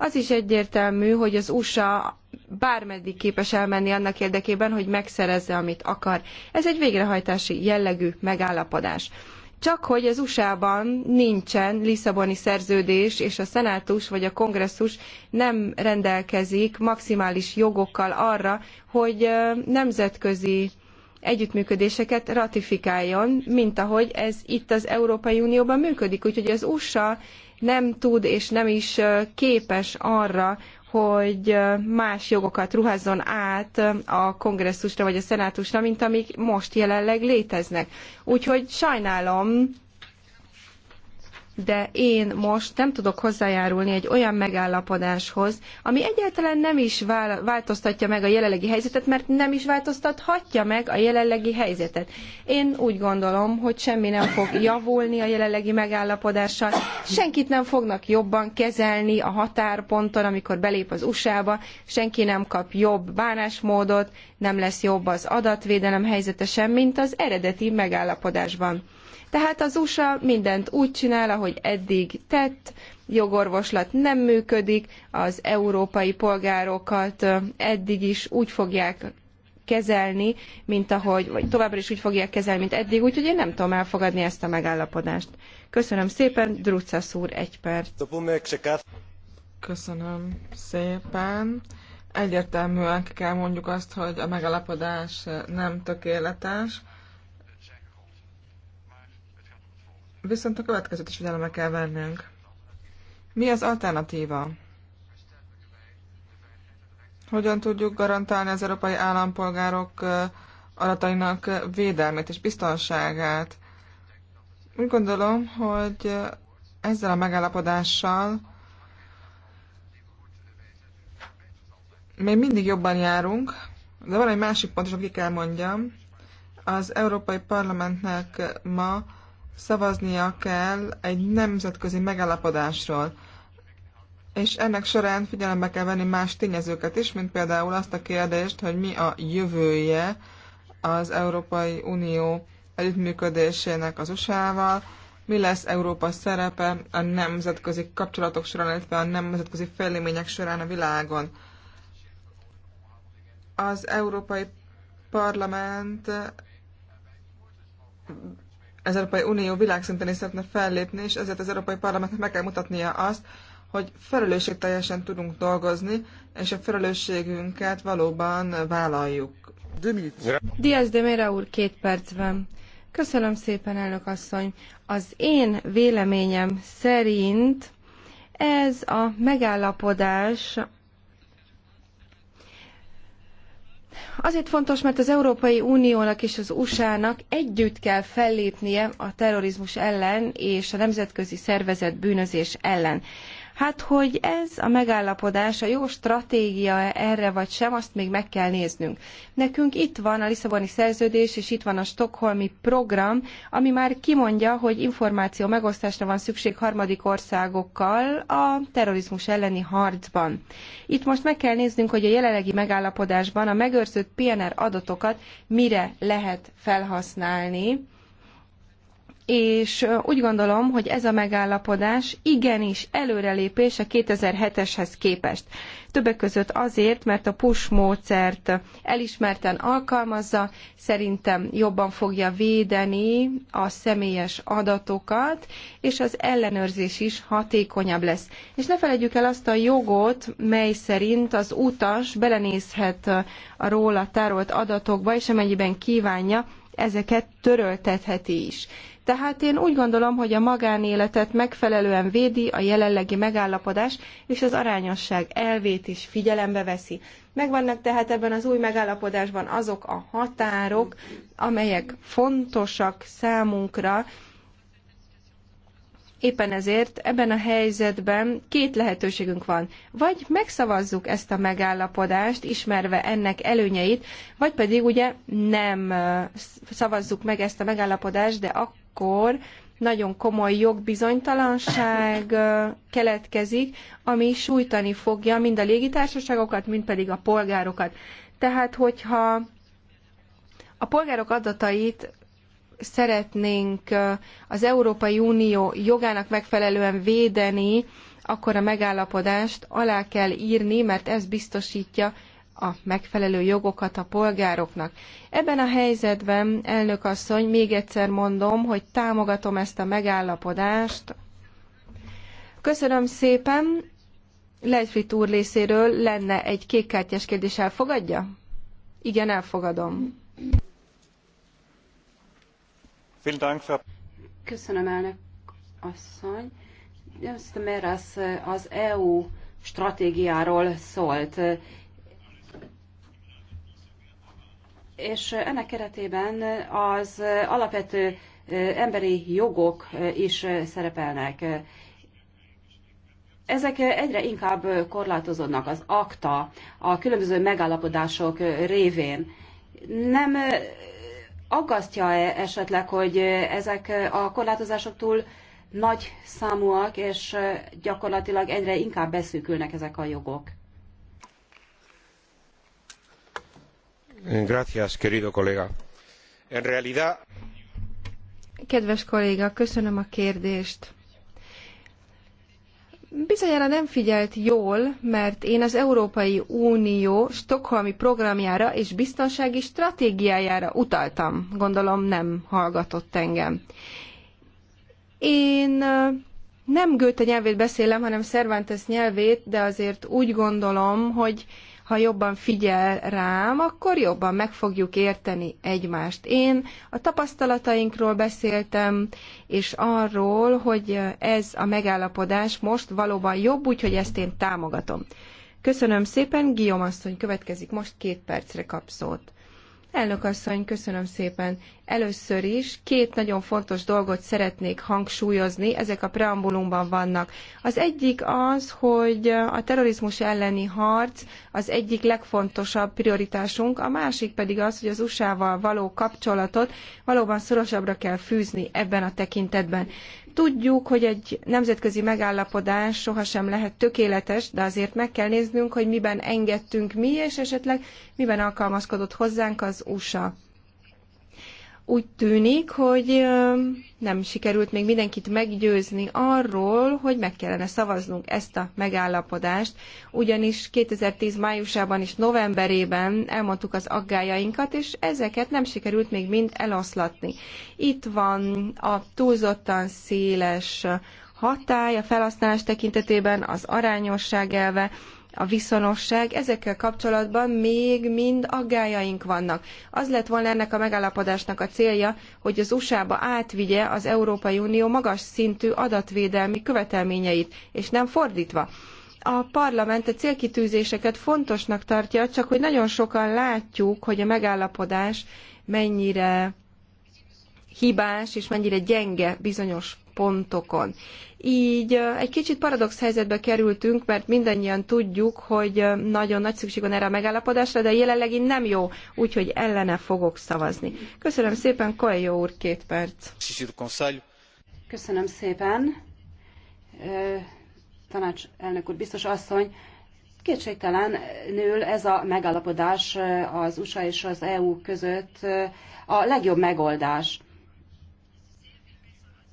Az is egyértelmű, hogy az USA bármeddig képes elmenni annak érdekében, hogy megszerezze, amit akar. Ez egy végrehajtási jellegű megállapodás. Csak hogy az USA-ban nincsen Lisszaboni szerződés, és a szenátus vagy a kongresszus nem rendelkezik maximális jogokkal arra, hogy nemzetközi együttműködéseket ratifikáljon, mint ahogy ez itt az Európai Unióban működik. Úgyhogy az USA nem tud és nem is képes arra, hogy más jogokat ruházzon át a kongresszusra vagy a szenátusra, mint amik most jelenleg léteznek. Úgyhogy sajnálom, de én most nem tudok hozzájárulni egy olyan megállapodáshoz, ami egyáltalán nem is változtatja meg a jelenlegi helyzetet, mert nem is változtathatja meg a jelenlegi helyzetet. Én úgy gondolom, hogy semmi nem fog javulni a jelenlegi megállapodással, senkit nem fognak jobban kezelni a határponton, amikor belép az USA-ba, senki nem kap jobb bánásmódot, nem lesz jobb az adatvédelem helyzete sem, mint az eredeti megállapodásban. Tehát az USA mindent úgy csinál, ahogy eddig tett, jogorvoslat nem működik, az európai polgárokat eddig is úgy fogják kezelni, mint ahogy, vagy továbbra is úgy fogják kezelni, mint eddig, úgyhogy én nem tudom elfogadni ezt a megállapodást. Köszönöm szépen, Drucas úr, egy perc. Köszönöm szépen. Egyértelműen kell mondjuk azt, hogy a megállapodás nem tökéletes, Viszont a következőt is figyelembe kell vennünk. Mi az alternatíva? Hogyan tudjuk garantálni az európai állampolgárok adatainak védelmét és biztonságát? Úgy gondolom, hogy ezzel a megállapodással még mindig jobban járunk, de van egy másik pont is, amit ki kell mondjam. Az Európai Parlamentnek ma szavaznia kell egy nemzetközi megállapodásról, és ennek során figyelembe kell venni más tényezőket is, mint például azt a kérdést, hogy mi a jövője az Európai Unió együttműködésének az USA-val, mi lesz Európa szerepe a nemzetközi kapcsolatok során, illetve a nemzetközi fejlemények során a világon. Az Európai Parlament az Európai Unió világszinten is szeretne fellépni, és ezért az Európai Parlamentnek meg kell mutatnia azt, hogy felelősségteljesen tudunk dolgozni, és a felelősségünket valóban vállaljuk. Diaz de Mera úr, két percben. Köszönöm szépen, elnök asszony. Az én véleményem szerint ez a megállapodás Azért fontos, mert az Európai Uniónak és az USA-nak együtt kell fellépnie a terrorizmus ellen és a nemzetközi szervezet bűnözés ellen. Hát, hogy ez a megállapodás a jó stratégia erre vagy sem, azt még meg kell néznünk. Nekünk itt van a Lisszaboni szerződés, és itt van a Stockholmi program, ami már kimondja, hogy információ megosztásra van szükség harmadik országokkal a terrorizmus elleni harcban. Itt most meg kell néznünk, hogy a jelenlegi megállapodásban a megőrzött PNR adatokat mire lehet felhasználni, és úgy gondolom, hogy ez a megállapodás igenis előrelépés a 2007-eshez képest. Többek között azért, mert a push módszert elismerten alkalmazza, szerintem jobban fogja védeni a személyes adatokat, és az ellenőrzés is hatékonyabb lesz. És ne felejtjük el azt a jogot, mely szerint az utas belenézhet a róla tárolt adatokba, és amennyiben kívánja, ezeket töröltetheti is. Tehát én úgy gondolom, hogy a magánéletet megfelelően védi a jelenlegi megállapodás, és az arányosság elvét is figyelembe veszi. Megvannak tehát ebben az új megállapodásban azok a határok, amelyek fontosak számunkra, Éppen ezért ebben a helyzetben két lehetőségünk van. Vagy megszavazzuk ezt a megállapodást, ismerve ennek előnyeit, vagy pedig ugye nem szavazzuk meg ezt a megállapodást, de akkor akkor nagyon komoly jogbizonytalanság keletkezik, ami sújtani fogja mind a légitársaságokat, mind pedig a polgárokat. Tehát, hogyha a polgárok adatait szeretnénk az Európai Unió jogának megfelelően védeni, akkor a megállapodást alá kell írni, mert ez biztosítja a megfelelő jogokat a polgároknak. Ebben a helyzetben, elnök asszony, még egyszer mondom, hogy támogatom ezt a megállapodást. Köszönöm szépen. Leifrit úr részéről lenne egy kékkártyás kérdés, elfogadja? Igen, elfogadom. Köszönöm, elnök asszony. mert az, az e EU stratégiáról szólt. és ennek keretében az alapvető emberi jogok is szerepelnek. Ezek egyre inkább korlátozódnak az akta, a különböző megállapodások révén. Nem aggasztja -e esetleg, hogy ezek a korlátozások túl nagy számúak, és gyakorlatilag egyre inkább beszűkülnek ezek a jogok? Kedves kolléga, köszönöm a kérdést. Bizonyára nem figyelt jól, mert én az Európai Unió stockholmi programjára és biztonsági stratégiájára utaltam. Gondolom nem hallgatott engem. Én nem Goethe nyelvét beszélem, hanem Cervantes nyelvét, de azért úgy gondolom, hogy ha jobban figyel rám, akkor jobban meg fogjuk érteni egymást. Én a tapasztalatainkról beszéltem, és arról, hogy ez a megállapodás most valóban jobb, úgyhogy ezt én támogatom. Köszönöm szépen, Guillaume asszony következik, most két percre kap szót. Elnök asszony, köszönöm szépen. Először is két nagyon fontos dolgot szeretnék hangsúlyozni, ezek a preambulumban vannak. Az egyik az, hogy a terrorizmus elleni harc az egyik legfontosabb prioritásunk, a másik pedig az, hogy az USA-val való kapcsolatot valóban szorosabbra kell fűzni ebben a tekintetben. Tudjuk, hogy egy nemzetközi megállapodás sohasem lehet tökéletes, de azért meg kell néznünk, hogy miben engedtünk mi, és esetleg miben alkalmazkodott hozzánk az USA úgy tűnik, hogy nem sikerült még mindenkit meggyőzni arról, hogy meg kellene szavaznunk ezt a megállapodást, ugyanis 2010 májusában és novemberében elmondtuk az aggájainkat, és ezeket nem sikerült még mind eloszlatni. Itt van a túlzottan széles hatály, a felhasználás tekintetében az arányosság elve, a viszonosság, ezekkel kapcsolatban még mind aggájaink vannak. Az lett volna ennek a megállapodásnak a célja, hogy az USA-ba átvigye az Európai Unió magas szintű adatvédelmi követelményeit, és nem fordítva a parlament a célkitűzéseket fontosnak tartja, csak hogy nagyon sokan látjuk, hogy a megállapodás mennyire hibás és mennyire gyenge bizonyos pontokon. Így egy kicsit paradox helyzetbe kerültünk, mert mindannyian tudjuk, hogy nagyon nagy szükség van erre a megállapodásra, de jelenleg így nem jó, úgyhogy ellene fogok szavazni. Köszönöm szépen, Koelyó úr, két perc. Köszönöm szépen. Tanács elnök úr, biztos asszony, nől ez a megállapodás az USA és az EU között a legjobb megoldás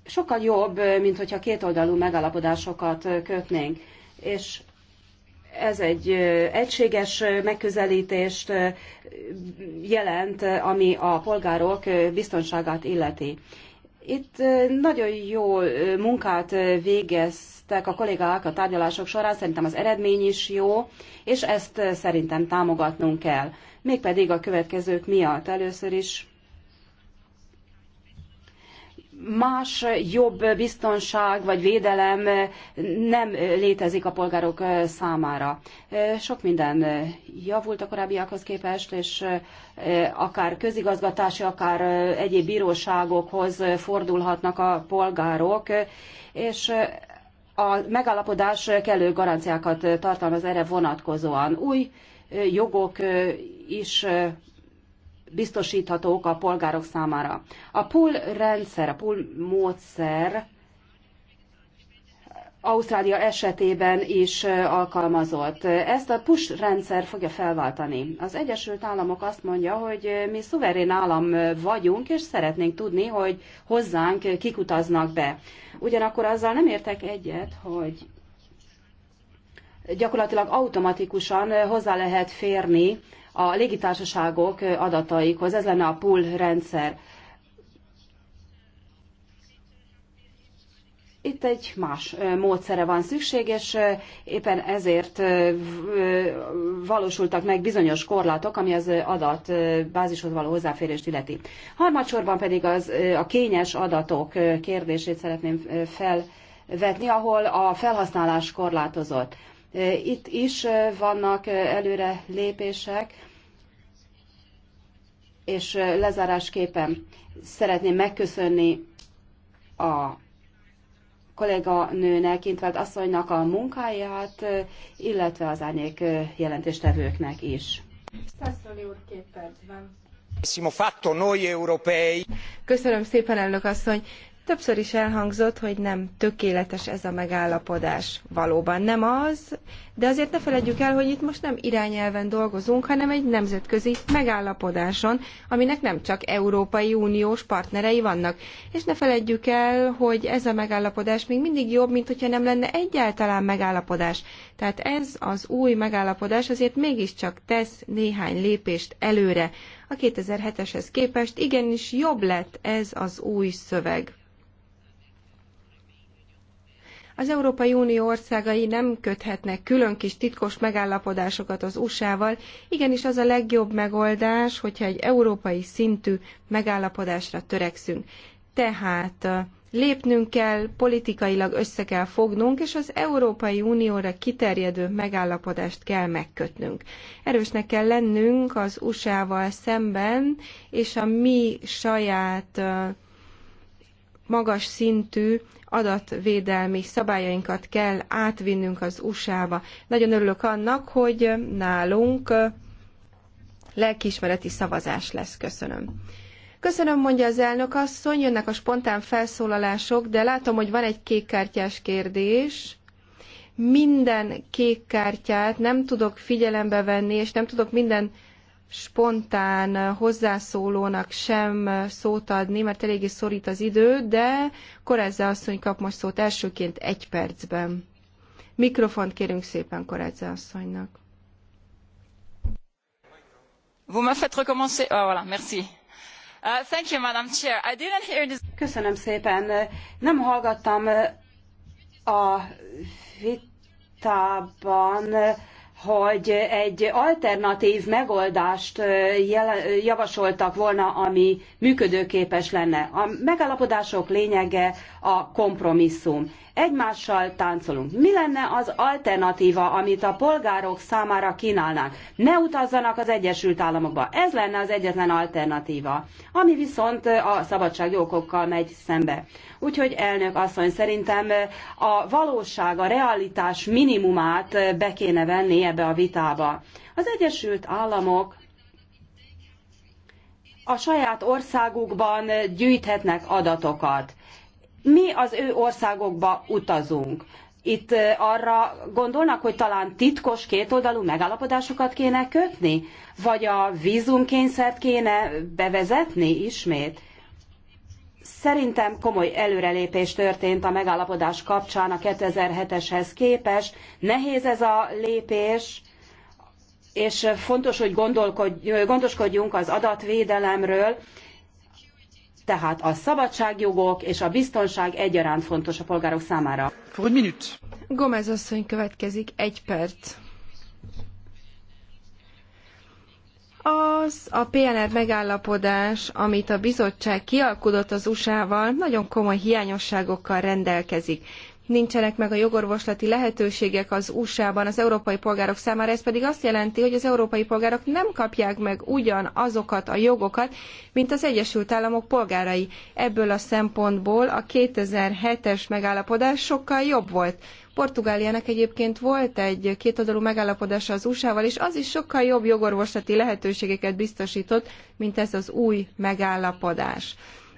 sokkal jobb, mint hogyha kétoldalú megállapodásokat kötnénk. És ez egy egységes megközelítést jelent, ami a polgárok biztonságát illeti. Itt nagyon jó munkát végeztek a kollégák a tárgyalások során, szerintem az eredmény is jó, és ezt szerintem támogatnunk kell. Mégpedig a következők miatt először is más jobb biztonság vagy védelem nem létezik a polgárok számára. Sok minden javult a korábbiakhoz képest, és eh, akár közigazgatási, akár eh, egyéb bíróságokhoz fordulhatnak a polgárok, és eh, a megállapodás kellő garanciákat tartalmaz erre vonatkozóan. Új jogok is biztosíthatók a polgárok számára. A pool rendszer, a pool módszer Ausztrália esetében is alkalmazott. Ezt a push rendszer fogja felváltani. Az Egyesült Államok azt mondja, hogy mi szuverén állam vagyunk, és szeretnénk tudni, hogy hozzánk kikutaznak be. Ugyanakkor azzal nem értek egyet, hogy gyakorlatilag automatikusan hozzá lehet férni a légitársaságok adataikhoz, ez lenne a pool rendszer. Itt egy más módszere van szükség, és éppen ezért valósultak meg bizonyos korlátok, ami az bázishoz való hozzáférést illeti. Harmadsorban pedig az, a kényes adatok kérdését szeretném felvetni, ahol a felhasználás korlátozott. Eh, itt is eh, vannak eh, előre lépések, és lezárásképpen szeretném megköszönni a nőnek Intvált asszonynak a munkáját, illetve az árnyék jelentéstevőknek is. úr, Köszönöm szépen, elnök asszony. Többször is elhangzott, hogy nem tökéletes ez a megállapodás. Valóban nem az, de azért ne felejtjük el, hogy itt most nem irányelven dolgozunk, hanem egy nemzetközi megállapodáson, aminek nem csak Európai Uniós partnerei vannak. És ne felejtjük el, hogy ez a megállapodás még mindig jobb, mint hogyha nem lenne egyáltalán megállapodás. Tehát ez az új megállapodás azért mégiscsak tesz néhány lépést előre. A 2007-eshez képest igenis jobb lett ez az új szöveg. Az Európai Unió országai nem köthetnek külön kis titkos megállapodásokat az USA-val, igenis az a legjobb megoldás, hogyha egy európai szintű megállapodásra törekszünk. Tehát lépnünk kell, politikailag össze kell fognunk, és az Európai Unióra kiterjedő megállapodást kell megkötnünk. Erősnek kell lennünk az USA-val szemben, és a mi saját magas szintű adatvédelmi szabályainkat kell átvinnünk az USA-ba. Nagyon örülök annak, hogy nálunk lelkiismereti szavazás lesz. Köszönöm. Köszönöm, mondja az elnök asszony, jönnek a spontán felszólalások, de látom, hogy van egy kékkártyás kérdés. Minden kékkártyát nem tudok figyelembe venni, és nem tudok minden spontán hozzászólónak sem szót adni, mert eléggé szorít az idő, de Korezza asszony kap most szót elsőként egy percben. Mikrofont kérünk szépen Korezza asszonynak. Ah, uh, Köszönöm szépen. Nem hallgattam a vitában hogy egy alternatív megoldást javasoltak volna, ami működőképes lenne. A megállapodások lényege a kompromisszum. Egymással táncolunk. Mi lenne az alternatíva, amit a polgárok számára kínálnánk? Ne utazzanak az Egyesült Államokba. Ez lenne az egyetlen alternatíva, ami viszont a szabadságjogokkal megy szembe. Úgyhogy elnök asszony, szerintem a valóság, a realitás minimumát be kéne venni ebbe a vitába. Az Egyesült Államok a saját országukban gyűjthetnek adatokat. Mi az ő országokba utazunk. Itt arra gondolnak, hogy talán titkos kétoldalú megállapodásokat kéne kötni? Vagy a vízumkényszert kéne bevezetni ismét? Szerintem komoly előrelépés történt a megállapodás kapcsán a 2007-eshez képest. Nehéz ez a lépés, és fontos, hogy gondoskodjunk az adatvédelemről, tehát a szabadságjogok és a biztonság egyaránt fontos a polgárok számára. Gomez asszony következik, egy perc. Az a PNR megállapodás, amit a bizottság kialkudott az USA-val, nagyon komoly hiányosságokkal rendelkezik. Nincsenek meg a jogorvoslati lehetőségek az USA-ban az európai polgárok számára, ez pedig azt jelenti, hogy az európai polgárok nem kapják meg ugyanazokat a jogokat, mint az Egyesült Államok polgárai. Ebből a szempontból a 2007-es megállapodás sokkal jobb volt. Portugáliának egyébként volt egy kétoldalú megállapodása az USA-val, és az is sokkal jobb jogorvoslati lehetőségeket biztosított, mint ez az új megállapodás.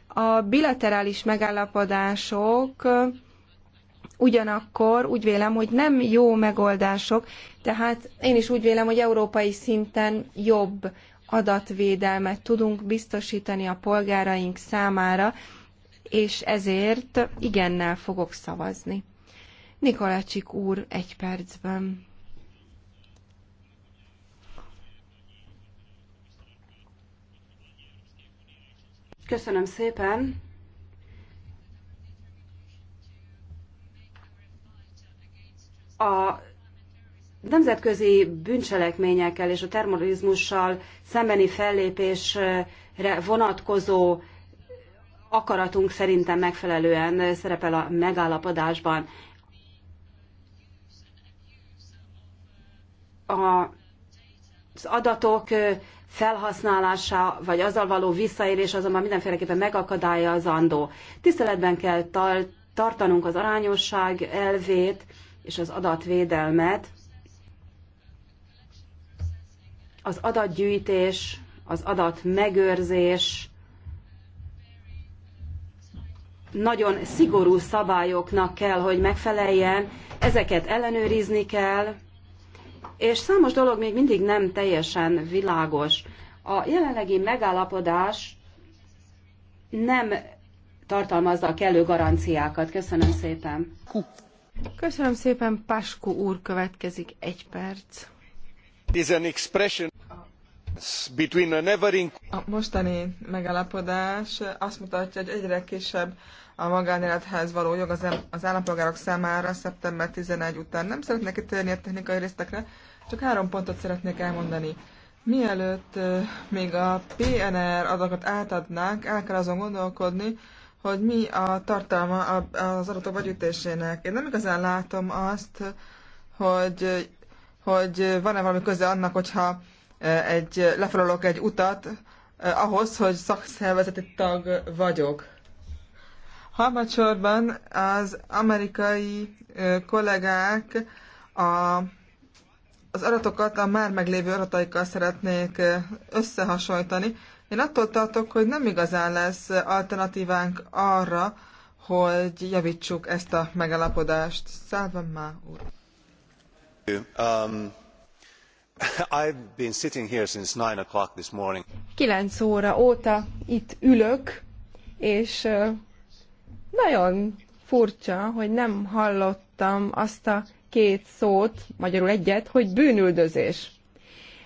A bilaterális megállapodások ugyanakkor úgy vélem, hogy nem jó megoldások, tehát én is úgy vélem, hogy európai szinten jobb adatvédelmet tudunk biztosítani a polgáraink számára, és ezért igennel fogok szavazni. Nikolácsik úr egy percben. Köszönöm szépen. A nemzetközi bűncselekményekkel és a terrorizmussal szembeni fellépésre vonatkozó akaratunk szerintem megfelelően szerepel a megállapodásban. a az adatok felhasználása, vagy azzal való visszaérés azonban mindenféleképpen megakadálya az andó. Tiszteletben kell tal- tartanunk az arányosság elvét és az adatvédelmet. Az adatgyűjtés, az adatmegőrzés nagyon szigorú szabályoknak kell, hogy megfeleljen, ezeket ellenőrizni kell, és számos dolog még mindig nem teljesen világos. A jelenlegi megállapodás nem tartalmazza a kellő garanciákat. Köszönöm szépen. Köszönöm szépen, Pasku úr következik egy perc. A mostani megállapodás azt mutatja, hogy egyre kisebb a magánélethez való jog az, az állampolgárok számára szeptember 11 után. Nem szeretnék kitérni a technikai résztekre, csak három pontot szeretnék elmondani. Mielőtt még a PNR adatokat átadnánk, el kell azon gondolkodni, hogy mi a tartalma az adatok begyűjtésének. Én nem igazán látom azt, hogy, hogy van-e valami köze annak, hogyha egy, lefelolok egy utat, ahhoz, hogy szakszervezeti tag vagyok. Harmadsorban az amerikai kollégák a, az aratokat a már meglévő arataikkal szeretnék összehasonlítani. Én attól tartok, hogy nem igazán lesz alternatívánk arra, hogy javítsuk ezt a megalapodást. Szálvan már úr. Um, <laughs> I've been sitting here since nine o'clock this morning. Kilenc óra óta itt ülök, és nagyon furcsa, hogy nem hallottam azt a két szót, magyarul egyet, hogy bűnüldözés.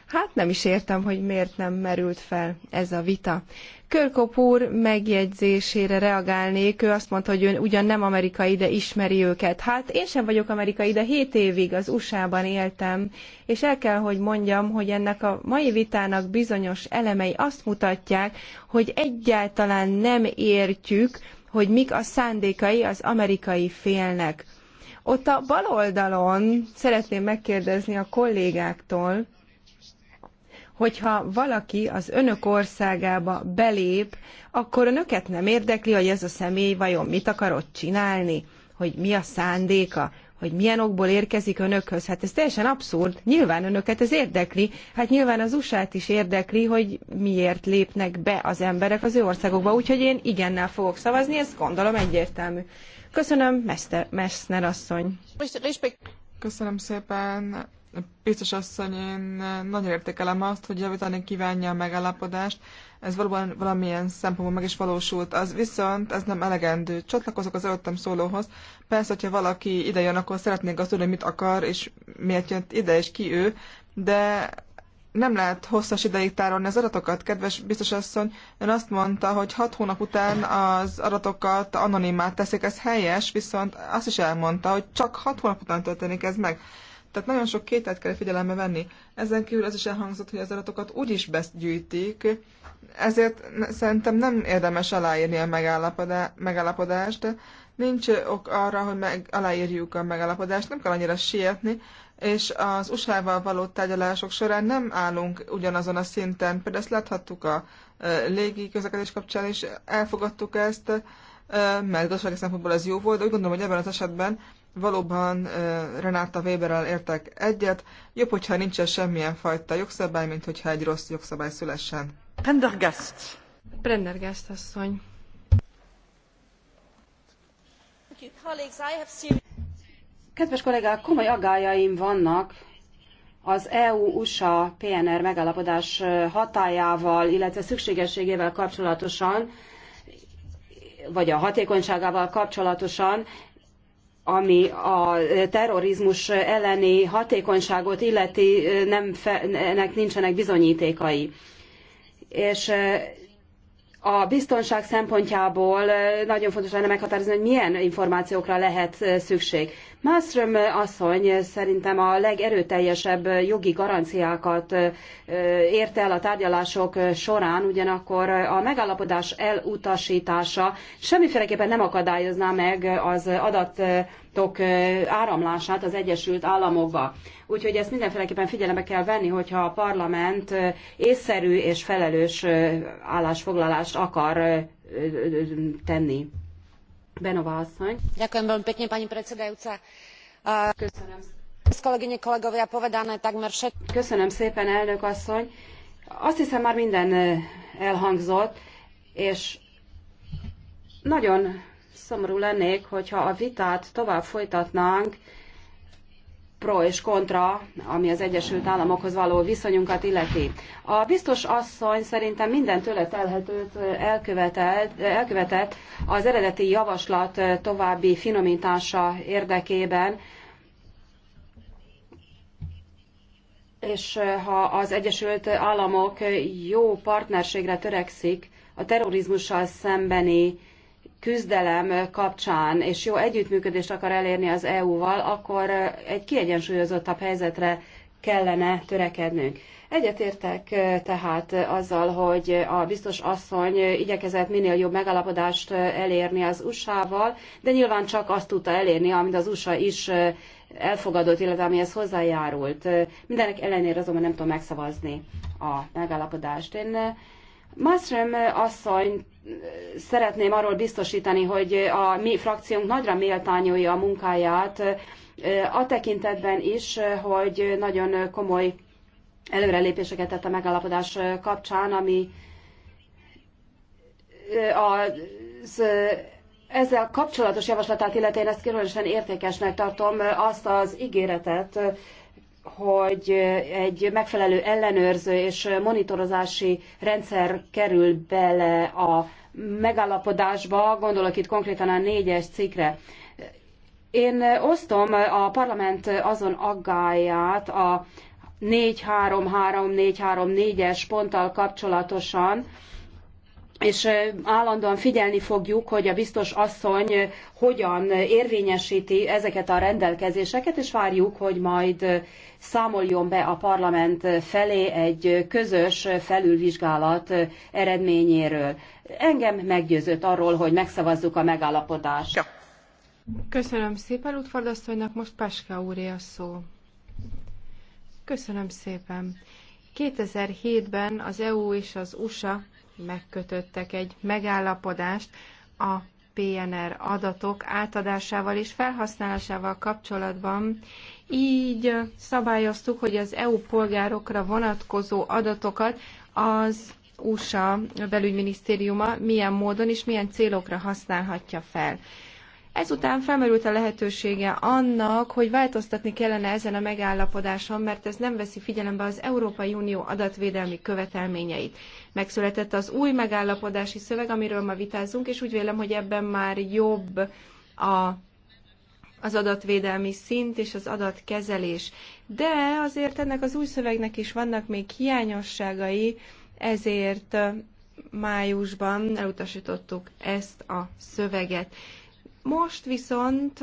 Hát nem is értem, hogy miért nem merült fel ez a vita. Körkop úr megjegyzésére reagálnék, ő azt mondta, hogy ön ugyan nem amerikai, de ismeri őket. Hát én sem vagyok amerikai, de 7 évig az USA-ban éltem, és el kell, hogy mondjam, hogy ennek a mai vitának bizonyos elemei azt mutatják, hogy egyáltalán nem értjük, hogy mik a szándékai az amerikai félnek. Ott a bal oldalon szeretném megkérdezni a kollégáktól, hogyha valaki az önök országába belép, akkor önöket nem érdekli, hogy ez a személy vajon mit akarott csinálni, hogy mi a szándéka, hogy milyen okból érkezik önökhöz. Hát ez teljesen abszurd. Nyilván önöket ez érdekli. Hát nyilván az usa is érdekli, hogy miért lépnek be az emberek az ő országokba. Úgyhogy én igennel fogok szavazni, ez gondolom egyértelmű. Köszönöm, Messner asszony. Köszönöm szépen, biztos asszony, én nagyon értékelem azt, hogy javítani kívánja a megállapodást, ez valóban valamilyen szempontból meg is valósult. Az viszont ez nem elegendő. Csatlakozok az előttem szólóhoz. Persze, hogyha valaki ide jön, akkor szeretnék azt tudni, mit akar, és miért jött ide, és ki ő, de nem lehet hosszas ideig tárolni az adatokat. Kedves biztos asszony, ön azt mondta, hogy hat hónap után az adatokat anonimát teszik, ez helyes, viszont azt is elmondta, hogy csak hat hónap után történik ez meg. Tehát nagyon sok kételt kell figyelembe venni. Ezen kívül az is elhangzott, hogy az adatokat úgy is begyűjtik, ezért szerintem nem érdemes aláírni a megállapodást. Nincs ok arra, hogy meg, aláírjuk a megállapodást, nem kell annyira sietni, és az USA-val való tárgyalások során nem állunk ugyanazon a szinten. Például ezt láthattuk a légi közlekedés kapcsán is, elfogadtuk ezt, mert gazdasági szempontból ez jó volt, de úgy gondolom, hogy ebben az esetben valóban Renáta Weberrel értek egyet. Jobb, hogyha nincsen semmilyen fajta jogszabály, mint hogyha egy rossz jogszabály szülessen. Prendergast. Prendergast asszony. Kedves kollégák, komoly aggájaim vannak az EU-USA PNR megállapodás hatájával, illetve szükségességével kapcsolatosan, vagy a hatékonyságával kapcsolatosan, ami a terrorizmus elleni hatékonyságot illeti, nem fe, nincsenek bizonyítékai és a biztonság szempontjából nagyon fontos lenne meghatározni, hogy milyen információkra lehet szükség. Malmström asszony szerintem a legerőteljesebb jogi garanciákat érte el a tárgyalások során, ugyanakkor a megállapodás elutasítása semmiféleképpen nem akadályozná meg az adat tok áramlását az Egyesült Államokba. Úgyhogy ezt mindenféleképpen figyelembe kell venni, hogyha a parlament észszerű és felelős állásfoglalást akar tenni. Benova asszony. Ďakujem veľmi pekne, pani predsedajúca. Köszönöm. Kolegyne, kolegovia, povedané takmer všetko. Köszönöm szépen, elnök asszony. Azt hiszem már minden elhangzott, és nagyon szomorú lennék, hogyha a vitát tovább folytatnánk, pro és kontra, ami az Egyesült Államokhoz való viszonyunkat illeti. A biztos asszony szerintem minden tőle telhetőt elkövetett, elkövetett az eredeti javaslat további finomítása érdekében, és eh, ha az Egyesült Államok jó partnerségre törekszik a terrorizmussal szembeni küzdelem kapcsán és jó együttműködést akar elérni az EU-val, akkor egy kiegyensúlyozottabb helyzetre kellene törekednünk. Egyetértek tehát azzal, hogy a biztos asszony igyekezett minél jobb megalapodást elérni az USA-val, de nyilván csak azt tudta elérni, amit az USA is elfogadott, illetve amihez hozzájárult. Mindenek ellenére azonban nem tudom megszavazni a megalapodást. Én Masrem asszonyt szeretném arról biztosítani, hogy a mi frakciónk nagyra méltányolja a munkáját, a tekintetben is, hogy nagyon komoly előrelépéseket tett a megállapodás kapcsán, ami az ezzel kapcsolatos javaslatát illetén ezt különösen értékesnek tartom azt az ígéretet, hogy egy megfelelő ellenőrző és monitorozási rendszer kerül bele a megállapodásba, gondolok itt konkrétan a négyes cikkre. Én osztom a parlament azon aggáját a 4-3-3-4-3-4-es ponttal kapcsolatosan, és állandóan figyelni fogjuk, hogy a biztos asszony hogyan érvényesíti ezeket a rendelkezéseket, és várjuk, hogy majd számoljon be a parlament felé egy közös felülvizsgálat eredményéről. Engem meggyőzött arról, hogy megszavazzuk a megállapodást. Ja. Köszönöm szépen, Utford most Paska úré a szó. Köszönöm szépen. 2007-ben az EU és az USA megkötöttek egy megállapodást a PNR adatok átadásával és felhasználásával kapcsolatban. Így szabályoztuk, hogy az EU polgárokra vonatkozó adatokat az USA belügyminisztériuma milyen módon és milyen célokra használhatja fel. Ezután felmerült a lehetősége annak, hogy változtatni kellene ezen a megállapodáson, mert ez nem veszi figyelembe az Európai Unió adatvédelmi követelményeit. Megszületett az új megállapodási szöveg, amiről ma vitázunk, és úgy vélem, hogy ebben már jobb a az adatvédelmi szint és az adatkezelés. De azért ennek az új szövegnek is vannak még hiányosságai, ezért májusban elutasítottuk ezt a szöveget. Most viszont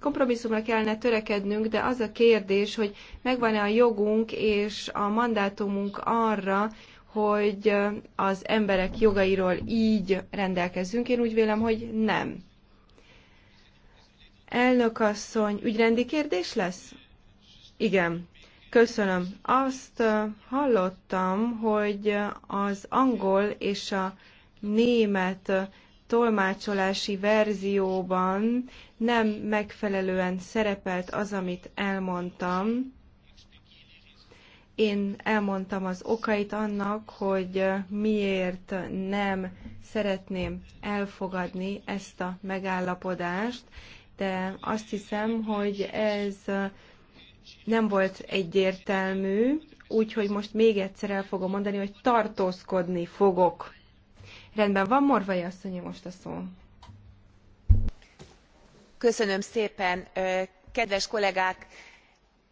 kompromisszumra kellene törekednünk, de az a kérdés, hogy megvan-e a jogunk és a mandátumunk arra, hogy az emberek jogairól így rendelkezzünk. Én úgy vélem, hogy nem. Elnök asszony, ügyrendi kérdés lesz? Igen. Köszönöm. Azt hallottam, hogy az angol és a német tolmácsolási verzióban nem megfelelően szerepelt az, amit elmondtam. Én elmondtam az okait annak, hogy miért nem szeretném elfogadni ezt a megállapodást, de azt hiszem, hogy ez nem volt egyértelmű, úgyhogy most még egyszer el fogom mondani, hogy tartózkodni fogok. Rendben van, Morvai asszonyi most a szó. Köszönöm szépen, kedves kollégák!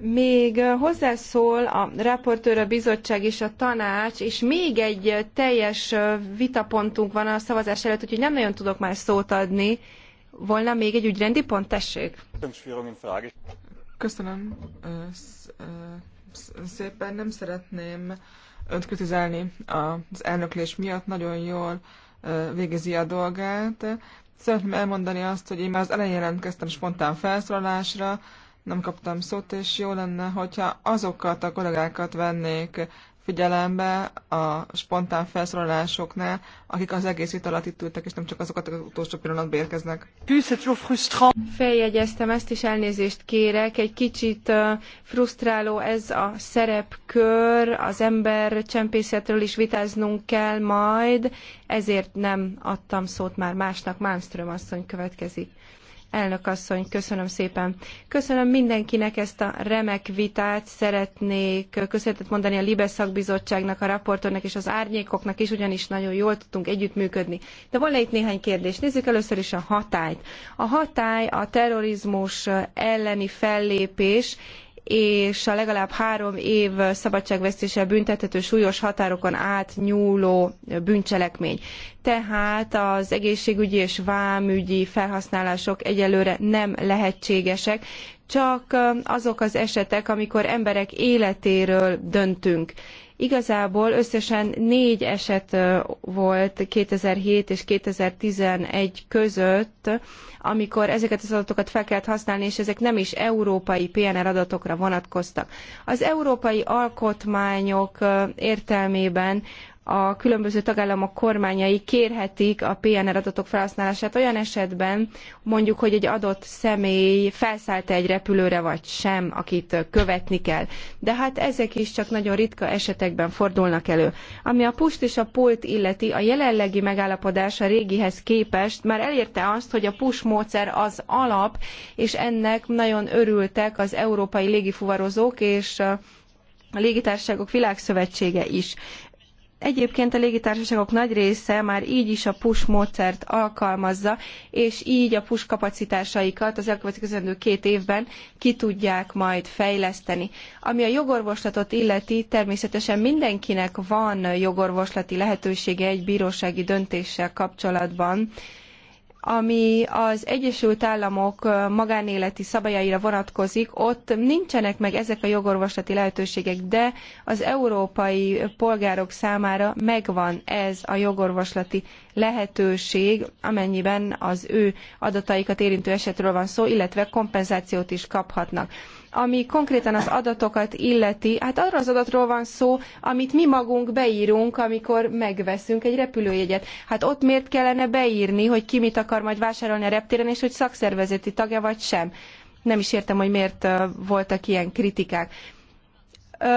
Még hozzászól a raportőr, a bizottság és a tanács, és még egy teljes vitapontunk van a szavazás előtt, úgyhogy nem nagyon tudok már szót adni. Volna még egy ügyrendi pont, tessék? Köszönöm szépen, nem szeretném önt kritizálni az elnöklés miatt, nagyon jól végezi a dolgát. Szeretném elmondani azt, hogy én már az elején jelentkeztem spontán felszólalásra, nem kaptam szót, és jó lenne, hogyha azokat a kollégákat vennék figyelembe a spontán felszólalásoknál, akik az egész vita alatt itt ültek, és nem csak azokat, akik az utolsó pillanatban érkeznek. Feljegyeztem ezt, is elnézést kérek. Egy kicsit frusztráló ez a szerepkör, az ember csempészetről is vitáznunk kell majd, ezért nem adtam szót már másnak. Malmström asszony következik. Elnök asszony, köszönöm szépen. Köszönöm mindenkinek ezt a remek vitát. Szeretnék köszönetet mondani a Libe szakbizottságnak, a raportornak és az árnyékoknak is, ugyanis nagyon jól tudtunk együttműködni. De volna itt néhány kérdés. Nézzük először is a hatályt. A hatály a terrorizmus elleni fellépés és a legalább három év szabadságvesztéssel büntethető súlyos határokon átnyúló bűncselekmény. Tehát az egészségügyi és vámügyi felhasználások egyelőre nem lehetségesek, csak azok az esetek, amikor emberek életéről döntünk Igazából összesen négy eset volt 2007 és 2011 között, amikor ezeket az adatokat fel kellett használni, és ezek nem is európai PNR adatokra vonatkoztak. Az európai alkotmányok értelmében a különböző tagállamok kormányai kérhetik a PNR adatok felhasználását olyan esetben, mondjuk, hogy egy adott személy felszállt egy repülőre vagy sem, akit követni kell. De hát ezek is csak nagyon ritka esetekben fordulnak elő. Ami a puszt és a pult illeti, a jelenlegi megállapodás a régihez képest már elérte azt, hogy a push módszer az alap, és ennek nagyon örültek az európai légifuvarozók és a légitársaságok világszövetsége is. Egyébként a légitársaságok nagy része már így is a push módszert alkalmazza, és így a push kapacitásaikat az elkövetkezendő két évben ki tudják majd fejleszteni. Ami a jogorvoslatot illeti, természetesen mindenkinek van jogorvoslati lehetősége egy bírósági döntéssel kapcsolatban, ami az Egyesült Államok magánéleti szabályaira vonatkozik, ott nincsenek meg ezek a jogorvoslati lehetőségek, de az európai polgárok számára megvan ez a jogorvoslati lehetőség, amennyiben az ő adataikat érintő esetről van szó, illetve kompenzációt is kaphatnak ami konkrétan az adatokat illeti, hát arról az adatról van szó, amit mi magunk beírunk, amikor megveszünk egy repülőjegyet. Hát ott miért kellene beírni, hogy ki mit akar majd vásárolni a reptéren, és hogy szakszervezeti tagja vagy sem. Nem is értem, hogy miért voltak ilyen kritikák.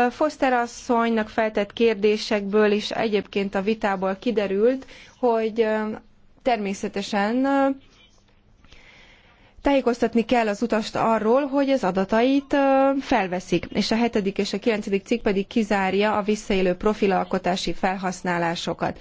Foster asszonynak feltett kérdésekből és egyébként a vitából kiderült, hogy természetesen tájékoztatni kell az utast arról, hogy az adatait felveszik, és a hetedik és a kilencedik cikk pedig kizárja a visszaélő profilalkotási felhasználásokat.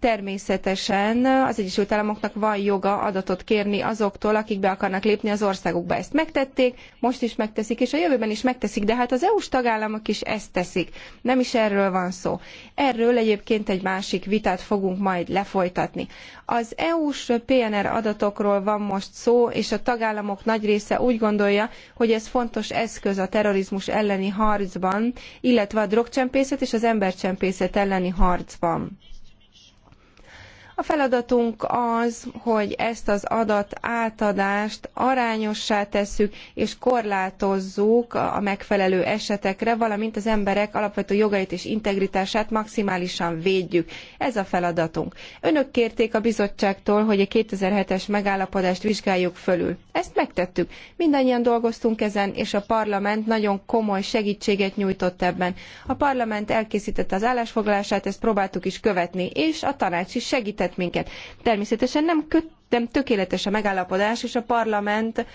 Természetesen az Egyesült Államoknak van joga adatot kérni azoktól, akik be akarnak lépni az országukba. Ezt megtették, most is megteszik, és a jövőben is megteszik, de hát az EU-s tagállamok is ezt teszik. Nem is erről van szó. Erről egyébként egy másik vitát fogunk majd lefolytatni. Az EU-s PNR adatokról van most szó, és a tagállamok nagy része úgy gondolja, hogy ez fontos eszköz a terrorizmus elleni harcban, illetve a drogcsempészet és az embercsempészet elleni harcban. A feladatunk az, hogy ezt az adat átadást arányossá tesszük, és korlátozzuk a megfelelő esetekre, valamint az emberek alapvető jogait és integritását maximálisan védjük. Ez a feladatunk. Önök kérték a bizottságtól, hogy a 2007-es megállapodást vizsgáljuk fölül. Ezt megtettük. Mindannyian dolgoztunk ezen, és a parlament nagyon komoly segítséget nyújtott ebben. A parlament elkészítette az állásfoglalását, ezt próbáltuk is követni, és a tanács is segített vezet minket. Természetesen nem, köt, nem tökéletes a megállapodás, és a parlament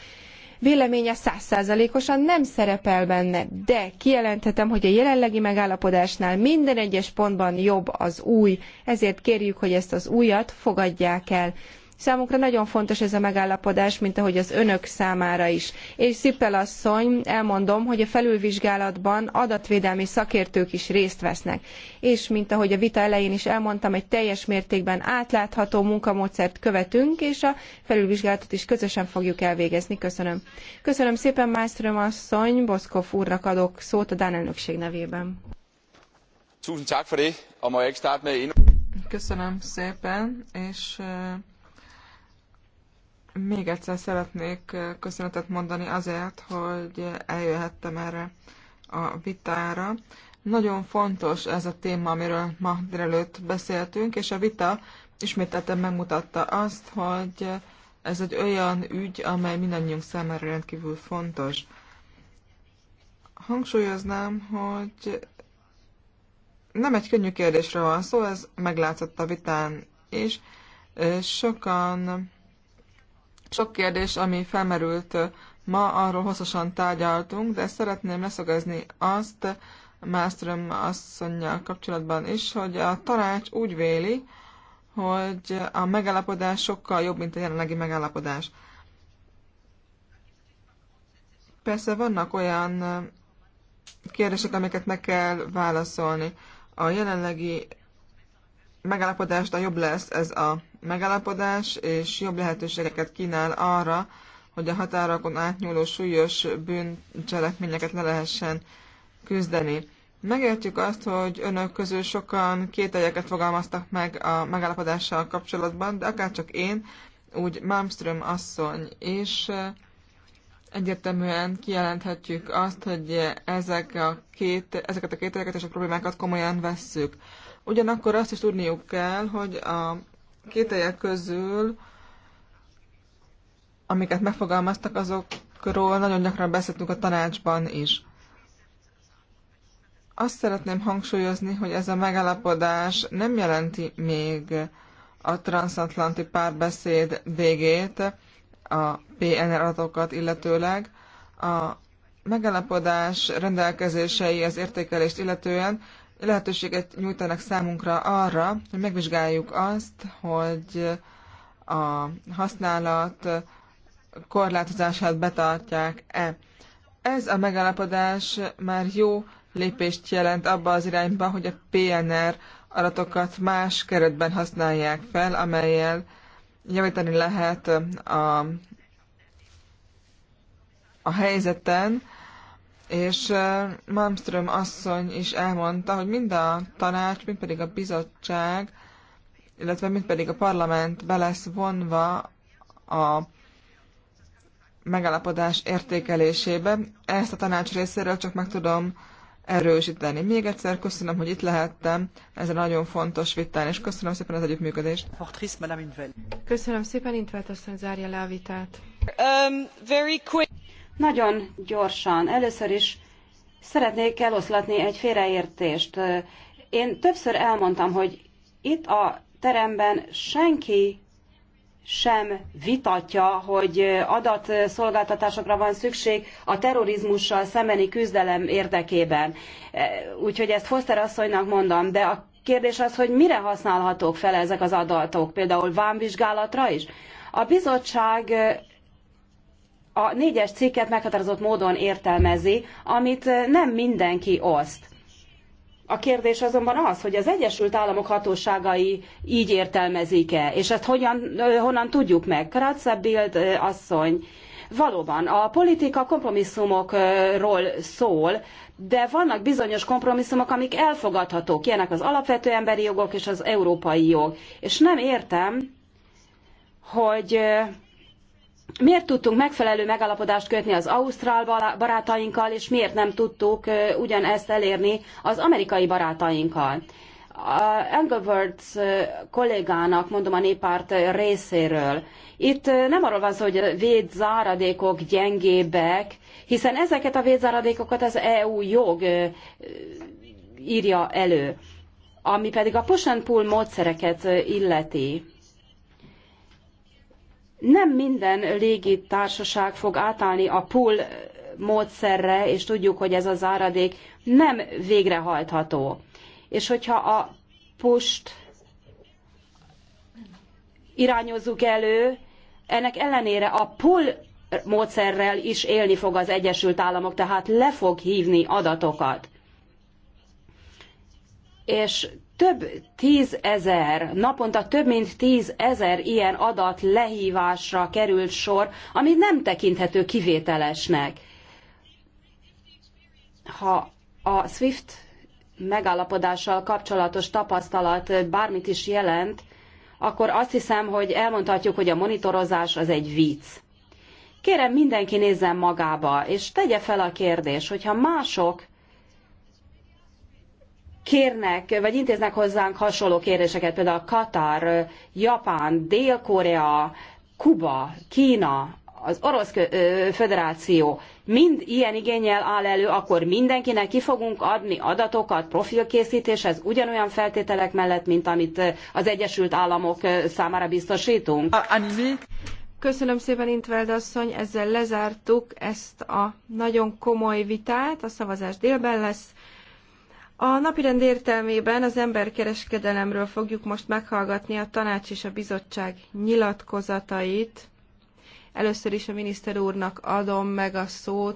véleménye százszázalékosan nem szerepel benne, de kijelenthetem, hogy a jelenlegi megállapodásnál minden egyes pontban jobb az új, ezért kérjük, hogy ezt az újat fogadják el. Számunkra nagyon fontos ez a megállapodás, mint ahogy az önök számára is. És Szippel asszony, elmondom, hogy a felülvizsgálatban adatvédelmi szakértők is részt vesznek. És mint ahogy a vita elején is elmondtam, egy teljes mértékben átlátható munkamódszert követünk, és a felülvizsgálatot is közösen fogjuk elvégezni. Köszönöm. Köszönöm szépen, Mászröm asszony, Boszkov úrnak adok szót a Dán elnökség nevében. Köszönöm szépen, és még egyszer szeretnék köszönetet mondani azért, hogy eljöhettem erre a vitára. Nagyon fontos ez a téma, amiről ma délelőtt beszéltünk, és a vita ismételten megmutatta azt, hogy ez egy olyan ügy, amely mindannyiunk számára rendkívül fontos. Hangsúlyoznám, hogy nem egy könnyű kérdésre van szó, ez meglátszott a vitán is. Sokan sok kérdés, ami felmerült ma, arról hosszasan tárgyaltunk, de szeretném leszögezni azt Mástrom asszonynal kapcsolatban is, hogy a tanács úgy véli, hogy a megállapodás sokkal jobb, mint a jelenlegi megállapodás. Persze vannak olyan kérdések, amiket meg kell válaszolni. A jelenlegi a jobb lesz ez a megállapodás, és jobb lehetőségeket kínál arra, hogy a határokon átnyúló súlyos bűncselekményeket le lehessen küzdeni. Megértjük azt, hogy önök közül sokan kételyeket fogalmaztak meg a megállapodással kapcsolatban, de akárcsak én, úgy Malmström asszony és egyértelműen kijelenthetjük azt, hogy ezek a két, ezeket a kételyeket és a problémákat komolyan vesszük. Ugyanakkor azt is tudniuk kell, hogy a kételjek közül, amiket megfogalmaztak, azokról nagyon gyakran beszéltünk a tanácsban is. Azt szeretném hangsúlyozni, hogy ez a megállapodás nem jelenti még a transatlanti párbeszéd végét, a PNR adatokat illetőleg. A megállapodás rendelkezései az értékelést illetően lehetőséget nyújtanak számunkra arra, hogy megvizsgáljuk azt, hogy a használat korlátozását betartják-e. Ez a megállapodás már jó lépést jelent abba az irányba, hogy a PNR adatokat más keretben használják fel, amelyel javítani lehet a, a helyzeten, és Malmström asszony is elmondta, hogy mind a tanács, mind pedig a bizottság, illetve mind pedig a parlament be lesz vonva a megállapodás értékelésébe. Ezt a tanács részéről csak meg tudom erősíteni. Még egyszer köszönöm, hogy itt lehettem Ez a nagyon fontos vitán, és köszönöm szépen az együttműködést. Köszönöm szépen, Intvelt asszony zárja le a vitát. Um, very quick. Nagyon gyorsan. Először is szeretnék eloszlatni egy félreértést. Én többször elmondtam, hogy itt a teremben senki sem vitatja, hogy adatszolgáltatásokra van szükség a terrorizmussal szembeni küzdelem érdekében. Úgyhogy ezt Foster asszonynak mondom, de a kérdés az, hogy mire használhatók fel ezek az adatok, például vámvizsgálatra is. A bizottság a négyes cikket meghatározott módon értelmezi, amit nem mindenki oszt. A kérdés azonban az, hogy az Egyesült Államok hatóságai így értelmezik-e, és ezt hogyan, honnan tudjuk meg. Kratza Bild asszony, valóban a politika kompromisszumokról szól, de vannak bizonyos kompromisszumok, amik elfogadhatók, ilyenek az alapvető emberi jogok és az európai jog. És nem értem, hogy miért tudtunk megfelelő megállapodást kötni az ausztrál barátainkkal, és miért nem tudtuk ugyanezt elérni az amerikai barátainkkal. Engelbert kollégának, mondom a néppárt részéről, itt nem arról van szó, hogy védzáradékok gyengébbek, hiszen ezeket a védzáradékokat az EU jog írja elő, ami pedig a push and pull módszereket illeti nem minden légitársaság fog átállni a pool módszerre, és tudjuk, hogy ez a záradék nem végrehajtható. És hogyha a pust irányozzuk elő, ennek ellenére a pull módszerrel is élni fog az Egyesült Államok, tehát le fog hívni adatokat. És több tízezer, naponta több mint tízezer ilyen adat lehívásra került sor, ami nem tekinthető kivételesnek. Ha a SWIFT megállapodással kapcsolatos tapasztalat bármit is jelent, akkor azt hiszem, hogy elmondhatjuk, hogy a monitorozás az egy vicc. Kérem, mindenki nézzen magába, és tegye fel a kérdés, hogyha mások kérnek, vagy intéznek hozzánk hasonló kéréseket, például Katar, Japán, Dél-Korea, Kuba, Kína, az Orosz Föderáció mind ilyen igényel áll elő, akkor mindenkinek ki fogunk adni adatokat profilkészítéshez ugyanolyan feltételek mellett, mint amit az Egyesült Államok számára biztosítunk. Köszönöm szépen, Intveld asszony, ezzel lezártuk ezt a nagyon komoly vitát, a szavazás délben lesz. A napirend értelmében az emberkereskedelemről fogjuk most meghallgatni a tanács és a bizottság nyilatkozatait. Először is a miniszter úrnak adom meg a szót.